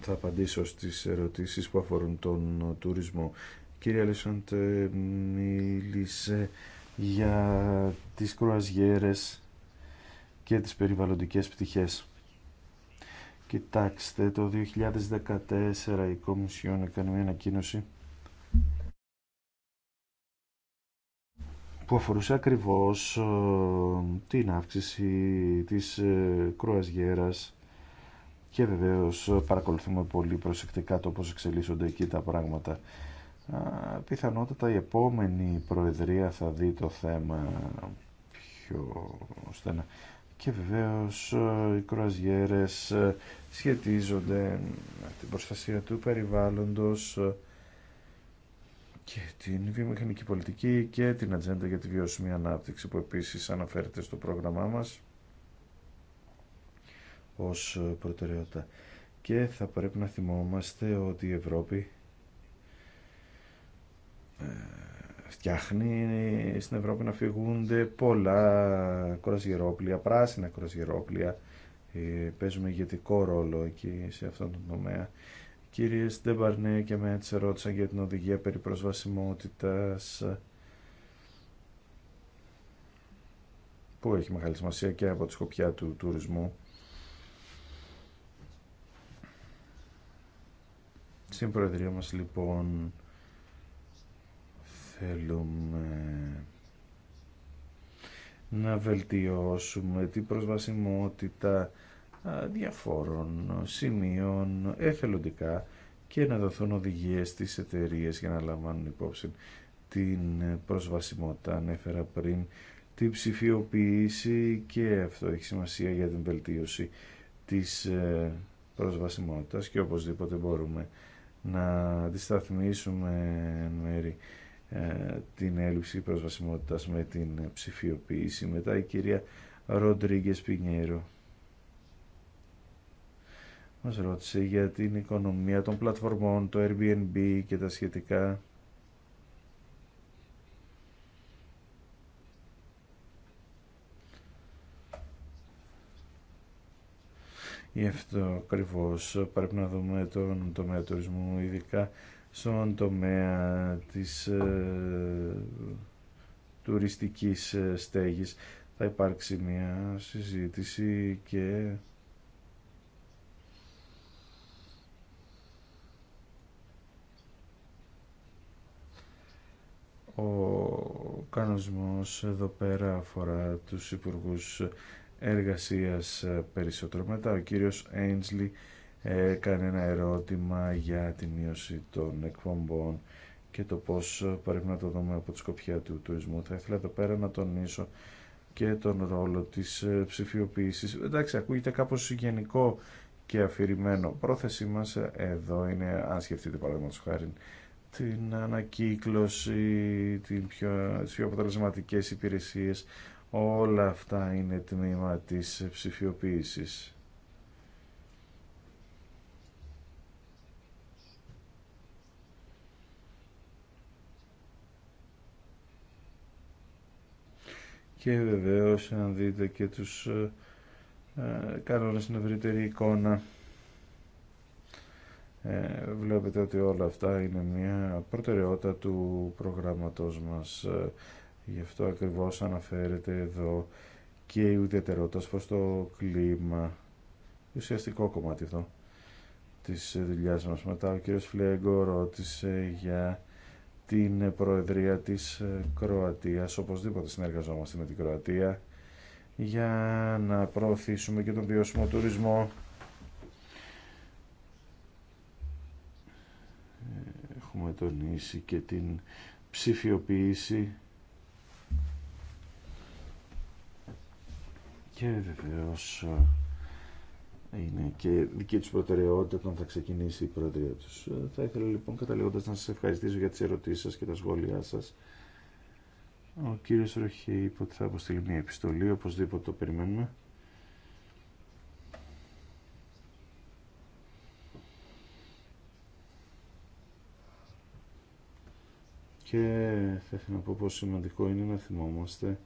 θα απαντήσω στις ερωτήσεις που αφορούν τον τουρισμό. Κύριε Αλέσσοντ, ε, μίλησε για τις κρουαζιέρες και τις περιβαλλοντικές πτυχές. Κοιτάξτε, το 2014 η Κομισιόν έκανε μια ανακοίνωση που αφορούσε ακριβώς ε, την αύξηση της ε, κρουαζιέρας και βεβαίως παρακολουθούμε πολύ προσεκτικά το πώς εξελίσσονται εκεί τα πράγματα. Πιθανότατα η επόμενη Προεδρία θα δει το θέμα πιο στενά. Και βεβαίως ε, οι κρουαζιέρες ε, σχετίζονται με την προστασία του περιβάλλοντος ε, και την βιομηχανική πολιτική και την ατζέντα για τη βιώσιμη ανάπτυξη που επίσης αναφέρεται στο πρόγραμμά μας ως προτεραιότητα. Και θα πρέπει να θυμόμαστε ότι η Ευρώπη ε, φτιάχνει στην Ευρώπη να φυγούνται πολλά κροσγερόπλια, πράσινα κροσγερόπλια. Ε, παίζουμε ηγετικό ρόλο εκεί σε αυτόν τον τομέα. Κύριε Στεμπαρνέ και με έτσι ρώτησαν για την οδηγία περί προσβασιμότητας ε, που έχει μεγάλη σημασία και από τη σκοπιά του τουρισμού Στην Προεδρία μας λοιπόν θέλουμε να βελτιώσουμε την προσβασιμότητα διαφόρων σημείων εθελοντικά και να δοθούν οδηγίες στις εταιρείε για να λαμβάνουν υπόψη την προσβασιμότητα. Ανέφερα πριν την ψηφιοποίηση και αυτό έχει σημασία για την βελτίωση της ε, προσβασιμότητας και οπωσδήποτε μπορούμε να αντισταθμίσουμε εν ε, την έλλειψη προσβασιμότητας με την ψηφιοποίηση. Μετά η κυρία Ροντρίγκε Πινιέρο μας ρώτησε για την οικονομία των πλατφορμών, το Airbnb και τα σχετικά Γι' αυτό ακριβώ πρέπει να δούμε τον τομέα τουρισμού, ειδικά στον τομέα της ε, τουριστικής ε, στέγης. Θα υπάρξει μια συζήτηση και... Ο κανονισμός εδώ πέρα αφορά τους υπουργούς εργασίας ε, περισσότερο. Μετά ο κύριος Έινσλι κάνει ένα ερώτημα για την μείωση των εκπομπών και το πώς πρέπει να το δούμε από τη σκοπιά του τουρισμού. Θα ήθελα εδώ πέρα να τονίσω και τον ρόλο της ε, ψηφιοποίησης. Εντάξει, ακούγεται κάπως γενικό και αφηρημένο. Πρόθεσή μας ε, εδώ είναι, αν σκεφτείτε παραδείγματος χάρη, την ανακύκλωση, την πιο, πιο υπηρεσίες, Όλα αυτά είναι τμήμα της ψηφιοποίησης. Και βεβαίως αν δείτε και τους ε, ε κανόνες στην ευρύτερη εικόνα ε, βλέπετε ότι όλα αυτά είναι μια προτεραιότητα του προγράμματος μας. Γι' αυτό ακριβώς αναφέρεται εδώ και η ουδετερότητας προς το κλίμα. Ουσιαστικό κομμάτι εδώ της δουλειά μας. Μετά ο κύριος Φλέγκο ρώτησε για την Προεδρία της Κροατίας. Οπωσδήποτε συνεργαζόμαστε με την Κροατία για να προωθήσουμε και τον βιώσιμο τουρισμό. Έχουμε τονίσει και την ψηφιοποίηση και βεβαίω ε, είναι και δική του προτεραιότητα όταν θα ξεκινήσει η προεδρία τους. Ε, θα ήθελα λοιπόν καταλήγοντας να σας ευχαριστήσω για τις ερωτήσεις σας και τα σχόλιά σας. Ο κύριο Ροχή είπε ότι θα αποστείλει μια επιστολή, οπωσδήποτε το περιμένουμε. Και θα ήθελα να πω πόσο σημαντικό είναι να θυμόμαστε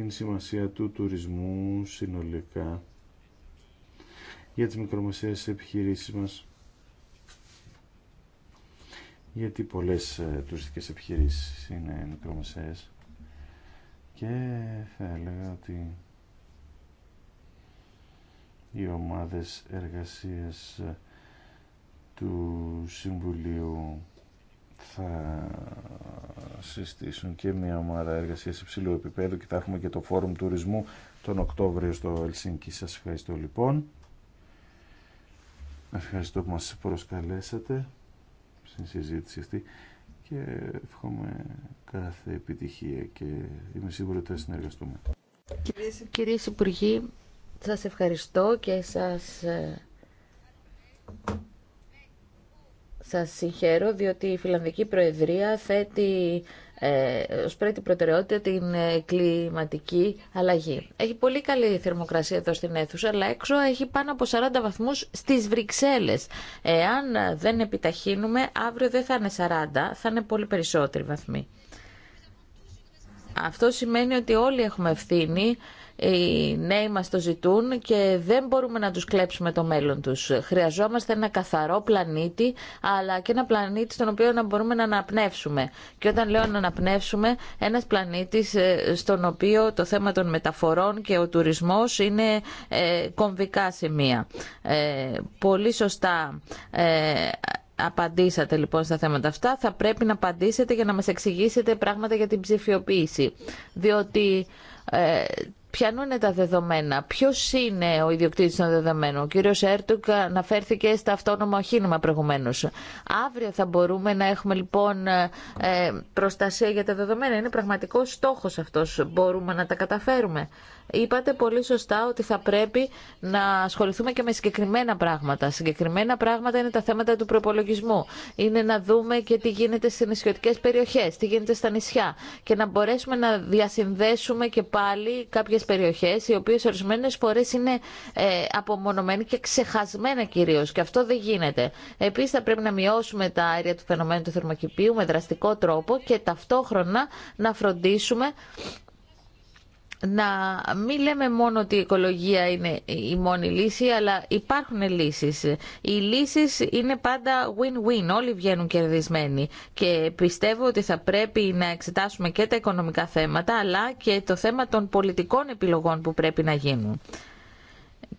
την σημασία του τουρισμού συνολικά για τις μικρομεσαίες επιχειρήσεις μας γιατί πολλές ε, τουριστικές επιχειρήσεις είναι μικρομεσαίες και θα έλεγα ότι οι ομάδες εργασίας ε, του Συμβουλίου θα συστήσουν και μια ομάδα εργασία υψηλού επίπεδου και θα έχουμε και το φόρουμ τουρισμού τον Οκτώβριο στο Ελσίνκι. Σας ευχαριστώ λοιπόν. Ευχαριστώ που μας προσκαλέσατε στην συζήτηση αυτή και εύχομαι κάθε επιτυχία και είμαι σίγουρο ότι θα συνεργαστούμε. Κυρίες Υπουργοί, σας ευχαριστώ και σας ε, σα συγχαίρω διότι η Φιλανδική Προεδρία θέτει ε, ως πρώτη προτεραιότητα την ε, κλιματική αλλαγή. Έχει πολύ καλή θερμοκρασία εδώ στην αίθουσα, αλλά έξω έχει πάνω από 40 βαθμούς στις Βρυξέλλες. Εάν δεν επιταχύνουμε, αύριο δεν θα είναι 40, θα είναι πολύ περισσότεροι βαθμοί. Αυτό σημαίνει ότι όλοι έχουμε ευθύνη οι νέοι μας το ζητούν και δεν μπορούμε να τους κλέψουμε το μέλλον τους. Χρειαζόμαστε ένα καθαρό πλανήτη, αλλά και ένα πλανήτη στον οποίο να μπορούμε να αναπνεύσουμε. Και όταν λέω να αναπνεύσουμε, ένας πλανήτης ε, στον οποίο το θέμα των μεταφορών και ο τουρισμός είναι ε, κομβικά σημεία. Ε, πολύ σωστά απαντήσατε λοιπόν στα θέματα αυτά, θα πρέπει να απαντήσετε για να μας εξηγήσετε πράγματα για την ψηφιοποίηση. Διότι Ποιανού τα δεδομένα, ποιο είναι ο ιδιοκτήτη των δεδομένων. Ο κύριο Έρτουκ αναφέρθηκε στα αυτόνομα οχήνωμα προηγουμένω. Αύριο θα μπορούμε να έχουμε λοιπόν ε, ε, προστασία για τα δεδομένα. Είναι πραγματικό στόχο αυτό. Μπορούμε να τα καταφέρουμε. Είπατε πολύ σωστά ότι θα πρέπει να ασχοληθούμε και με συγκεκριμένα πράγματα. Συγκεκριμένα πράγματα είναι τα θέματα του προπολογισμού. Είναι να δούμε και τι γίνεται στι νησιωτικέ περιοχέ, τι γίνεται στα νησιά και να μπορέσουμε να διασυνδέσουμε και πάλι κάποιε περιοχέ οι οποίε ορισμένε φορέ είναι ε, απομονωμένοι και ξεχασμένα κυρίω. Και αυτό δεν γίνεται. Επίση, θα πρέπει να μειώσουμε τα αέρια του φαινομένου του θερμοκηπίου με δραστικό τρόπο και ταυτόχρονα να φροντίσουμε να μην λέμε μόνο ότι η οικολογία είναι η μόνη λύση, αλλά υπάρχουν λύσεις. Οι λύσεις είναι πάντα win-win, όλοι βγαίνουν κερδισμένοι. Και πιστεύω ότι θα πρέπει να εξετάσουμε και τα οικονομικά θέματα, αλλά και το θέμα των πολιτικών επιλογών που πρέπει να γίνουν.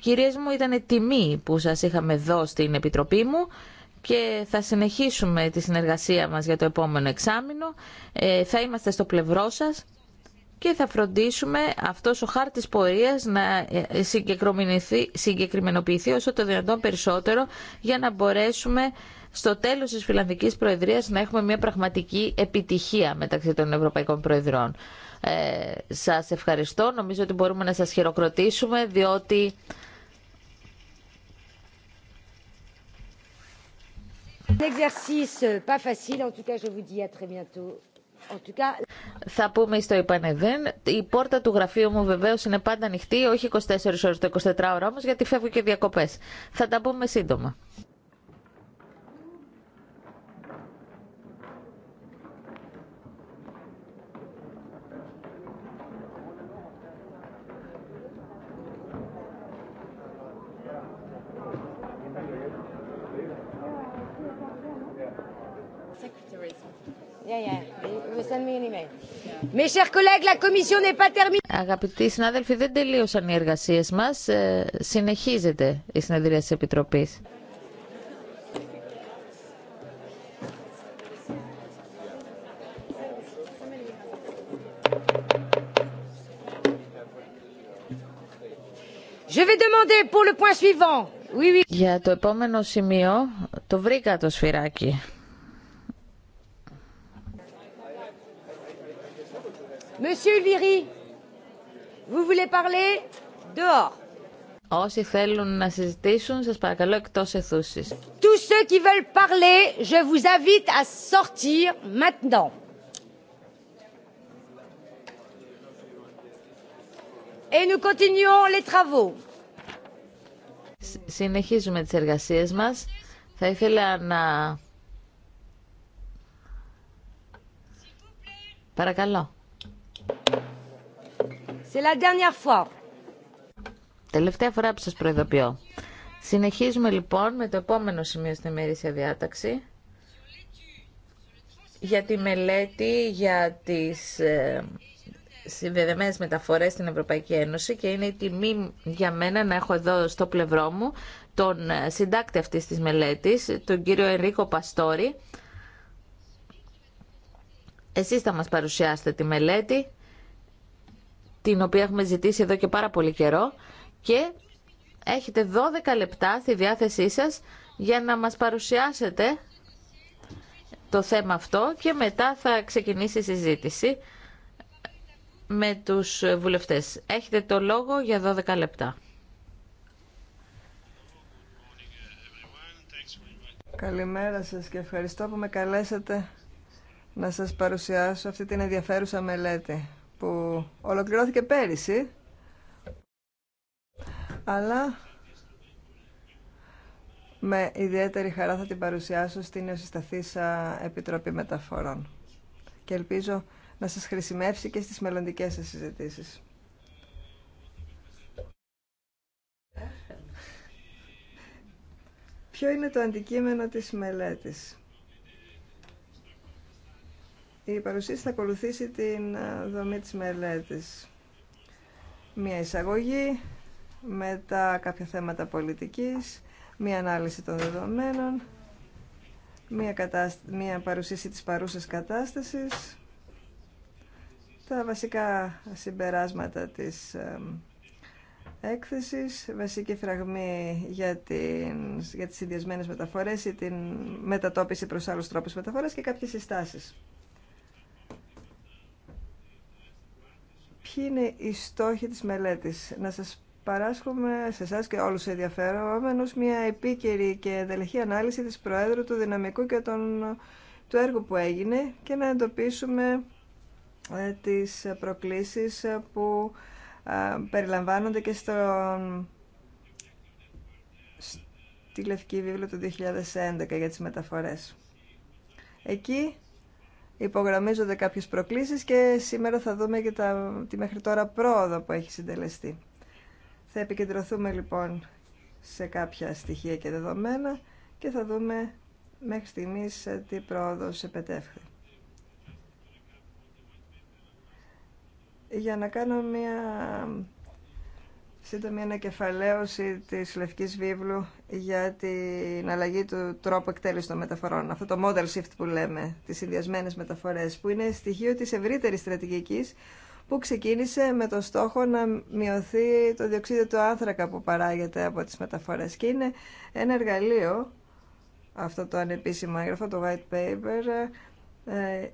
Κυρίες μου, ήταν τιμή που σας είχαμε εδώ στην Επιτροπή μου και θα συνεχίσουμε τη συνεργασία μας για το επόμενο εξάμεινο. Ε, θα είμαστε στο πλευρό σας και θα φροντίσουμε αυτός ο χάρτης πορείας να ε, ε, συγκεκριμενοποιηθεί όσο το δυνατόν περισσότερο για να μπορέσουμε στο τέλος της Φιλανδικής Προεδρίας να έχουμε μια πραγματική επιτυχία μεταξύ των Ευρωπαϊκών Προεδρών. Ε, σας ευχαριστώ. Νομίζω ότι μπορούμε να σας χειροκροτήσουμε διότι... Exercice pas facile, en tout cas je vous dis à très bientôt. Θα πούμε στο Ιπανεδέν. Η πόρτα του γραφείου μου βεβαίω είναι πάντα ανοιχτή, όχι 24 ώρε το 24 ώρα, όμω, γιατί φεύγω και διακοπέ. Θα τα πούμε σύντομα. Αγαπητοί συνάδελφοι, δεν τελείωσαν οι εργασίε μα. Ε, συνεχίζεται η συνεδρία τη Επιτροπή. Για το επόμενο σημείο, το βρήκα το σφυράκι. Monsieur Liri, vous voulez parler dehors. Όσοι θέλουν να συζητήσουν, σας παρακαλώ εκτός αιθούσης. Tous ceux qui veulent parler, je vous invite à sortir maintenant. Et nous continuons les travaux. Συνεχίζουμε τις εργασίες μας. Θα ήθελα να... Παρακαλώ. C'est la dernière fois. Τελευταία φορά που σας προειδοποιώ. Συνεχίζουμε λοιπόν με το επόμενο σημείο στην ημερήσια διάταξη για τη μελέτη για τις ε, συνδεδεμένες μεταφορές στην Ευρωπαϊκή Ένωση και είναι η τιμή για μένα να έχω εδώ στο πλευρό μου τον ε, συντάκτη αυτής της μελέτης, τον κύριο Ενρίκο Παστόρη. Εσείς θα μας παρουσιάσετε τη μελέτη την οποία έχουμε ζητήσει εδώ και πάρα πολύ καιρό και έχετε 12 λεπτά στη διάθεσή σας για να μας παρουσιάσετε το θέμα αυτό και μετά θα ξεκινήσει η συζήτηση με τους βουλευτές. Έχετε το λόγο για 12 λεπτά. Καλημέρα σας και ευχαριστώ που με καλέσατε να σας παρουσιάσω αυτή την ενδιαφέρουσα μελέτη που ολοκληρώθηκε πέρυσι, αλλά με ιδιαίτερη χαρά θα την παρουσιάσω στην νεοσυσταθήσα Επιτροπή Μεταφορών και ελπίζω να σας χρησιμεύσει και στις μελλοντικές σας συζητήσεις. Ποιο είναι το αντικείμενο της μελέτης. Η παρουσίαση θα ακολουθήσει την ε, δομή της μελέτης. Μία εισαγωγή, μετά κάποια θέματα πολιτικής, μία ανάλυση των δεδομένων, μία, μία παρουσίαση της παρούσας κατάστασης, τα βασικά συμπεράσματα της ε, έκθεσης, βασική φραγμή για, την, για τις συνδυασμένες μεταφορές ή την μετατόπιση προς άλλους τρόπους μεταφοράς και κάποιες συστάσεις. ποιοι είναι οι στόχοι της μελέτης. Να σας παράσχουμε σε εσά και όλους ενδιαφέρομενους μια επίκαιρη και εντελεχή ανάλυση της Προέδρου του Δυναμικού και των, του έργου που έγινε και να εντοπίσουμε ε, τις προκλήσεις που ε, περιλαμβάνονται και στον στη Λευκή Βίβλο του 2011 για τις μεταφορές. Εκεί υπογραμμίζονται κάποιες προκλήσεις και σήμερα θα δούμε και τα, τη μέχρι τώρα πρόοδο που έχει συντελεστεί. Θα επικεντρωθούμε λοιπόν σε κάποια στοιχεία και δεδομένα και θα δούμε μέχρι στιγμής ε, τι σε επετεύχθη. Για να κάνω μια σύντομη ανακεφαλαίωση τη Λευκής Βίβλου για την αλλαγή του τρόπου εκτέλεση των μεταφορών. Αυτό το model shift που λέμε, τι συνδυασμένε μεταφορέ, που είναι στοιχείο τη ευρύτερη στρατηγική, που ξεκίνησε με το στόχο να μειωθεί το διοξείδιο του άνθρακα που παράγεται από τις μεταφορές. Και είναι ένα εργαλείο, αυτό το ανεπίσημο έγγραφο, το white paper, ε,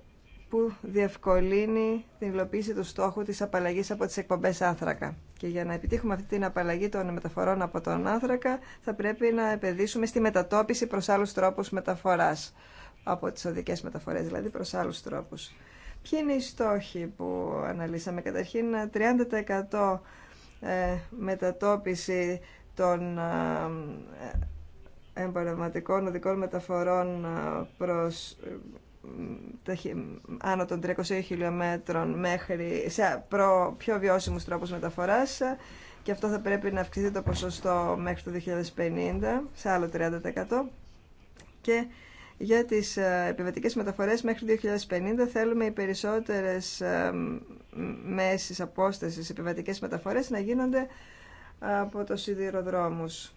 που διευκολύνει την υλοποίηση του στόχου της απαλλαγής από τις εκπομπές άνθρακα. Και για να επιτύχουμε αυτή την απαλλαγή των μεταφορών από τον άνθρακα θα πρέπει να επενδύσουμε στη μετατόπιση προς άλλους τρόπους μεταφοράς. Από τις οδικές μεταφορές δηλαδή προς άλλους τρόπους. Ποιοι είναι οι στόχοι που αναλύσαμε. Καταρχήν 30% ε, μετατόπιση των ε, εμπορευματικών οδικών μεταφορών ε, προς άνω των 300 χιλιόμετρων μέχρι σε προ, πιο βιώσιμους τρόπους μεταφοράς και αυτό θα πρέπει να αυξηθεί το ποσοστό μέχρι το 2050 σε άλλο 30% και για τις ε, επιβατικές μεταφορές μέχρι το 2050 θέλουμε οι περισσότερες ε, μέσεις απόστασης επιβατικές μεταφορές να γίνονται από το σιδηροδρόμους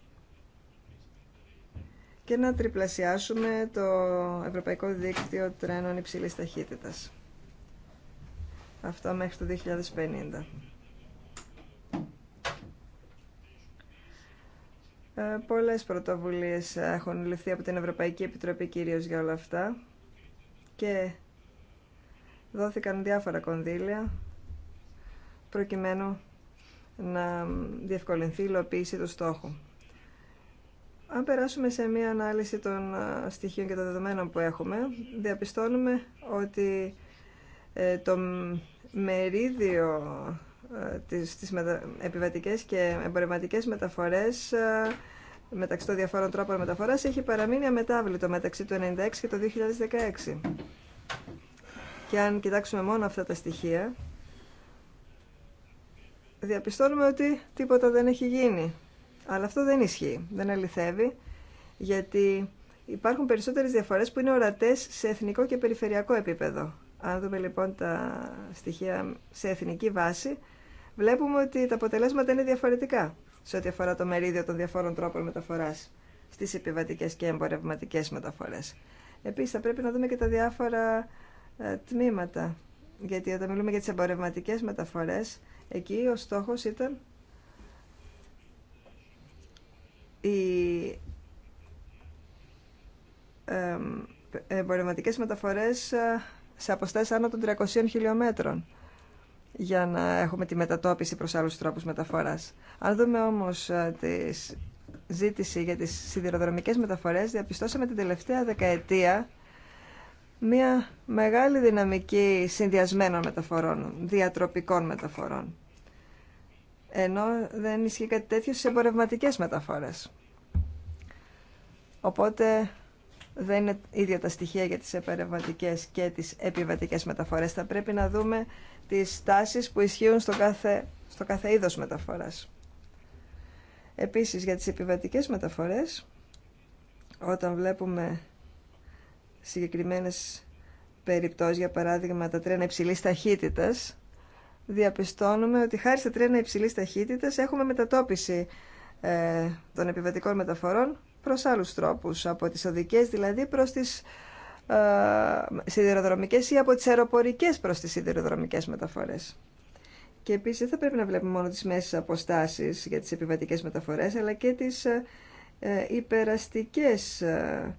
και να τριπλασιάσουμε το Ευρωπαϊκό Δίκτυο Τρένων Υψηλής Ταχύτητας. Αυτό μέχρι το 2050. Ε, πολλές πρωτοβουλίες έχουν ληφθεί από την Ευρωπαϊκή Επιτροπή κυρίως για όλα αυτά και δόθηκαν διάφορα κονδύλια προκειμένου να διευκολυνθεί η υλοποίηση του στόχου. Αν περάσουμε σε μία ανάλυση των στοιχείων και των δεδομένων που έχουμε, διαπιστώνουμε ότι ε, το μερίδιο ε, της επιβατικές και εμπορευματικές μεταφορές ε, μεταξύ των διαφόρων τρόπων μεταφοράς έχει παραμείνει αμετάβλητο μεταξύ του 1996 και το 2016. Και αν κοιτάξουμε μόνο αυτά τα στοιχεία, διαπιστώνουμε ότι τίποτα δεν έχει γίνει αλλά αυτό δεν ισχύει, δεν αληθεύει, γιατί υπάρχουν περισσότερες διαφορές που είναι ορατές σε εθνικό και περιφερειακό επίπεδο. Αν δούμε λοιπόν τα στοιχεία σε εθνική βάση, βλέπουμε ότι τα αποτελέσματα είναι διαφορετικά σε ό,τι αφορά το μερίδιο των διαφόρων τρόπων μεταφοράς στις επιβατικές και εμπορευματικές μεταφορές. Επίσης θα πρέπει να δούμε και τα διάφορα ε, τμήματα, γιατί όταν μιλούμε για τις εμπορευματικές μεταφορές, εκεί ο στόχος ήταν οι εμπορευματικέ μεταφορές ε, σε αποστάσεις άνω των 300 χιλιόμετρων για να έχουμε τη μετατόπιση προς άλλους τρόπους μεταφοράς. Αν δούμε όμως ε, τη ζήτηση για τις σιδηροδρομικές μεταφορές, διαπιστώσαμε την τελευταία δεκαετία μια μεγάλη δυναμική συνδυασμένων μεταφορών, διατροπικών μεταφορών. Ενώ δεν ισχύει κάτι τέτοιο στις εμπορευματικές μεταφορές. Οπότε δεν είναι ίδια τα στοιχεία για τις επερευματικές και τις επιβατικές μεταφορές. Θα πρέπει να δούμε τις τάσεις που ισχύουν στο κάθε, στο κάθε είδος μεταφοράς. Επίσης για τις επιβατικές μεταφορές, όταν βλέπουμε συγκεκριμένες περιπτώσεις, για παράδειγμα τα τρένα υψηλής ταχύτητας, διαπιστώνουμε ότι χάρη στα τρένα υψηλής ταχύτητας έχουμε μετατόπιση ε, των επιβατικών μεταφορών προς άλλους τρόπους, από τις οδικές δηλαδή προς τις ε, σιδηροδρομικές ή από τις αεροπορικές προς τις σιδηροδρομικές μεταφορές. Και επίσης δεν θα πρέπει να βλέπουμε μόνο τις μέσες αποστάσεις για τις επιβατικές μεταφορές, αλλά και τις ε, ε υπεραστικές ε,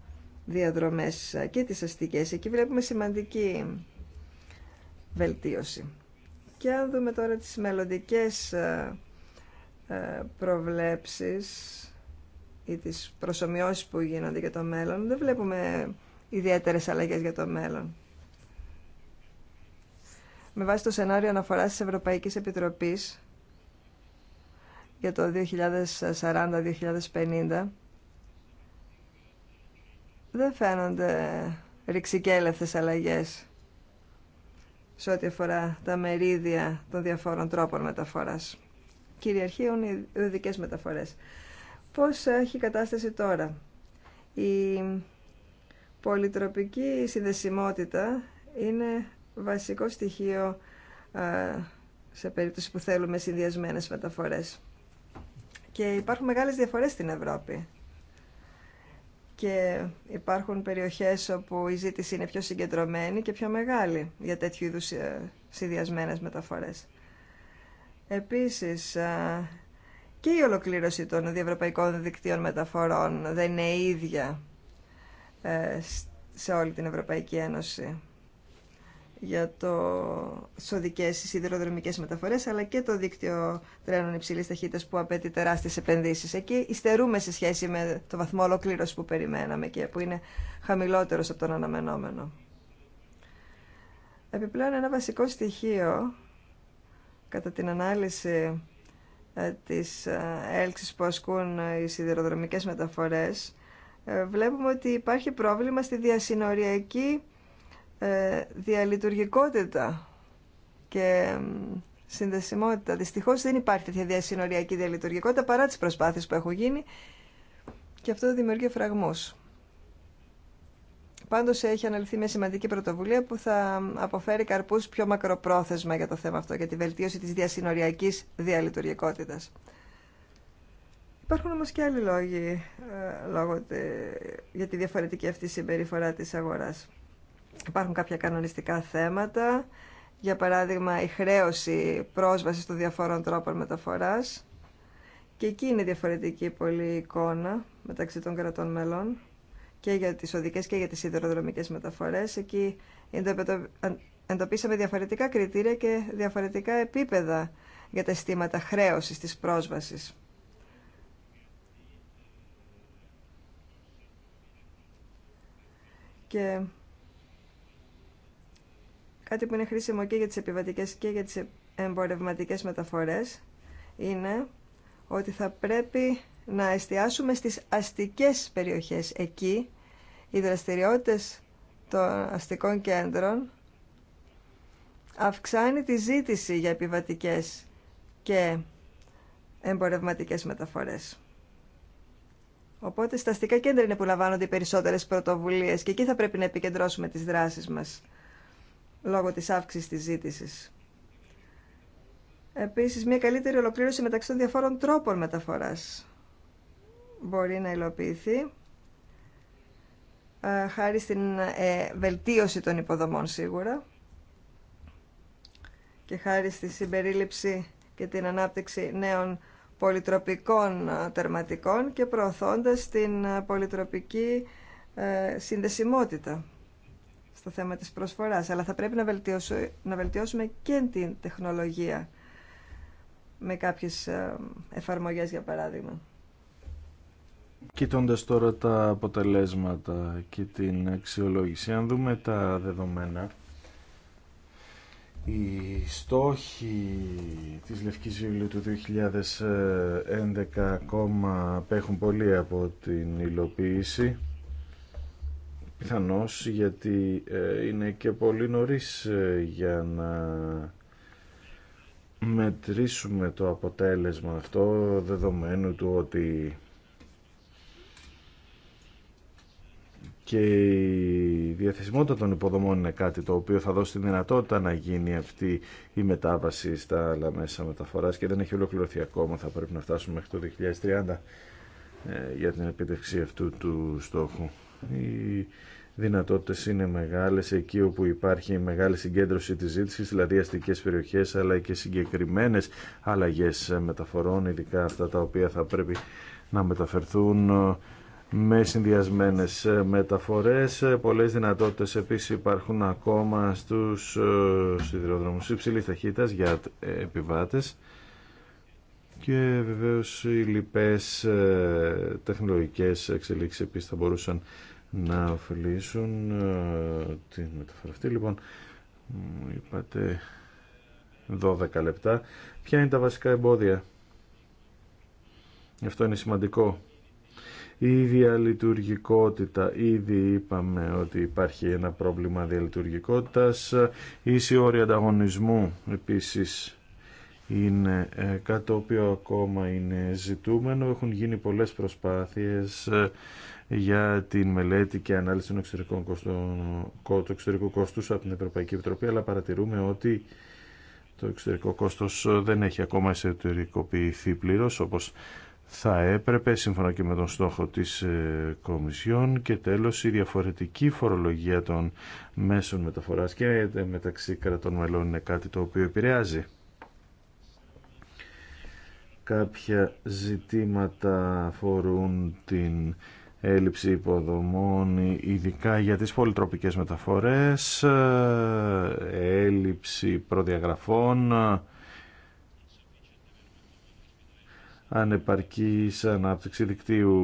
διαδρομές και τις αστικές. Εκεί βλέπουμε σημαντική βελτίωση. Και αν δούμε τώρα τις μελλοντικές ε, προβλέψεις ή τις προσωμιώσεις που γίνονται για το μέλλον, δεν βλέπουμε ιδιαίτερες αλλαγές για το μέλλον. Με βάση το σενάριο αναφοράς της Ευρωπαϊκής Επιτροπής για το 2040-2050, δεν φαίνονται ρηξικέλευθες αλλαγές σε ό,τι αφορά τα μερίδια των διαφόρων τρόπων μεταφοράς. Κυριαρχείων οι ειδικέ μεταφορές. Πώς έχει η κατάσταση τώρα. Η πολυτροπική συνδεσιμότητα είναι βασικό στοιχείο σε περίπτωση που θέλουμε συνδυασμένε μεταφορές. Και υπάρχουν μεγάλες διαφορές στην Ευρώπη. Και υπάρχουν περιοχές όπου η ζήτηση είναι πιο συγκεντρωμένη και πιο μεγάλη για τέτοιου είδους ε, συνδυασμένε μεταφορές. Επίσης, και η ολοκλήρωση των διευρωπαϊκών δικτύων μεταφορών δεν είναι ίδια ε, σε όλη την Ευρωπαϊκή Ένωση για το σοδικές σιδηροδρομικές μεταφορές αλλά και το δίκτυο τρένων υψηλής ταχύτητας που απαιτεί τεράστιες επενδύσεις. Εκεί υστερούμε σε σχέση με το βαθμό ολοκλήρωση που περιμέναμε και που είναι χαμηλότερος από τον αναμενόμενο. Επιπλέον ένα βασικό στοιχείο κατά την ανάλυση ε, της ε, έλξης που ασκούν ε, οι σιδηροδρομικές μεταφορές, βλέπουμε ότι υπάρχει πρόβλημα στη διασυνοριακή διαλειτουργικότητα και συνδεσιμότητα. Δυστυχώς δεν υπάρχει τέτοια διασυνοριακή διαλειτουργικότητα παρά τις προσπάθειες που έχουν γίνει και αυτό δημιουργεί φραγμούς. Πάντω έχει αναλυθεί μια σημαντική πρωτοβουλία που θα αποφέρει καρπούς πιο μακροπρόθεσμα για το θέμα αυτό, για τη βελτίωση τη διασυνοριακή διαλειτουργικότητας. Υπάρχουν όμω και άλλοι λόγοι ε, για τη διαφορετική αυτή συμπεριφορά τη αγορά. Υπάρχουν κάποια κανονιστικά θέματα, για παράδειγμα η χρέωση πρόσβαση των διαφόρων τρόπων μεταφορά. και εκεί είναι διαφορετική πολύ εικόνα μεταξύ των κρατών μελών και για τις οδικές και για τις σιδηροδρομικές μεταφορές. Εκεί εντοπίσαμε διαφορετικά κριτήρια και διαφορετικά επίπεδα για τα αισθήματα χρέωσης της πρόσβασης. Και κάτι που είναι χρήσιμο και για τις επιβατικές και για τις εμπορευματικές μεταφορές είναι ότι θα πρέπει να εστιάσουμε στις αστικές περιοχές. Εκεί οι δραστηριότητες των αστικών κέντρων αυξάνει τη ζήτηση για επιβατικές και εμπορευματικές μεταφορές. Οπότε στα αστικά κέντρα είναι που λαμβάνονται οι περισσότερες πρωτοβουλίες και εκεί θα πρέπει να επικεντρώσουμε τις δράσεις μας λόγω της αύξησης της ζήτησης. Επίσης, μια καλύτερη ολοκλήρωση μεταξύ των διαφόρων τρόπων μεταφοράς μπορεί να υλοποιηθεί ε, χάρη στην ε, βελτίωση των υποδομών σίγουρα και χάρη στη συμπερίληψη και την ανάπτυξη νέων πολυτροπικών ε, τερματικών και προωθώντας την πολυτροπική συνδεσιμότητα στο θέμα της προσφοράς. Αλλά θα πρέπει να βελτιώσουμε, να βελτιώσουμε και την τεχνολογία με κάποιες εφαρμογές για παράδειγμα. Κοιτώντας τώρα τα αποτελέσματα και την αξιολόγηση, αν δούμε τα δεδομένα, οι στόχοι της Λευκής Βίβλου του 2011 ακόμα απέχουν πολύ από την υλοποίηση. Πιθανώς γιατί ε, είναι και πολύ νωρίς ε, για να μετρήσουμε το αποτέλεσμα αυτό δεδομένου του ότι και η διαθεσιμότητα των υποδομών είναι κάτι το οποίο θα δώσει τη δυνατότητα να γίνει αυτή η μετάβαση στα άλλα μέσα μεταφοράς και δεν έχει ολοκληρωθεί ακόμα, θα πρέπει να φτάσουμε μέχρι το 2030 ε, για την επίτευξη αυτού του στόχου. Οι δυνατότητες είναι μεγάλες εκεί όπου υπάρχει μεγάλη συγκέντρωση της ζήτηση, δηλαδή αστικές περιοχές αλλά και συγκεκριμένες αλλαγές μεταφορών, ειδικά αυτά τα οποία θα πρέπει να μεταφερθούν με συνδυασμένες ε, μεταφορές. Ε, πολλές δυνατότητες επίσης υπάρχουν ακόμα στους ε, σιδηροδρόμους υψηλής ταχύτητας για επιβάτες και βεβαίως οι λοιπές τεχνολογικές εξελίξεις επίσης θα μπορούσαν να ωφελήσουν τη μεταφορά αυτή. Λοιπόν, είπατε 12 λεπτά. Ποια είναι τα βασικά εμπόδια. Αυτό είναι σημαντικό η διαλειτουργικότητα, ήδη είπαμε ότι υπάρχει ένα πρόβλημα διαλειτουργικότητας. Η όρια ανταγωνισμού επίσης είναι ε, κάτι το οποίο ακόμα είναι ζητούμενο. Έχουν γίνει πολλές προσπάθειες ε, για την μελέτη και ανάλυση των εξωτερικών κόστων, του εξωτερικού κόστους από την Ευρωπαϊκή Επιτροπή, αλλά παρατηρούμε ότι το εξωτερικό κόστος δεν έχει ακόμα εσωτερικοποιηθεί πλήρως, όπως θα έπρεπε, σύμφωνα και με τον στόχο της ε, Κομισιόν, και τέλος η διαφορετική φορολογία των μέσων μεταφοράς και ε, μεταξύ κρατών μελών είναι κάτι το οποίο επηρεάζει κάποια ζητήματα αφορούν την έλλειψη υποδομών, ειδικά για τις πολυτροπικές μεταφορές, ε, έλλειψη προδιαγραφών, ανεπαρκής ανάπτυξη δικτύου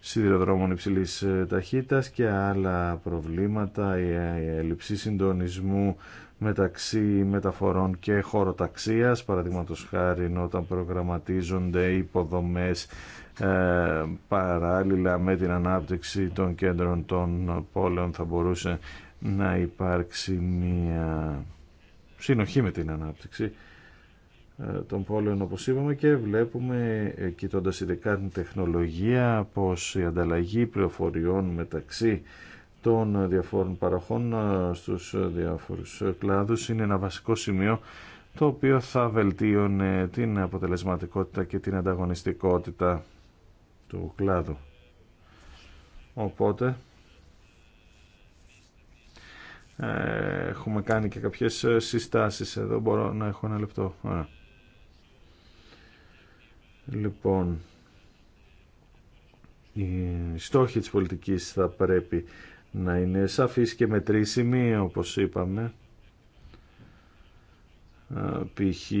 σιδηροδρόμων υψηλής ε, ταχύτητας και άλλα προβλήματα, ε, η έλλειψη συντονισμού μεταξύ μεταφορών και χωροταξίας, παραδείγματος χάρη όταν προγραμματίζονται υποδομές ε, παράλληλα με την ανάπτυξη των κέντρων των πόλεων θα μπορούσε να υπάρξει μια συνοχή με την ανάπτυξη ε, των πόλεων όπως είπαμε και βλέπουμε κοιτώντας ειδικά την τεχνολογία πως η ανταλλαγή πληροφοριών μεταξύ των διαφόρων παροχών ε, στους διάφορους κλάδους είναι ένα βασικό σημείο το οποίο θα βελτίωνε την αποτελεσματικότητα και την ανταγωνιστικότητα του κλάδου. Οπότε ε, έχουμε κάνει και κάποιες συστάσεις εδώ μπορώ να έχω ένα λεπτό. Λοιπόν, οι στόχοι της πολιτικής θα πρέπει να είναι σαφείς και μετρήσιμοι, όπως είπαμε. Π.χ.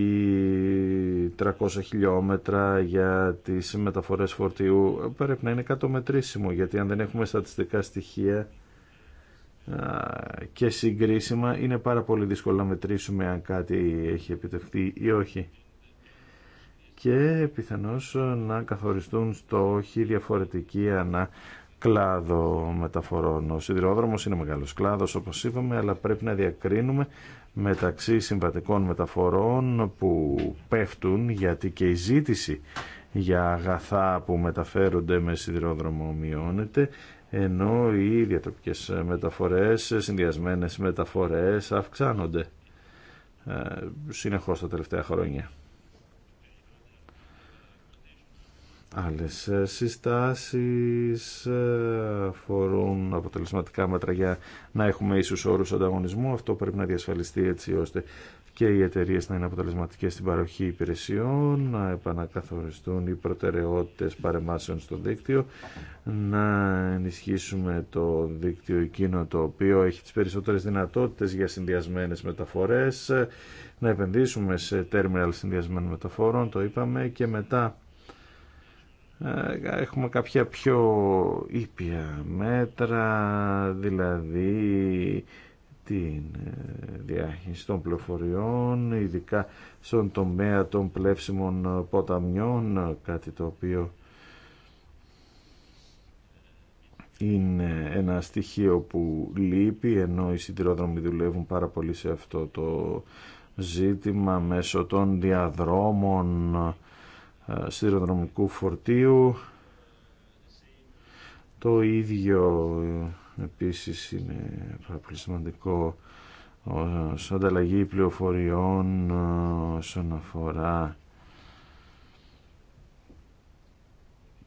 300 χιλιόμετρα για τις μεταφορές φορτίου πρέπει να είναι κατομετρήσιμο, γιατί αν δεν έχουμε στατιστικά στοιχεία και συγκρίσιμα είναι πάρα πολύ δύσκολο να μετρήσουμε αν κάτι έχει επιτευχθεί ή όχι και πιθανώς να καθοριστούν στο στόχοι διαφορετικοί ανά κλάδο μεταφορών. Ο σιδηρόδρομος είναι μεγάλος κλάδος όπως είπαμε αλλά πρέπει να διακρίνουμε μεταξύ συμβατικών μεταφορών που πέφτουν γιατί και η ζήτηση για αγαθά που μεταφέρονται με σιδηρόδρομο μειώνεται ενώ οι διατροπικές μεταφορές, συνδυασμένες μεταφορές αυξάνονται ε, συνεχώς τα τελευταία χρόνια. Άλλες ε, συστάσεις ε, αφορούν αποτελεσματικά μέτρα για να έχουμε ίσους όρους ανταγωνισμού. Αυτό πρέπει να διασφαλιστεί έτσι ώστε και οι εταιρείε να είναι αποτελεσματικές στην παροχή υπηρεσιών, να επανακαθοριστούν οι προτεραιότητες παρεμάσεων στο δίκτυο, να ενισχύσουμε το δίκτυο εκείνο το οποίο έχει τις περισσότερες δυνατότητες για συνδυασμένες μεταφορές, να επενδύσουμε σε τέρμιναλ συνδυασμένων μεταφορών, το είπαμε, και μετά ε, έχουμε κάποια πιο ήπια μέτρα, δηλαδή την ε, διάχυνση των πληροφοριών, ειδικά στον τομέα των πλεύσιμων ποταμιών, κάτι το οποίο είναι ένα στοιχείο που λείπει, ενώ οι συντηροδρομοί δουλεύουν πάρα πολύ σε αυτό το ζήτημα μέσω των διαδρόμων σιδηροδρομικού φορτίου. Το ίδιο ε, επίσης είναι πολύ σημαντικό ως ανταλλαγή πληροφοριών ε, όσον αφορά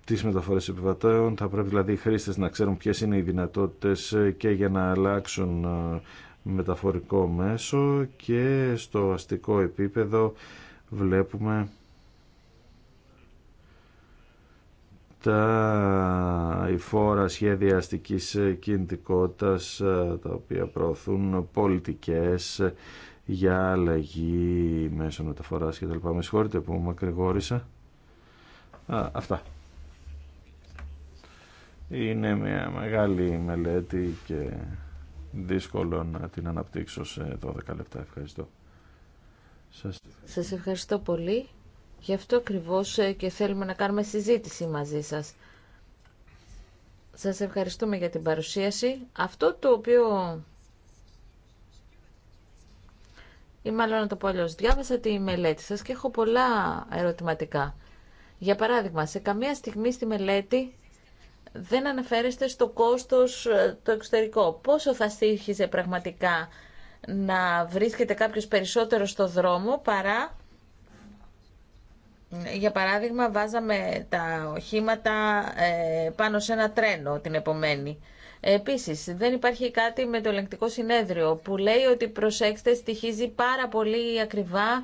τις μεταφορές επιβατών. Θα πρέπει δηλαδή οι χρήστες να ξέρουν ποιες είναι οι δυνατότητες ε, και για να αλλάξουν μεταφορικό μέσο και στο αστικό επίπεδο βλέπουμε τα υφόρα σχέδια αστικής κινητικότητας ε, τα οποία προωθούν πολιτικές για αλλαγή μέσω μεταφοράς και τα λοιπά. Με συγχωρείτε που με Α, αυτά. Είναι μια μεγάλη μελέτη και δύσκολο να την αναπτύξω σε 12 λεπτά. Ευχαριστώ. Σας, Σας ευχαριστώ πολύ. Γι' αυτό ακριβώς ε, και θέλουμε να κάνουμε συζήτηση μαζί σας. Σας ευχαριστούμε για την παρουσίαση. Αυτό το οποίο... Ή μάλλον να το πω αλλιώς. Διάβασα τη μελέτη σας και έχω πολλά ερωτηματικά. Για παράδειγμα, σε καμία στιγμή στη μελέτη δεν αναφέρεστε στο κόστος ε, το εξωτερικό. Πόσο θα στήχιζε πραγματικά να βρίσκεται κάποιος περισσότερο στο δρόμο παρά για παράδειγμα βάζαμε τα οχήματα ε, πάνω σε ένα τρένο την επομένη. Επίσης, δεν υπάρχει κάτι με το ελεγκτικό συνέδριο που λέει ότι προσέξτε στοιχίζει πάρα πολύ ακριβά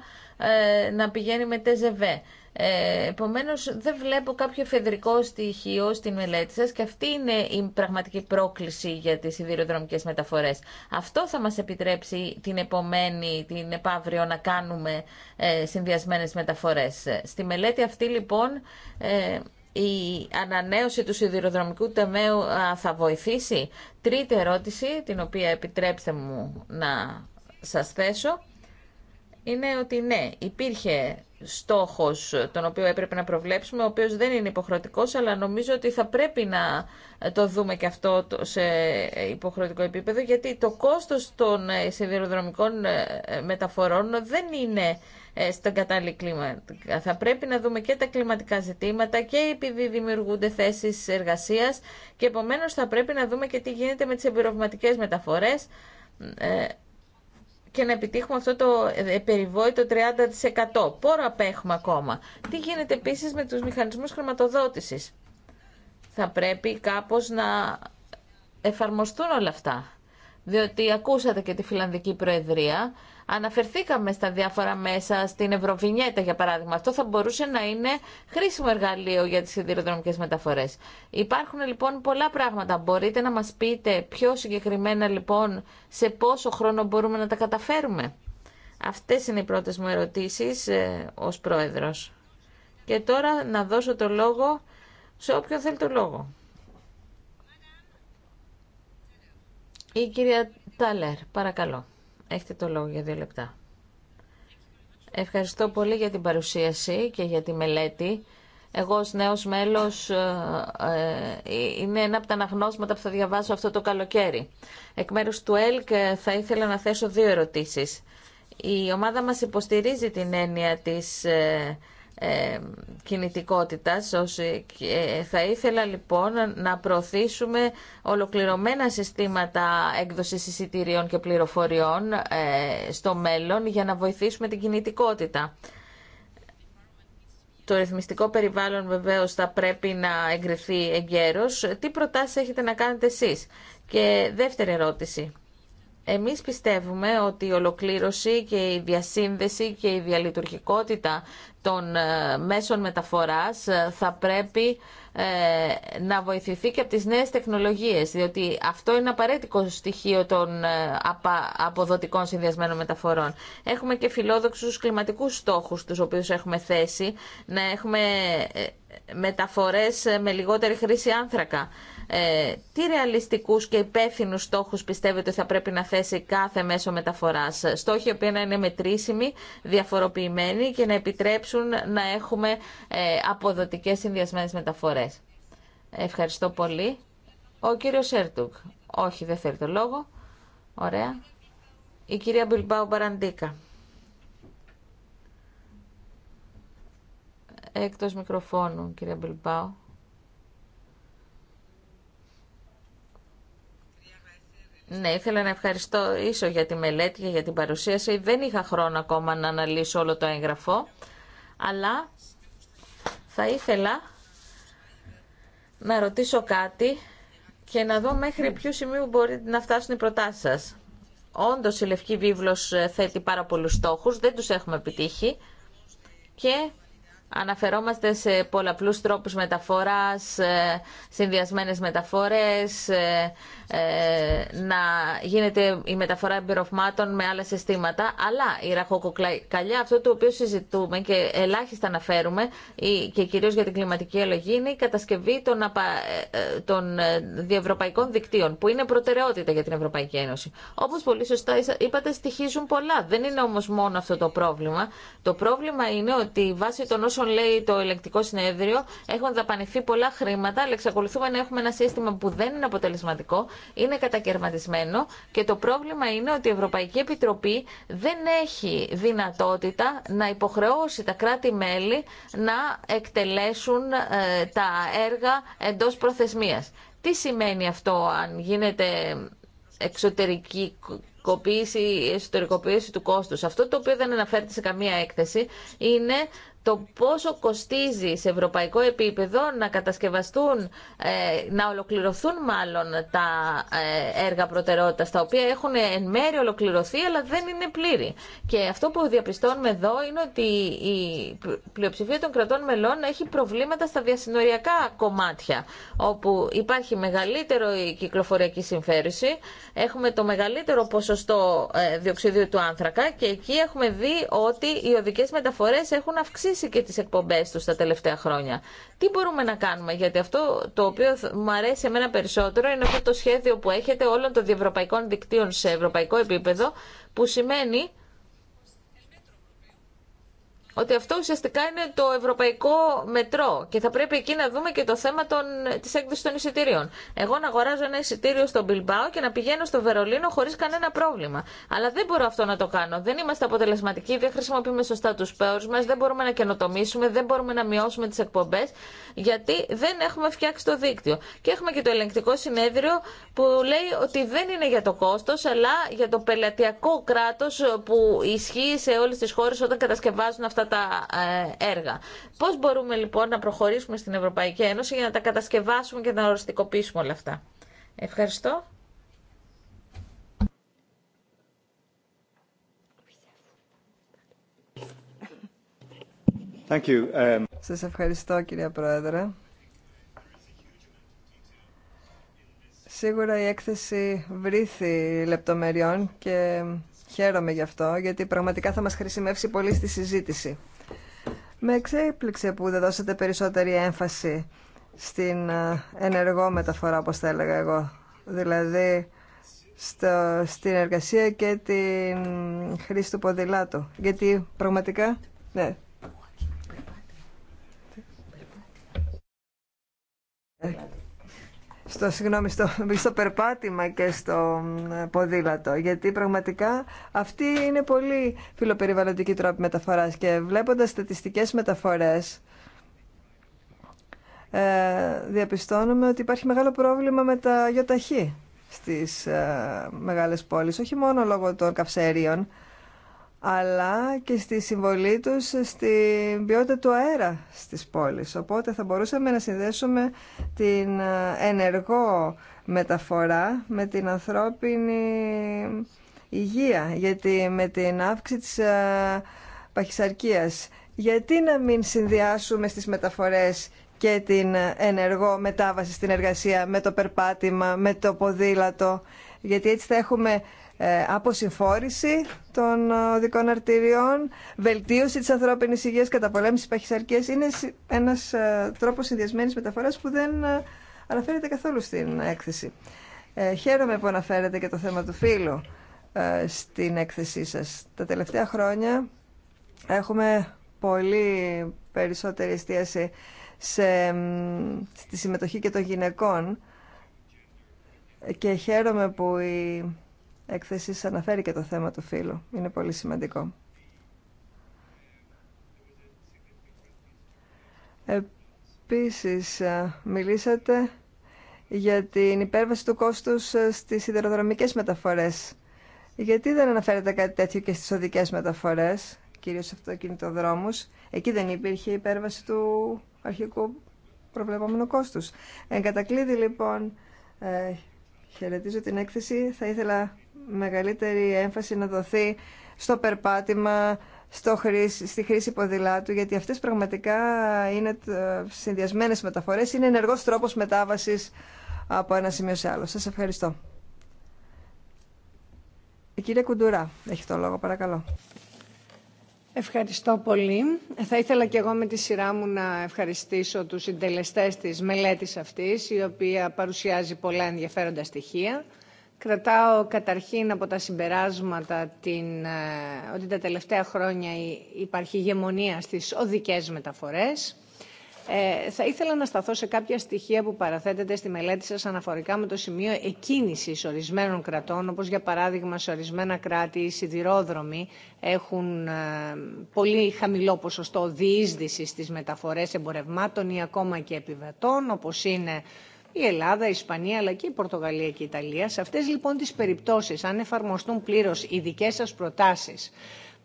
ε, να πηγαίνει με τεζεβέ. Ε, επομένως δεν βλέπω κάποιο εφεδρικό στοιχείο στην μελέτη σα και αυτή είναι η πραγματική πρόκληση για τι σιδηροδρομικέ μεταφορές. Αυτό θα μας επιτρέψει την επομένη, την επαύριο να κάνουμε ε, συνδυασμένες μεταφορές. Στη μελέτη αυτή λοιπόν ε, η ανανέωση του σιδηροδρομικού ταμείου θα βοηθήσει. Τρίτη ερώτηση, την οποία επιτρέψτε μου να σας θέσω, είναι ότι ναι, υπήρχε στόχος τον οποίο έπρεπε να προβλέψουμε, ο οποίος δεν είναι υποχρεωτικός, αλλά νομίζω ότι θα πρέπει να το δούμε και αυτό σε υποχρεωτικό επίπεδο, γιατί το κόστος των ε, σιδηροδρομικών ε, ε, μεταφορών δεν είναι στον κατάλληλη κλίμα. Θα πρέπει να δούμε και τα κλιματικά ζητήματα και επειδή δημιουργούνται θέσεις εργασίας και επομένως θα πρέπει να δούμε και τι γίνεται με τις εμπειροβηματικές μεταφορές και να επιτύχουμε αυτό το ε, περιβόητο 30%. Πόρο απέχουμε ακόμα. Τι γίνεται επίση με τους μηχανισμούς χρηματοδότηση. Θα πρέπει κάπως να εφαρμοστούν όλα αυτά διότι ακούσατε και τη Φιλανδική Προεδρία. Αναφερθήκαμε στα διάφορα μέσα, στην Ευρωβινιέτα για παράδειγμα. Αυτό θα μπορούσε να είναι χρήσιμο εργαλείο για τις σιδηροδρομικές μεταφορές. Υπάρχουν λοιπόν πολλά πράγματα. Μπορείτε να μας πείτε πιο συγκεκριμένα λοιπόν σε πόσο χρόνο μπορούμε να τα καταφέρουμε. Αυτές είναι οι πρώτες μου ερωτήσεις ε, ως πρόεδρος. Και τώρα να δώσω το λόγο σε όποιον θέλει το λόγο. Η κυρία Τάλερ, παρακαλώ. Έχετε το λόγο για δύο λεπτά. Ευχαριστώ πολύ για την παρουσίαση και για τη μελέτη. Εγώ ως νέος μέλος ε, ε, είναι ένα από τα αναγνώσματα που θα διαβάσω αυτό το καλοκαίρι. Εκ μέρους του ΕΛΚ ε, θα ήθελα να θέσω δύο ερωτήσεις. Η ομάδα μας υποστηρίζει την έννοια της ε, κινητικότητας. Ε, θα ήθελα λοιπόν να προωθήσουμε ολοκληρωμένα συστήματα έκδοσης εισιτηρίων και πληροφοριών ε, στο μέλλον για να βοηθήσουμε την κινητικότητα. Το ρυθμιστικό περιβάλλον βεβαίως θα πρέπει να εγκριθεί εγκαίρως. Τι προτάσεις έχετε να κάνετε εσείς. Και δεύτερη ερώτηση. Εμείς πιστεύουμε ότι η ολοκλήρωση και η διασύνδεση και η διαλειτουργικότητα των ε, μέσων μεταφοράς ε, θα πρέπει ε, να βοηθηθεί και από τις νέες τεχνολογίες, διότι αυτό είναι απαραίτητο στοιχείο των αποδοτικών συνδυασμένων μεταφορών. Έχουμε και φιλόδοξους κλιματικούς στόχους, τους οποίους έχουμε θέσει, να έχουμε μεταφορές με λιγότερη χρήση άνθρακα ε, τι ρεαλιστικού και υπεύθυνου στόχου πιστεύετε θα πρέπει να θέσει κάθε μέσο μεταφορά. Στόχοι που να είναι μετρήσιμοι, διαφοροποιημένοι και να επιτρέψουν να έχουμε ε, αποδοτικές συνδυασμένες μεταφορές. Ευχαριστώ πολύ. Ο κύριος Σέρτουγκ. Όχι, δεν θέλει το λόγο. Ωραία. Η κυρία Μπιλμπάου Μπαραντίκα. Εκτός μικροφώνου, κυρία Μπιλμπάου. Ναι, ήθελα να ευχαριστώ ίσο για τη μελέτη και για την παρουσίαση. Δεν είχα χρόνο ακόμα να αναλύσω όλο το έγγραφο, αλλά θα ήθελα να ρωτήσω κάτι και να δω μέχρι ναι. ποιο σημείο μπορεί να φτάσουν οι προτάσεις σας. Όντως η Λευκή Βίβλος ε, θέτει πάρα πολλούς στόχους, δεν τους έχουμε επιτύχει και Αναφερόμαστε σε πολλαπλούς τρόπους μεταφοράς, ε, συνδυασμένες μεταφορές, ε, ε, να γίνεται η μεταφορά εμπειροφμάτων με άλλα συστήματα. Αλλά η ραχοκοκαλιά, αυτό το οποίο συζητούμε και ελάχιστα αναφέρουμε και κυρίως για την κλιματική αλλαγή, είναι η κατασκευή των, απα... διευρωπαϊκών δικτύων, που είναι προτεραιότητα για την Ευρωπαϊκή Ένωση. Όπως πολύ σωστά είπατε, στοιχίζουν πολλά. Δεν είναι όμως μόνο αυτό το πρόβλημα. Το πρόβλημα είναι ότι βάσει των όσων λέει το ηλεκτρικό συνέδριο, έχουν δαπανηθεί πολλά χρήματα, αλλά εξακολουθούμε να έχουμε ένα σύστημα που δεν είναι αποτελεσματικό, είναι κατακαιρματισμένο και το πρόβλημα είναι ότι η Ευρωπαϊκή Επιτροπή δεν έχει δυνατότητα να υποχρεώσει τα κράτη-μέλη να εκτελέσουν ε, τα έργα εντός προθεσμίας. Τι σημαίνει αυτό αν γίνεται εξωτερική ή εσωτερικοποίηση του κόστους. Αυτό το οποίο δεν αναφέρεται σε καμία έκθεση είναι το πόσο κοστίζει σε ευρωπαϊκό επίπεδο να κατασκευαστούν, ε, να ολοκληρωθούν μάλλον τα ε, έργα προτεραιότητας, τα οποία έχουν εν μέρη ολοκληρωθεί αλλά δεν είναι πλήρη. Και αυτό που διαπιστώνουμε εδώ είναι ότι η πλειοψηφία των κρατών μελών έχει προβλήματα στα διασυνοριακά κομμάτια, όπου υπάρχει μεγαλύτερο η κυκλοφοριακή συμφέρουση, έχουμε το μεγαλύτερο ποσοστό ε, διοξιδίου του άνθρακα και εκεί έχουμε δει ότι οι οδικές μεταφορές έχουν αυξήσει και τις εκπομπές τους τα τελευταία χρόνια. Τι μπορούμε να κάνουμε, γιατί αυτό το οποίο μου αρέσει εμένα περισσότερο είναι αυτό το σχέδιο που έχετε όλων των διευρωπαϊκών δικτύων σε ευρωπαϊκό επίπεδο, που σημαίνει ότι αυτό ουσιαστικά είναι το ευρωπαϊκό μετρό και θα πρέπει εκεί να δούμε και το θέμα των, της έκδοσης των εισιτήριων. Εγώ να αγοράζω ένα εισιτήριο στο Μπιλμπάο και να πηγαίνω στο Βερολίνο χωρίς κανένα πρόβλημα. Αλλά δεν μπορώ αυτό να το κάνω. Δεν είμαστε αποτελεσματικοί, δεν χρησιμοποιούμε σωστά τους πέους μας, δεν μπορούμε να καινοτομήσουμε, δεν μπορούμε να μειώσουμε τις εκπομπές, γιατί δεν έχουμε φτιάξει το δίκτυο. Και έχουμε και το ελεγκτικό συνέδριο που λέει ότι δεν είναι για το κόστο, αλλά για το πελατειακό κράτο που ισχύει σε όλε τι χώρε όταν κατασκευάζουν αυτά τα ε, έργα. Πώς μπορούμε λοιπόν να προχωρήσουμε στην Ευρωπαϊκή Ένωση για να τα κατασκευάσουμε και να οριστικοποιήσουμε όλα αυτά. Ευχαριστώ. Thank you. Um, Σας ευχαριστώ κυρία Πρόεδρε. Σίγουρα η έκθεση βρήθη λεπτομεριών και Χαίρομαι γι' αυτό, γιατί πραγματικά θα μας χρησιμεύσει πολύ στη συζήτηση. Με εξέπληξε που δεν δώσατε περισσότερη έμφαση στην ε, ενεργό μεταφορά, όπως θα έλεγα εγώ. Δηλαδή, στο, στην εργασία και την χρήση του ποδηλάτου. Γιατί πραγματικά, ναι. Ε, στο, συγγνώμη, στο, στο περπάτημα και στο ποδήλατο. Γιατί πραγματικά αυτή είναι πολύ φιλοπεριβαλλοντική τρόπη μεταφορά και βλέποντας στατιστικές μεταφορές ε, διαπιστώνουμε ότι υπάρχει μεγάλο πρόβλημα με τα γιοταχή στις ε, μεγάλες πόλεις, όχι μόνο λόγω των καυσέριων, αλλά και στη συμβολή τους στην ποιότητα του αέρα στις πόλεις. Οπότε θα μπορούσαμε να συνδέσουμε την ε, ενεργό μεταφορά με την ανθρώπινη υγεία, γιατί με την αύξηση της ε, παχυσαρκίας. Γιατί να μην συνδυάσουμε στις μεταφορές και την ενεργό μετάβαση στην εργασία με το περπάτημα, με το ποδήλατο, γιατί έτσι θα έχουμε ε, αποσυμφόρηση των οδικών αρτηριών, βελτίωση της ανθρώπινης υγείας, καταπολέμηση παχυσαρκίας. Είναι ένας ε, τρόπος συνδυασμένης μεταφοράς που δεν ε, αναφέρεται καθόλου στην έκθεση. Χαίρομαι που αναφέρετε και το θέμα του φύλου στην έκθεσή σας. Τα τελευταία χρόνια έχουμε πολύ περισσότερη εστίαση σε, στη συμμετοχή και των γυναικών και χαίρομαι που η Εκθεση αναφέρει και το θέμα του φύλου. Είναι πολύ σημαντικό. Επίσης, μιλήσατε για την υπέρβαση του κόστους στις σιδηροδρομικές μεταφορές. Γιατί δεν αναφέρετε κάτι τέτοιο και στις οδικές μεταφορές, κυρίως σε αυτοκινητοδρόμους. Εκεί δεν υπήρχε υπέρβαση του αρχικού προβλεπόμενου κόστους. Εν λοιπόν, ε, χαιρετίζω την έκθεση. Θα ήθελα μεγαλύτερη έμφαση να δοθεί στο περπάτημα, στο χρήση, στη χρήση ποδηλάτου, γιατί αυτές πραγματικά είναι συνδυασμένες μεταφορές, είναι ενεργός τρόπος μετάβασης από ένα σημείο σε άλλο. Σας ευχαριστώ. Η κυρία Κουντουρά έχει το λόγο, παρακαλώ. Ευχαριστώ πολύ. Θα ήθελα και εγώ με τη σειρά μου να ευχαριστήσω τους συντελεστές της μελέτης αυτής, η οποία παρουσιάζει πολλά ενδιαφέροντα στοιχεία. Κρατάω καταρχήν από τα συμπεράσματα την, ε, ότι τα τελευταία χρόνια υπάρχει ηγεμονία στις οδικές μεταφορές. Ε, θα ήθελα να σταθώ σε κάποια στοιχεία που παραθέτεται στη μελέτη σας αναφορικά με το σημείο εκκίνησης ορισμένων κρατών, όπως για παράδειγμα σε ορισμένα κράτη οι σιδηρόδρομοι έχουν ε, πολύ χαμηλό ποσοστό διείσδυσης στις μεταφορές εμπορευμάτων ή ακόμα και επιβατών, όπως είναι η Ελλάδα, η Ισπανία αλλά και η Πορτογαλία και η Ιταλία. Σε αυτές λοιπόν τις περιπτώσεις, αν εφαρμοστούν πλήρως οι δικές σας προτάσεις,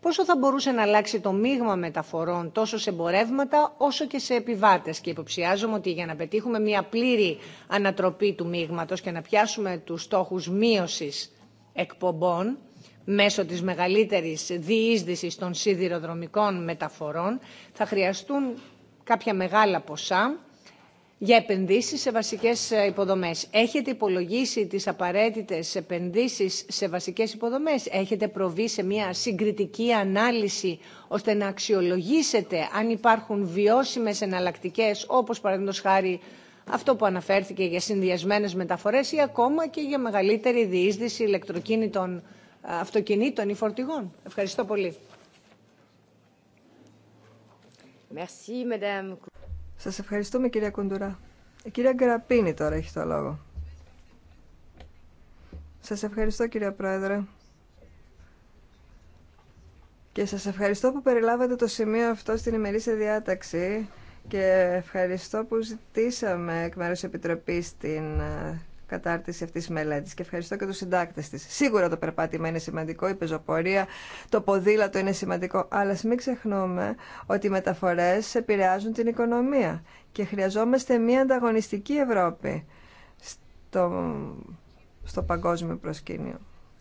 πόσο θα μπορούσε να αλλάξει το μείγμα μεταφορών τόσο σε εμπορεύματα όσο και σε επιβάτες. Και υποψιάζομαι ότι για να πετύχουμε μια πλήρη ανατροπή του μείγματος και να πιάσουμε τους στόχους μείωσης εκπομπών, μέσω της μεγαλύτερης διείσδυσης των σιδηροδρομικών μεταφορών θα χρειαστούν κάποια μεγάλα ποσά για επενδύσεις σε βασικές ε, υποδομές. Έχετε υπολογίσει τις απαραίτητες επενδύσεις σε βασικές υποδομές. Έχετε προβεί σε μια συγκριτική ανάλυση ώστε να αξιολογήσετε αν υπάρχουν βιώσιμες εναλλακτικέ, όπως παραδείγματος χάρη αυτό που αναφέρθηκε για συνδυασμένες μεταφορές ή ακόμα και για μεγαλύτερη διείσδυση ηλεκτροκίνητων ε, αυτοκινήτων ή φορτηγών. Ευχαριστώ πολύ. Merci, σας ευχαριστούμε κυρία Κουντουρά. Η κυρία Γκραπίνη τώρα έχει το λόγο. Σας ευχαριστώ κυρία Πρόεδρε. Και σας ευχαριστώ που περιλάβατε το σημείο αυτό στην ημερήσια διάταξη και ευχαριστώ που ζητήσαμε εκ μέρους Επιτροπής την ε, κατάρτιση αυτής της μελέτης και ευχαριστώ και του συντάκτε τη. Σίγουρα το περπάτημα είναι σημαντικό, η πεζοπορία, το ποδήλατο είναι σημαντικό, αλλά μην ξεχνούμε ότι οι μεταφορές επηρεάζουν την οικονομία και χρειαζόμαστε μια ανταγωνιστική Ευρώπη στο, στο παγκόσμιο προσκήνιο.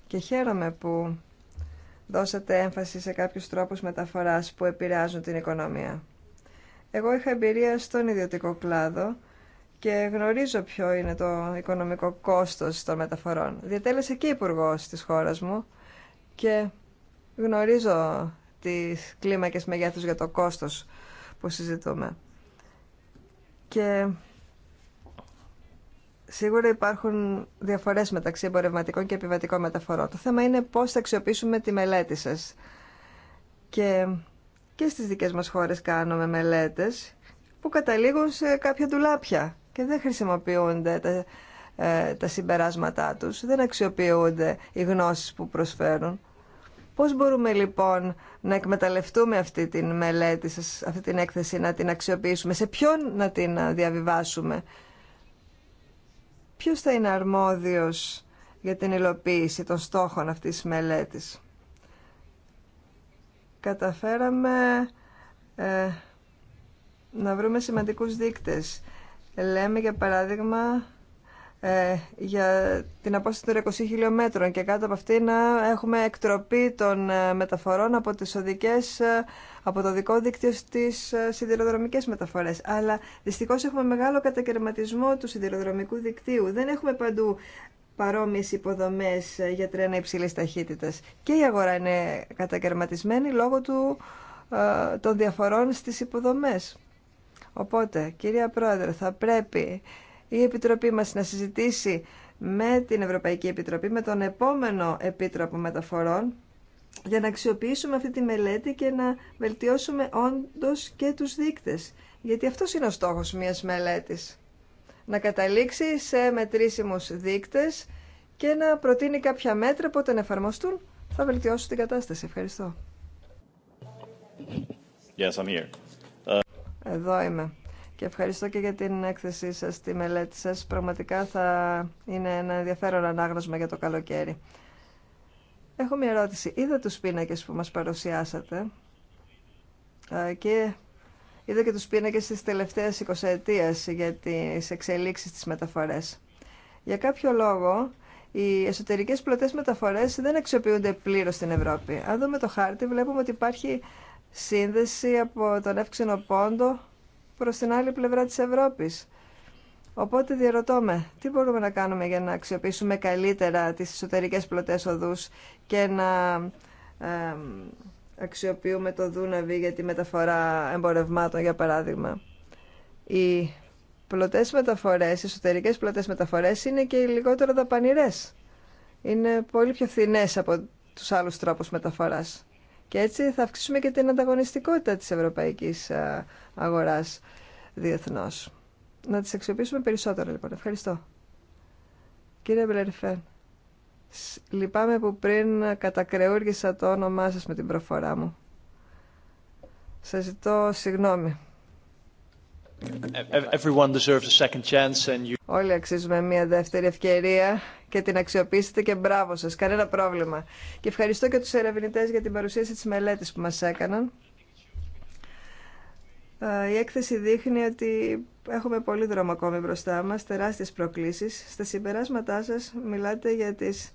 Και χαίρομαι που δώσατε έμφαση σε κάποιους τρόπους μεταφοράς που επηρεάζουν την οικονομία. Εγώ είχα εμπειρία στον ιδιωτικό κλάδο και γνωρίζω ποιο είναι το οικονομικό κόστος των μεταφορών. Διατέλεσε και υπουργό της χώρας μου και γνωρίζω τις κλίμακες μεγέθους για το κόστος που συζητούμε. Και σίγουρα υπάρχουν διαφορές μεταξύ εμπορευματικών και επιβατικών μεταφορών. Το θέμα είναι πώς θα αξιοποιήσουμε τη μελέτη σας. Και, και στις δικές μας χώρες κάνουμε μελέτες που καταλήγουν σε κάποια ντουλάπια και δεν χρησιμοποιούνται τα, ε, τα συμπεράσματά τους, δεν αξιοποιούνται οι γνώσεις που προσφέρουν. Πώς μπορούμε λοιπόν να εκμεταλλευτούμε αυτή την μελέτη σας, αυτή την έκθεση, να την αξιοποιήσουμε, σε ποιον να την ε, διαβιβάσουμε, ποιος θα είναι αρμόδιος για την υλοποίηση των στόχων αυτής της μελέτης. Καταφέραμε ε, να βρούμε σημαντικούς δείκτες Λέμε για παράδειγμα ε, για την απόσταση των 20 χιλιόμετρων και κάτω από αυτή να έχουμε εκτροπή των ε, μεταφορών από τις οδικές, ε, από το δικό δίκτυο στις σιδηροδρομικές μεταφορές. Αλλά δυστυχώς έχουμε μεγάλο κατακαιρματισμό του σιδηροδρομικού δικτύου. Δεν έχουμε παντού παρόμοιες υποδομές για τρένα υψηλής ταχύτητας. Και η αγορά είναι κατακαιρματισμένη λόγω του, των διαφορών στις υποδομές. Οπότε, κυρία Πρόεδρε, θα πρέπει η Επιτροπή μας να συζητήσει με την Ευρωπαϊκή Επιτροπή, με τον επόμενο Επίτροπο Μεταφορών, για να αξιοποιήσουμε αυτή τη μελέτη και να βελτιώσουμε όντως και τους δείκτες. Γιατί αυτό είναι ο στόχος μιας μελέτης. Να καταλήξει σε μετρήσιμους δείκτες και να προτείνει κάποια μέτρα που όταν εφαρμοστούν θα βελτιώσουν την κατάσταση. Ευχαριστώ. Yes, I'm here. Εδώ είμαι. Και ευχαριστώ και για την έκθεσή σας, τη μελέτη σας. Πραγματικά θα είναι ένα ενδιαφέρον ανάγνωσμα για το καλοκαίρι. Έχω μια ερώτηση. Είδα τους πίνακες που μας παρουσιάσατε και είδα και τους πίνακες της τελευταίας 20 ετίας για τις εξελίξεις της μεταφορές. Για κάποιο λόγο, οι εσωτερικές πλωτές μεταφορές δεν αξιοποιούνται πλήρως στην Ευρώπη. Αν δούμε το χάρτη, βλέπουμε ότι υπάρχει σύνδεση από τον Εύξηνο Πόντο προς την άλλη πλευρά της Ευρώπης. Οπότε διαρωτώμε, τι μπορούμε να κάνουμε για να αξιοποιήσουμε καλύτερα τις εσωτερικές πλωτές οδούς και να αξιοποιούμε το Δούναβι για τη μεταφορά εμπορευμάτων, για παράδειγμα. Οι πλωτές μεταφορές, οι εσωτερικές πλωτές μεταφορές είναι και οι λιγότερο δαπανηρές. Είναι πολύ πιο φθηνές από τους άλλους τρόπους μεταφοράς. Και έτσι θα αυξήσουμε και την ανταγωνιστικότητα της ευρωπαϊκής ε, αγοράς διεθνώς. Να τις αξιοποιήσουμε περισσότερο λοιπόν. Ευχαριστώ. Κύριε Μπλερφέ, λυπάμαι που πριν κατακρεούργησα το όνομά σας με την προφορά μου. Σας ζητώ συγγνώμη. Όλοι αξίζουμε μια δεύτερη ευκαιρία και την αξιοποιήσετε και μπράβο σας, κανένα πρόβλημα. Και ευχαριστώ και τους ερευνητές για την παρουσίαση της μελέτης που μας έκαναν. Ε, η έκθεση δείχνει ότι έχουμε πολύ δρόμο ακόμη μπροστά μας, τεράστιες προκλήσεις. Στα συμπεράσματά σας μιλάτε για, τις,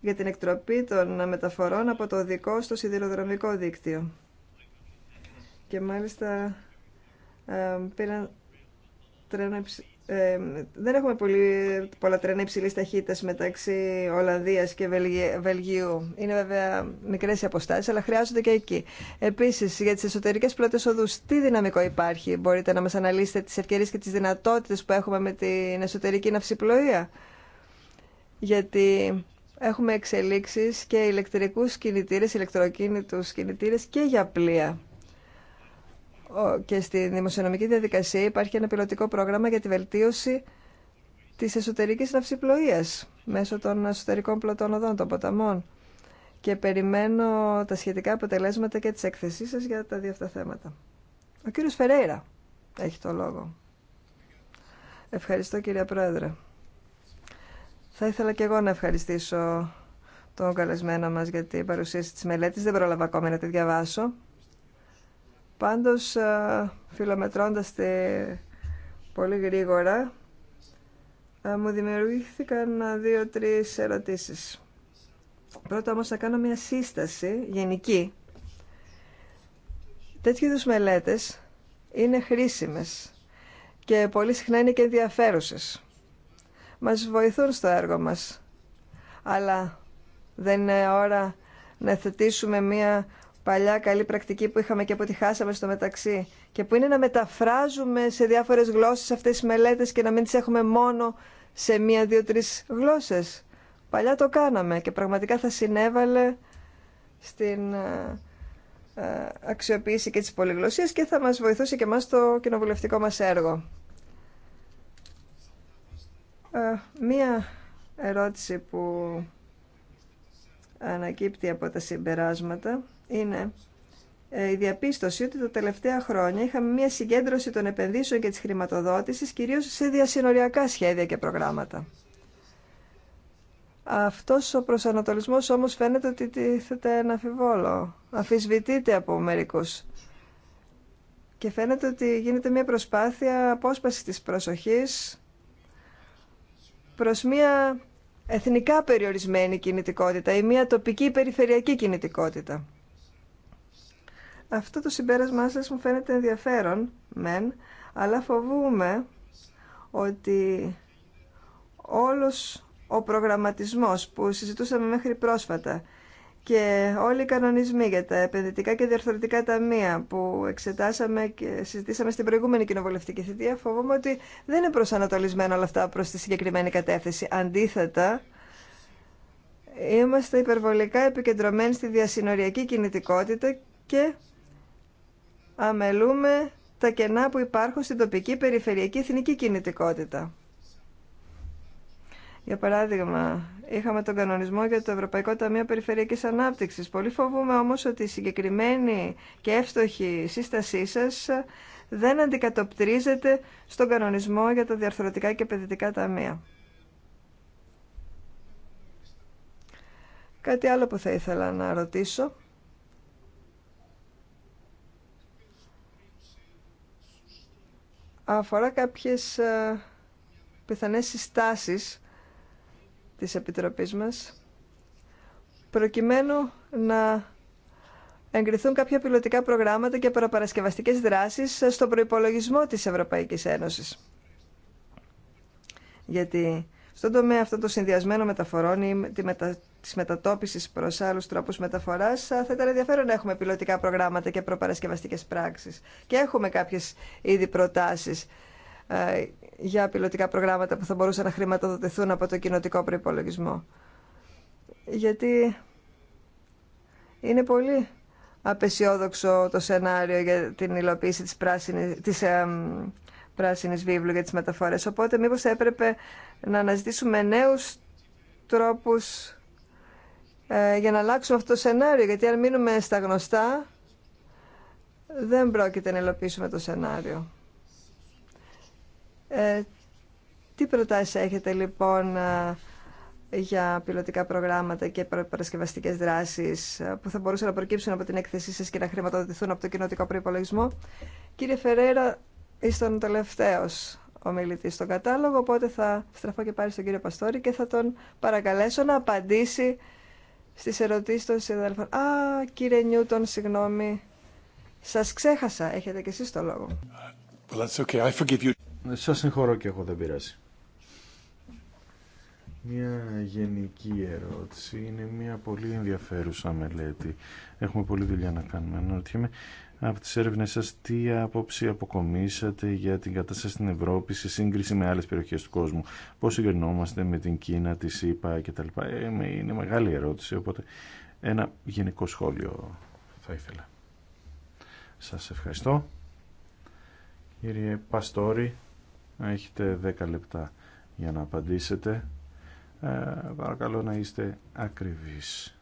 για την εκτροπή των μεταφορών από το οδικό στο σιδηροδρομικό δίκτυο. Και μάλιστα πήραν τρένα δεν έχουμε πολύ, πολλά τρένα υψηλή ταχύτητα μεταξύ Ολλανδία και Βελγίου. Είναι βέβαια μικρέ οι αποστάσει, αλλά χρειάζονται και εκεί. Επίση, για τι εσωτερικέ πλωτέ οδού, τι δυναμικό υπάρχει, μπορείτε να μα αναλύσετε τι ευκαιρίε και τι δυνατότητε που έχουμε με την εσωτερική ναυσιπλοεία. Γιατί έχουμε εξελίξει και ηλεκτρικού κινητήρε, ηλεκτροκίνητου κινητήρε και για πλοία και στη δημοσιονομική διαδικασία υπάρχει ένα πιλωτικό πρόγραμμα για τη βελτίωση της εσωτερικής ναυσιπλοείας μέσω των εσωτερικών πλωτών οδών των ποταμών. Και περιμένω τα σχετικά αποτελέσματα και τις εκθεσή σας για τα δύο αυτά θέματα. Ο κύριος Φερέιρα έχει το λόγο. Ευχαριστώ κύριε Πρόεδρε. Θα ήθελα και εγώ να ευχαριστήσω τον καλεσμένο μας για την παρουσίαση της μελέτης. Δεν πρόλαβα ακόμα να τη διαβάσω. Πάντως, ε, φιλομετρώντας τη πολύ γρήγορα, ε, μου δημιουργήθηκαν ε, δύο-τρεις ερωτήσεις. Πρώτα όμως θα κάνω μια σύσταση γενική. Τέτοιου είδους μελέτες είναι χρήσιμες και πολύ συχνά είναι και ενδιαφέρουσες. Μας βοηθούν στο έργο μας, αλλά δεν είναι ώρα να θετήσουμε μια παλιά καλή πρακτική που είχαμε και αποτυχάσαμε στο μεταξύ και που είναι να μεταφράζουμε σε διάφορες γλώσσες αυτές τις μελέτες και να μην τις έχουμε μόνο σε μία, δύο, τρεις γλώσσες. Παλιά το κάναμε και πραγματικά θα συνέβαλε στην ε, ε, αξιοποίηση και της πολυγλωσσίας και θα μας βοηθούσε και μας το κοινοβουλευτικό μας έργο. Ε, μία ερώτηση που ανακύπτει από τα συμπεράσματα είναι ε, η διαπίστωση ότι τα τελευταία χρόνια είχαμε μια συγκέντρωση των επενδύσεων και της χρηματοδότησης κυρίως σε διασυνοριακά σχέδια και προγράμματα. Αυτός ο προσανατολισμός όμως φαίνεται ότι τίθεται ένα αφιβόλο, Αφισβητείται από μερικούς. Και φαίνεται ότι γίνεται μια προσπάθεια απόσπασης της προσοχής προς μια εθνικά περιορισμένη κινητικότητα ή μια τοπική περιφερειακή κινητικότητα. Αυτό το συμπέρασμά σας μου φαίνεται ενδιαφέρον, μεν, αλλά φοβούμε ότι όλος ο προγραμματισμός που συζητούσαμε μέχρι πρόσφατα και όλοι οι κανονισμοί για τα επενδυτικά και διορθωτικά ταμεία που εξετάσαμε και συζητήσαμε στην προηγούμενη κοινοβουλευτική θητεία, φοβόμαι ότι δεν είναι προσανατολισμένα όλα αυτά προς τη συγκεκριμένη κατεύθυνση. Αντίθετα, είμαστε υπερβολικά επικεντρωμένοι στη διασυνοριακή κινητικότητα και αμελούμε τα κενά που υπάρχουν στην τοπική, περιφερειακή, εθνική κινητικότητα. Για παράδειγμα, Είχαμε τον κανονισμό για το Ευρωπαϊκό Ταμείο Περιφερειακής Ανάπτυξης. Πολύ φοβούμαι όμως ότι η συγκεκριμένη και εύστοχη σύστασή σας δεν αντικατοπτρίζεται στον κανονισμό για τα διαρθρωτικά και παιδιτικά ταμεία. Κάτι άλλο που θα ήθελα να ρωτήσω. Αφορά κάποιες ε, πιθανές συστάσεις της Επιτροπής μας προκειμένου να εγκριθούν κάποια πιλωτικά προγράμματα και προπαρασκευαστικές δράσεις στον προϋπολογισμό της Ευρωπαϊκής Ένωσης. Γιατί στον τομέα αυτό των συνδυασμένων μεταφορών ή τη μετα... Τη μετατόπιση προ άλλου τρόπου μεταφορά, θα ήταν ενδιαφέρον να έχουμε πιλωτικά προγράμματα και προπαρασκευαστικές πράξει. Και έχουμε κάποιε ήδη προτάσει ε, για πιλωτικά προγράμματα που θα μπορούσαν να χρηματοδοτηθούν από το κοινοτικό προϋπολογισμό. Γιατί είναι πολύ απεσιόδοξο το σενάριο για την υλοποίηση της, πράσινης, της ε, πράσινης βίβλου για τις μεταφορές. Οπότε μήπως θα έπρεπε να αναζητήσουμε νέους τρόπους ε, για να αλλάξουμε αυτό το σενάριο. Γιατί αν μείνουμε στα γνωστά δεν πρόκειται να υλοποιήσουμε το σενάριο. Ε, τι προτάσεις έχετε λοιπόν ε, για πιλωτικά προγράμματα και παρασκευαστικέ δράσεις ε, που θα μπορούσαν να προκύψουν από την έκθεσή σα και να χρηματοδοτηθούν από το κοινοτικό προπολογισμό. Κύριε Φεραίρα, ο τελευταίο ομιλητή στον κατάλογο, οπότε θα στραφώ και πάλι στον κύριο Παστόρη και θα τον παρακαλέσω να απαντήσει στις ερωτήσεις των συναδέλφων. Α, κύριε Νιούτον, συγγνώμη. Σας ξέχασα. Έχετε και το λόγο. Well, okay. I forgive you. Σα συγχωρώ και εγώ δεν πειράζει. Μια γενική ερώτηση. Είναι μια πολύ ενδιαφέρουσα μελέτη. Έχουμε πολλή δουλειά να κάνουμε. Αναρωτιέμαι από τι έρευνε σα τι άποψη αποκομίσατε για την κατάσταση στην Ευρώπη σε σύγκριση με άλλε περιοχέ του κόσμου. Πώ συγκρινόμαστε με την Κίνα, τη ΣΥΠΑ κτλ. Ε, είναι μεγάλη ερώτηση, οπότε ένα γενικό σχόλιο θα ήθελα. Σας ευχαριστώ. Κύριε Παστόρη, Έχετε 10 λεπτά για να απαντήσετε. Ε, παρακαλώ να είστε ακριβείς.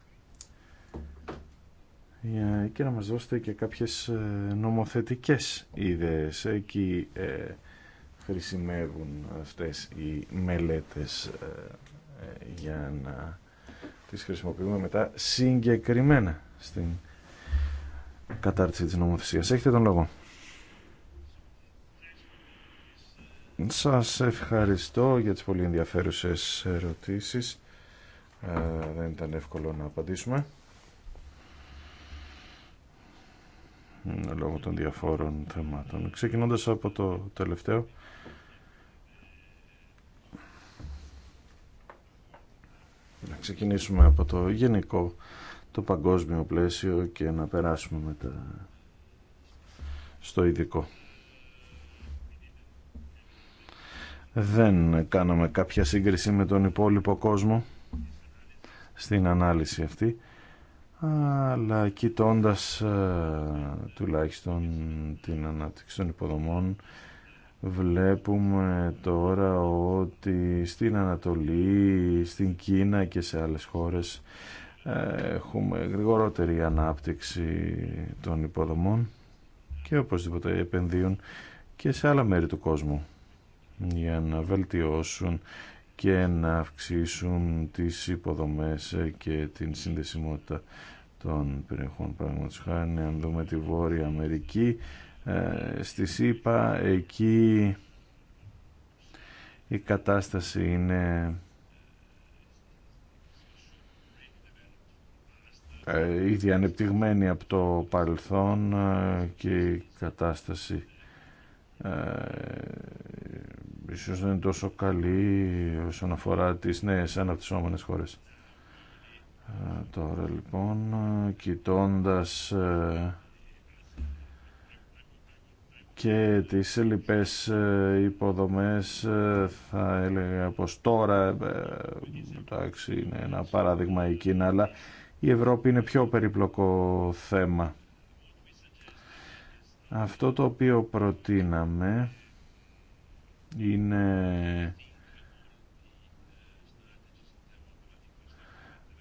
Και να μας δώσετε και κάποιες ε, νομοθετικές ιδέες. Εκεί ε, χρησιμεύουν αυτές οι μελέτες ε, για να τις χρησιμοποιούμε μετά συγκεκριμένα στην κατάρτιση της νομοθεσίας. Έχετε τον λόγο. Σας ευχαριστώ για τις πολύ ενδιαφέρουσες ερωτήσεις. Ε, δεν ήταν εύκολο να απαντήσουμε. Ε, λόγω των διαφόρων θεμάτων. Ξεκινώντας από το τελευταίο, να ξεκινήσουμε από το γενικό, το παγκόσμιο πλαίσιο και να περάσουμε μετά στο ειδικό. δεν κάναμε κάποια σύγκριση με τον υπόλοιπο κόσμο στην ανάλυση αυτή αλλά κοιτώντα ε, τουλάχιστον την ανάπτυξη των υποδομών βλέπουμε τώρα ότι στην Ανατολή, στην Κίνα και σε άλλες χώρες ε, έχουμε γρηγορότερη ανάπτυξη των υποδομών και οπωσδήποτε επενδύουν και σε άλλα μέρη του κόσμου για να βελτιώσουν και να αυξήσουν τις υποδομές και την συνδεσιμότητα των περιοχών πράγματος χάρη αν δούμε τη Βόρεια Αμερική ε, στη ΣΥΠΑ εκεί η κατάσταση είναι ε, ήδη ανεπτυγμένη από το παρελθόν ε, και η κατάσταση ε, ίσως δεν είναι τόσο καλή όσον αφορά τις νέες αναπτυσσόμενες χώρες. Ε, τώρα λοιπόν, κοιτώντας ε, και τις λοιπές ε, υποδομές θα έλεγα πως τώρα εντάξει είναι ένα παράδειγμα εκείνα, αλλά η Ευρώπη είναι πιο περιπλοκό θέμα αυτό το οποίο προτείναμε είναι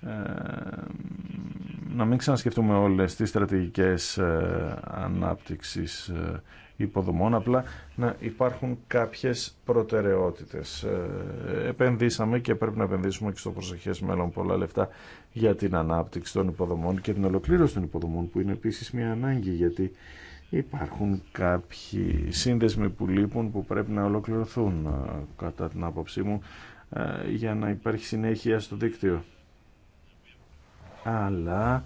ε, να μην ξανασκεφτούμε όλες τις στρατηγικές ε, ανάπτυξης ε, υποδομών, απλά να υπάρχουν κάποιες προτεραιότητες. Επενδύσαμε και πρέπει να επενδύσουμε και στο προσεχές μέλλον πολλά λεφτά για την ανάπτυξη των υποδομών και την ολοκλήρωση των υποδομών, που είναι επίσης μια ανάγκη, γιατί Υπάρχουν κάποιοι σύνδεσμοι που λείπουν που πρέπει να ολοκληρωθούν ε, κατά την άποψή μου ε, για να υπάρχει συνέχεια στο δίκτυο. Αλλά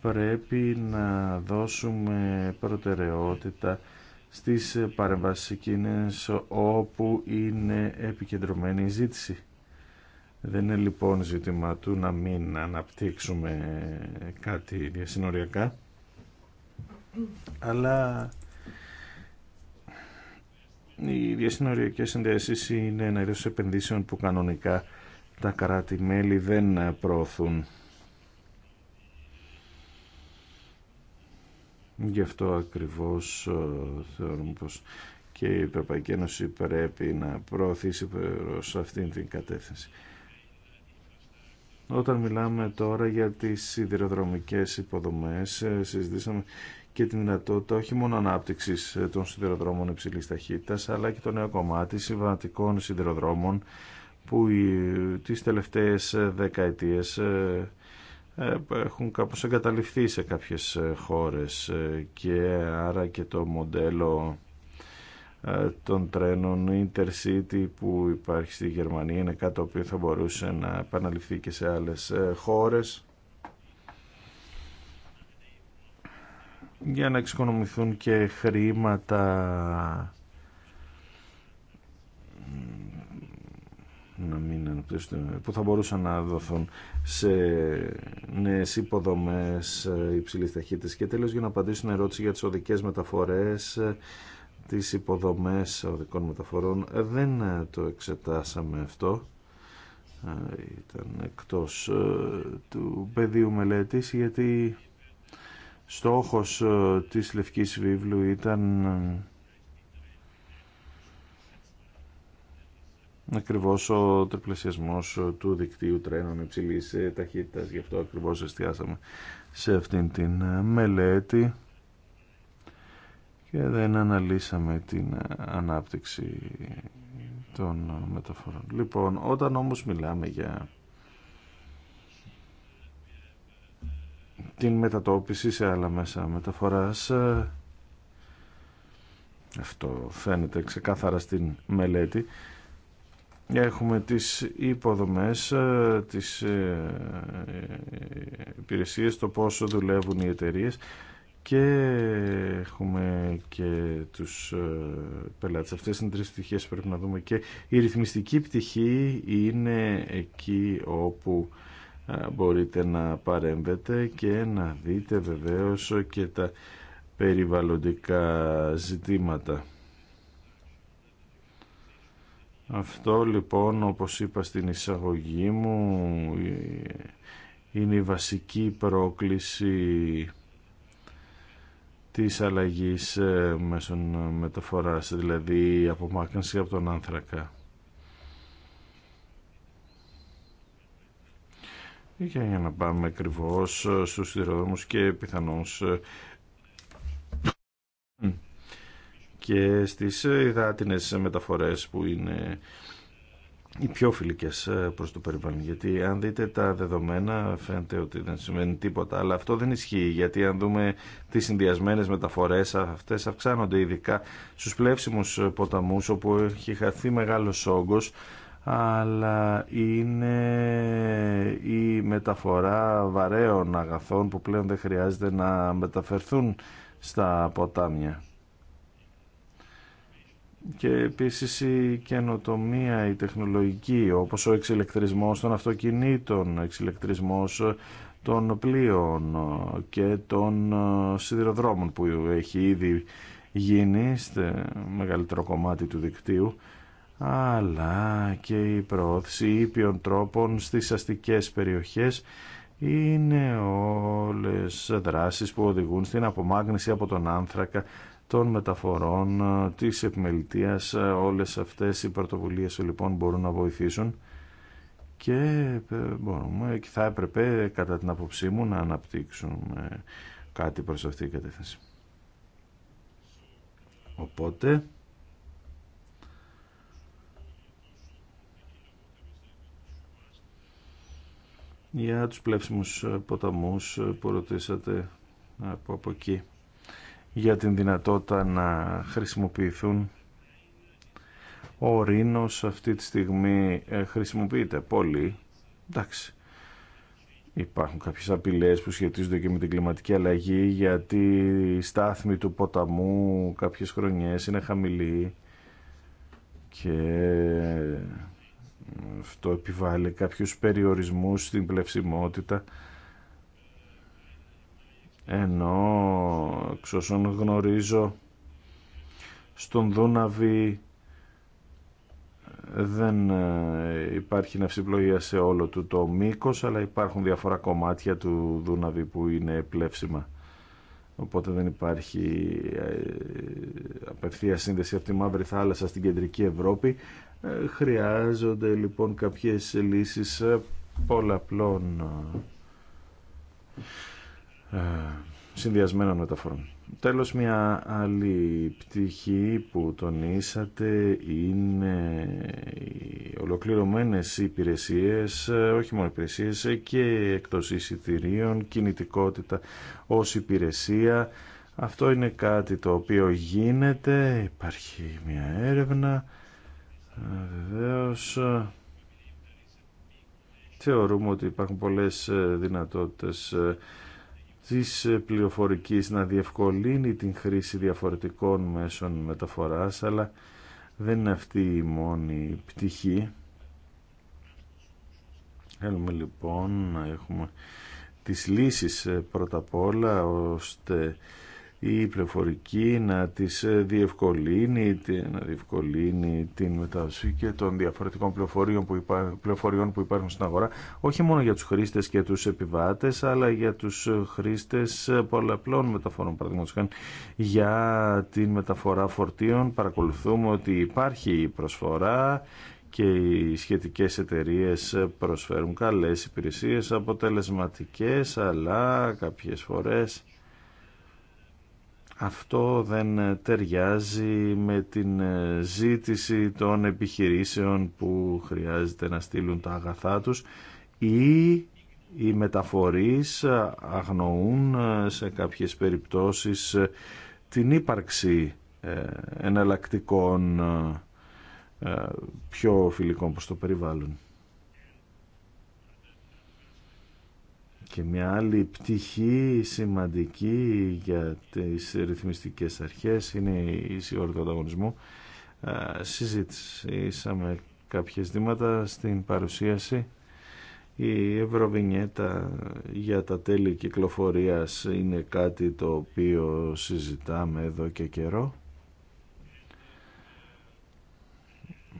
πρέπει να δώσουμε προτεραιότητα στις παρεμβάσεις όπου είναι επικεντρωμένη η ζήτηση. Δεν είναι λοιπόν ζήτημα του να μην αναπτύξουμε κάτι διασυνοριακά αλλά οι διασυνοριακές συνδέσει είναι ένα είδος επενδύσεων που κανονικά τα κράτη-μέλη δεν προωθούν. Γι' αυτό ακριβώς ε, θεωρούμε πως και η Ευρωπαϊκή Ένωση πρέπει να προωθήσει προς αυτήν την κατεύθυνση. Όταν μιλάμε τώρα για τις σιδηροδρομικές υποδομές, ε, συζητήσαμε και τη δυνατότητα όχι μόνο ανάπτυξη ε, των σιδηροδρόμων υψηλή ταχύτητας αλλά και το νέο κομμάτι συμβατικών σιδηροδρόμων που τις τελευταίες ε, δεκαετίες ε, έχουν κάπως εγκαταληφθεί σε κάποιες χώρες και άρα και το μοντέλο των τρένων Intercity που υπάρχει στη Γερμανία είναι κάτι το θα μπορούσε να επαναληφθεί και σε άλλες χώρες για να εξοικονομηθούν και χρήματα να μην που θα μπορούσαν να δοθούν σε νέες υποδομές υψηλής ταχύτητας. Και τέλος για να απαντήσω στην ερώτηση για τις οδικές μεταφορές, τις υποδομές οδικών μεταφορών, δεν το εξετάσαμε αυτό. Ε, ήταν εκτός ε, του πεδίου μελέτης γιατί Στόχος ε, της Λευκής Βίβλου ήταν ε, ακριβώς ο τριπλασιασμός ε, του δικτύου τρένων υψηλής ταχύτητα. Γι' αυτό ακριβώς εστιάσαμε σε αυτήν την μελέτη και δεν αναλύσαμε την ανάπτυξη των μεταφορών. Λοιπόν, όταν όμως μιλάμε για την μετατόπιση σε άλλα μέσα μεταφοράς. Ε, αυτό φαίνεται ξεκάθαρα στην μελέτη. Έχουμε τις υποδομές, ε, τις ε, υπηρεσίες, το πόσο δουλεύουν οι εταιρείες και έχουμε και τους πελάτες. Αυτές είναι τρεις πτυχές πρέπει να δούμε και η ρυθμιστική πτυχή είναι εκεί όπου μπορείτε να παρέμβετε και να δείτε βεβαίως και τα περιβαλλοντικά ζητήματα. Αυτό λοιπόν όπως είπα στην εισαγωγή μου είναι η βασική πρόκληση της αλλαγής ε, μέσων μεταφοράς, δηλαδή η απομάκρυνση από τον άνθρακα. για να πάμε ακριβώ ε, στους σιδηροδρόμους και πιθανώς ε, και στις ε, υδάτινες μεταφορές που είναι οι πιο φιλικές προς το περιβάλλον. Γιατί αν δείτε τα δεδομένα φαίνεται ότι δεν σημαίνει τίποτα. Αλλά αυτό δεν ισχύει γιατί αν δούμε τις συνδυασμένες μεταφορές αυτές αυξάνονται ειδικά στους πλεύσιμους ποταμούς όπου έχει χαθεί μεγάλος όγκος αλλά είναι η μεταφορά βαρέων αγαθών που πλέον δεν χρειάζεται να μεταφερθούν στα ποτάμια. Και επίσης η καινοτομία, η τεχνολογική, όπως ο εξηλεκτρισμός των αυτοκινήτων, ο εξηλεκτρισμός των πλοίων και των σιδηροδρόμων που έχει ήδη γίνει στο μεγαλύτερο κομμάτι του δικτύου αλλά και η προώθηση ήπιων τρόπων στις αστικές περιοχές είναι όλες δράσεις που οδηγούν στην απομάγνηση από τον άνθρακα των μεταφορών ε, της επιμελητίας. Ε, όλες αυτές οι πρωτοβουλίες ε, λοιπόν μπορούν να βοηθήσουν και μπορούμε και θα έπρεπε κατά την άποψή μου να αναπτύξουμε κάτι προς αυτή η κατεύθυνση. Οπότε για τους πλεύσιμους ε, ποταμούς ε, που ρωτήσατε ε, από, από εκεί για την δυνατότητα να χρησιμοποιηθούν ο Ρήνος αυτή τη στιγμή χρησιμοποιείται πολύ εντάξει Υπάρχουν κάποιες απειλές που σχετίζονται και με την κλιματική αλλαγή γιατί η στάθμη του ποταμού κάποιες χρονιές είναι χαμηλή και αυτό επιβάλλει κάποιους περιορισμούς στην πλευσιμότητα ενώ εξ όσων γνωρίζω στον Δούναβη δεν ε, υπάρχει ναυσιπλογία σε όλο του το μήκος αλλά υπάρχουν διαφορά κομμάτια του Δούναβη που είναι πλεύσιμα οπότε δεν υπάρχει ε, απευθεία σύνδεση από τη Μαύρη Θάλασσα στην Κεντρική Ευρώπη ε, χρειάζονται λοιπόν κάποιες λύσεις ε, πολλαπλών ε, συνδυασμένων μεταφορών. Τέλος, μια άλλη πτυχή που τονίσατε είναι οι ολοκληρωμένες υπηρεσίες, όχι μόνο υπηρεσίες, και εκτός εισιτηρίων, κινητικότητα ως υπηρεσία. Αυτό είναι κάτι το οποίο γίνεται, υπάρχει μια έρευνα Βεβαίω, θεωρούμε ότι υπάρχουν πολλές ε, δυνατότητες ε, της ε, πληροφορικής να διευκολύνει την χρήση διαφορετικών μέσων μεταφοράς αλλά δεν είναι αυτή η μόνη πτυχή. Θέλουμε λοιπόν να έχουμε τις λύσεις πρώτα απ' όλα ώστε η πληροφορική να τις διευκολύνει, να διευκολύνει την μετάδοση και των διαφορετικών πληροφοριών που, πληροφοριών που υπάρχουν στην αγορά, όχι μόνο για τους χρήστες και τους επιβάτες, αλλά για τους χρήστες πολλαπλών μεταφορών, παραδείγματος για την μεταφορά φορτίων. Παρακολουθούμε ότι υπάρχει προσφορά και οι σχετικές εταιρείες προσφέρουν καλές υπηρεσίες, αποτελεσματικές, αλλά κάποιες φορές αυτό δεν ε, ταιριάζει με την ε, ζήτηση των επιχειρήσεων που χρειάζεται να στείλουν τα αγαθά τους ή οι μεταφορείς ε, αγνοούν σε κάποιες περιπτώσεις την ύπαρξη εναλλακτικών πιο φιλικών προς το περιβάλλον. Και μια άλλη πτυχή σημαντική για τις ρυθμιστικές αρχές είναι η ίση του ανταγωνισμού. Συζήτησαμε κάποια ζητήματα στην παρουσίαση. Η Ευρωβινιέτα για τα τέλη κυκλοφορίας είναι κάτι το οποίο συζητάμε εδώ και καιρό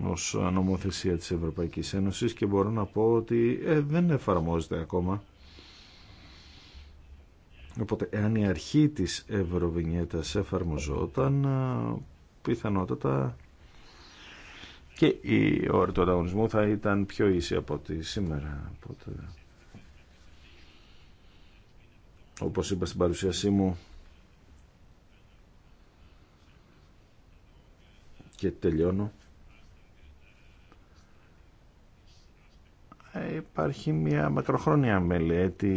ως νομοθεσία της Ευρωπαϊκής Ένωσης και μπορώ να πω ότι ε, δεν εφαρμόζεται ακόμα Οπότε, εάν η αρχή της Ευρωβινιέτας εφαρμοζόταν, πιθανότατα και η ώρα του ανταγωνισμού θα ήταν πιο ίση από τη σήμερα. Οπότε, όπως είπα στην παρουσίασή μου, και τελειώνω. Υπάρχει μια μακροχρόνια μελέτη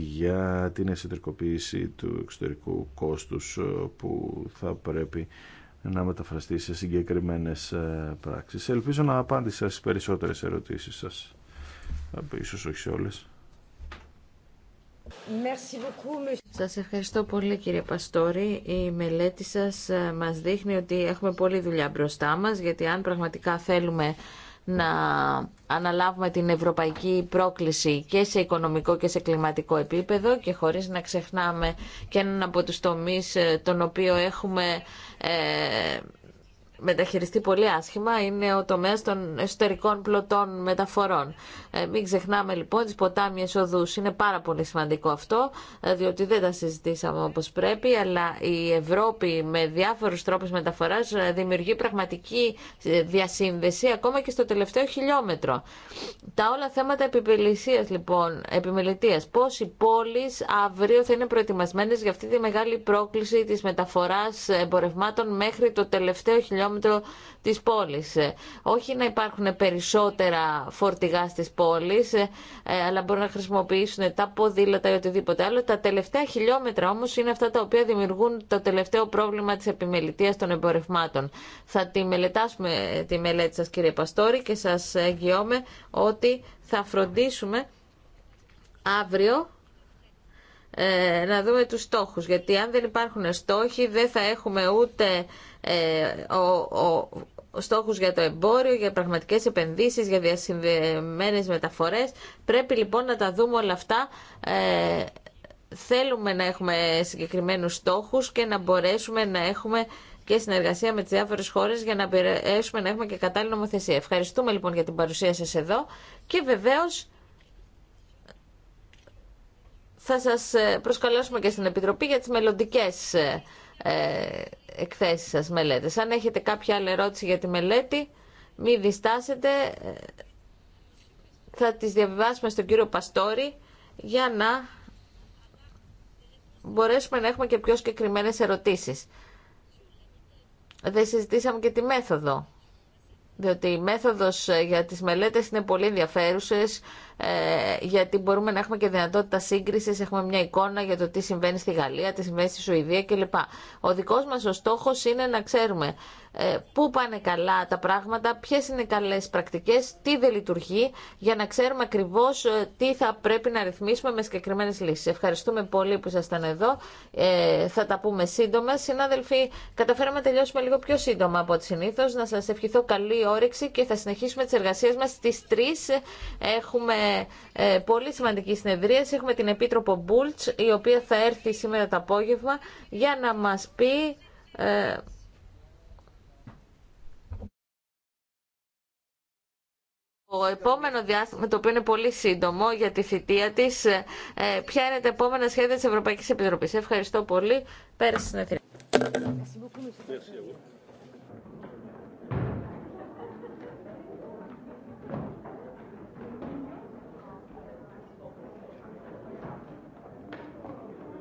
για την εσωτερικοποίηση του εξωτερικού κόστους ε, που θα πρέπει να μεταφραστεί σε συγκεκριμένες ε, πράξεις. Ελπίζω να απάντησα στις περισσότερες ερωτήσεις σας. Ε, ίσως όχι σε όλες. Σας ευχαριστώ πολύ κύριε Παστόρη. Η μελέτη σας μας δείχνει ότι έχουμε πολλή δουλειά μπροστά μας, γιατί αν πραγματικά θέλουμε να αναλάβουμε την ευρωπαϊκή πρόκληση και σε οικονομικό και σε κλιματικό επίπεδο και χωρίς να ξεχνάμε και έναν από τους τομείς ε, τον οποίο έχουμε ε, μεταχειριστεί πολύ άσχημα είναι ο τομέας των εσωτερικών πλωτών μεταφορών. Ε, μην ξεχνάμε λοιπόν τι ποτάμιε οδού Είναι πάρα πολύ σημαντικό αυτό, ε, διότι δεν τα συζητήσαμε όπω πρέπει, αλλά η Ευρώπη με διάφορου τρόπους μεταφορά ε, δημιουργεί πραγματική ε, διασύνδεση ακόμα και στο τελευταίο χιλιόμετρο. Τα όλα θέματα λοιπόν, επιμελητίας λοιπόν, επιμελητία. Πώ οι πόλεις αύριο θα είναι προετοιμασμένε για αυτή τη μεγάλη πρόκληση τη μεταφορά εμπορευμάτων μέχρι το τελευταίο χιλιόμετρο χιλιόμετρο της πόλης. Ε, όχι να υπάρχουν περισσότερα φορτηγά στις πόλεις, ε, ε, αλλά μπορούν να χρησιμοποιήσουν τα ποδήλατα ή οτιδήποτε άλλο. Τα τελευταία χιλιόμετρα όμως είναι αυτά τα οποία δημιουργούν το τελευταίο πρόβλημα της επιμελητίας των εμπορευμάτων. Θα τη μελετάσουμε τη μελέτη σας κύριε Παστόρη και σας εγγυώμαι ότι θα φροντίσουμε αύριο ε, να δούμε τους στόχους, γιατί αν δεν υπάρχουν στόχοι δεν θα έχουμε ούτε ε, ο, ο, στόχους για το εμπόριο, για πραγματικές επενδύσεις, για διασυνδεμένες μεταφορές. Πρέπει λοιπόν να τα δούμε όλα αυτά. Ε, θέλουμε να έχουμε συγκεκριμένους στόχους και να μπορέσουμε να έχουμε και συνεργασία με τις διάφορες χώρες για να μπορέσουμε να έχουμε και κατάλληλη νομοθεσία. Ευχαριστούμε λοιπόν για την παρουσία σας εδώ και βεβαίως θα σας ε, προσκαλέσουμε και στην Επιτροπή για τις μελλοντικέ ε, ε, εκθέσεις σας μελέτες. Αν έχετε κάποια άλλη ερώτηση για τη μελέτη, μην διστάσετε. Θα τις διαβιβάσουμε στον κύριο Παστόρη για να μπορέσουμε να έχουμε και πιο συγκεκριμένε ερωτήσεις. Δεν συζητήσαμε και τη μέθοδο, διότι η μέθοδος για τις μελέτες είναι πολύ ενδιαφέρουσες ε, γιατί μπορούμε να έχουμε και δυνατότητα σύγκριση, έχουμε μια εικόνα για το τι συμβαίνει στη Γαλλία, τι συμβαίνει στη Σουηδία κλπ. Ο δικό μα ο στόχο είναι να ξέρουμε ε, πού πάνε καλά τα πράγματα, ποιε είναι καλέ πρακτικέ, τι δεν λειτουργεί, για να ξέρουμε ακριβώ ε, τι θα πρέπει να ρυθμίσουμε με συγκεκριμένε λύσει. Ευχαριστούμε πολύ που ήσασταν εδώ. Ε, θα τα πούμε σύντομα. Συνάδελφοι, καταφέραμε να τελειώσουμε λίγο πιο σύντομα από ό,τι συνήθω. Να σα ευχηθώ καλή όρεξη και θα συνεχίσουμε τι εργασίε μα στι 3. Έχουμε ε, πολύ σημαντική συνεδρίαση. Έχουμε την Επίτροπο Μπούλτς, η οποία θα έρθει σήμερα το απόγευμα για να μας πει... Ε, το επόμενο διάστημα, το οποίο είναι πολύ σύντομο για τη θητεία τη, ε, ποια είναι τα επόμενα σχέδια τη Ευρωπαϊκή Επιτροπή. Ευχαριστώ πολύ. Πέρασε στην εθνική.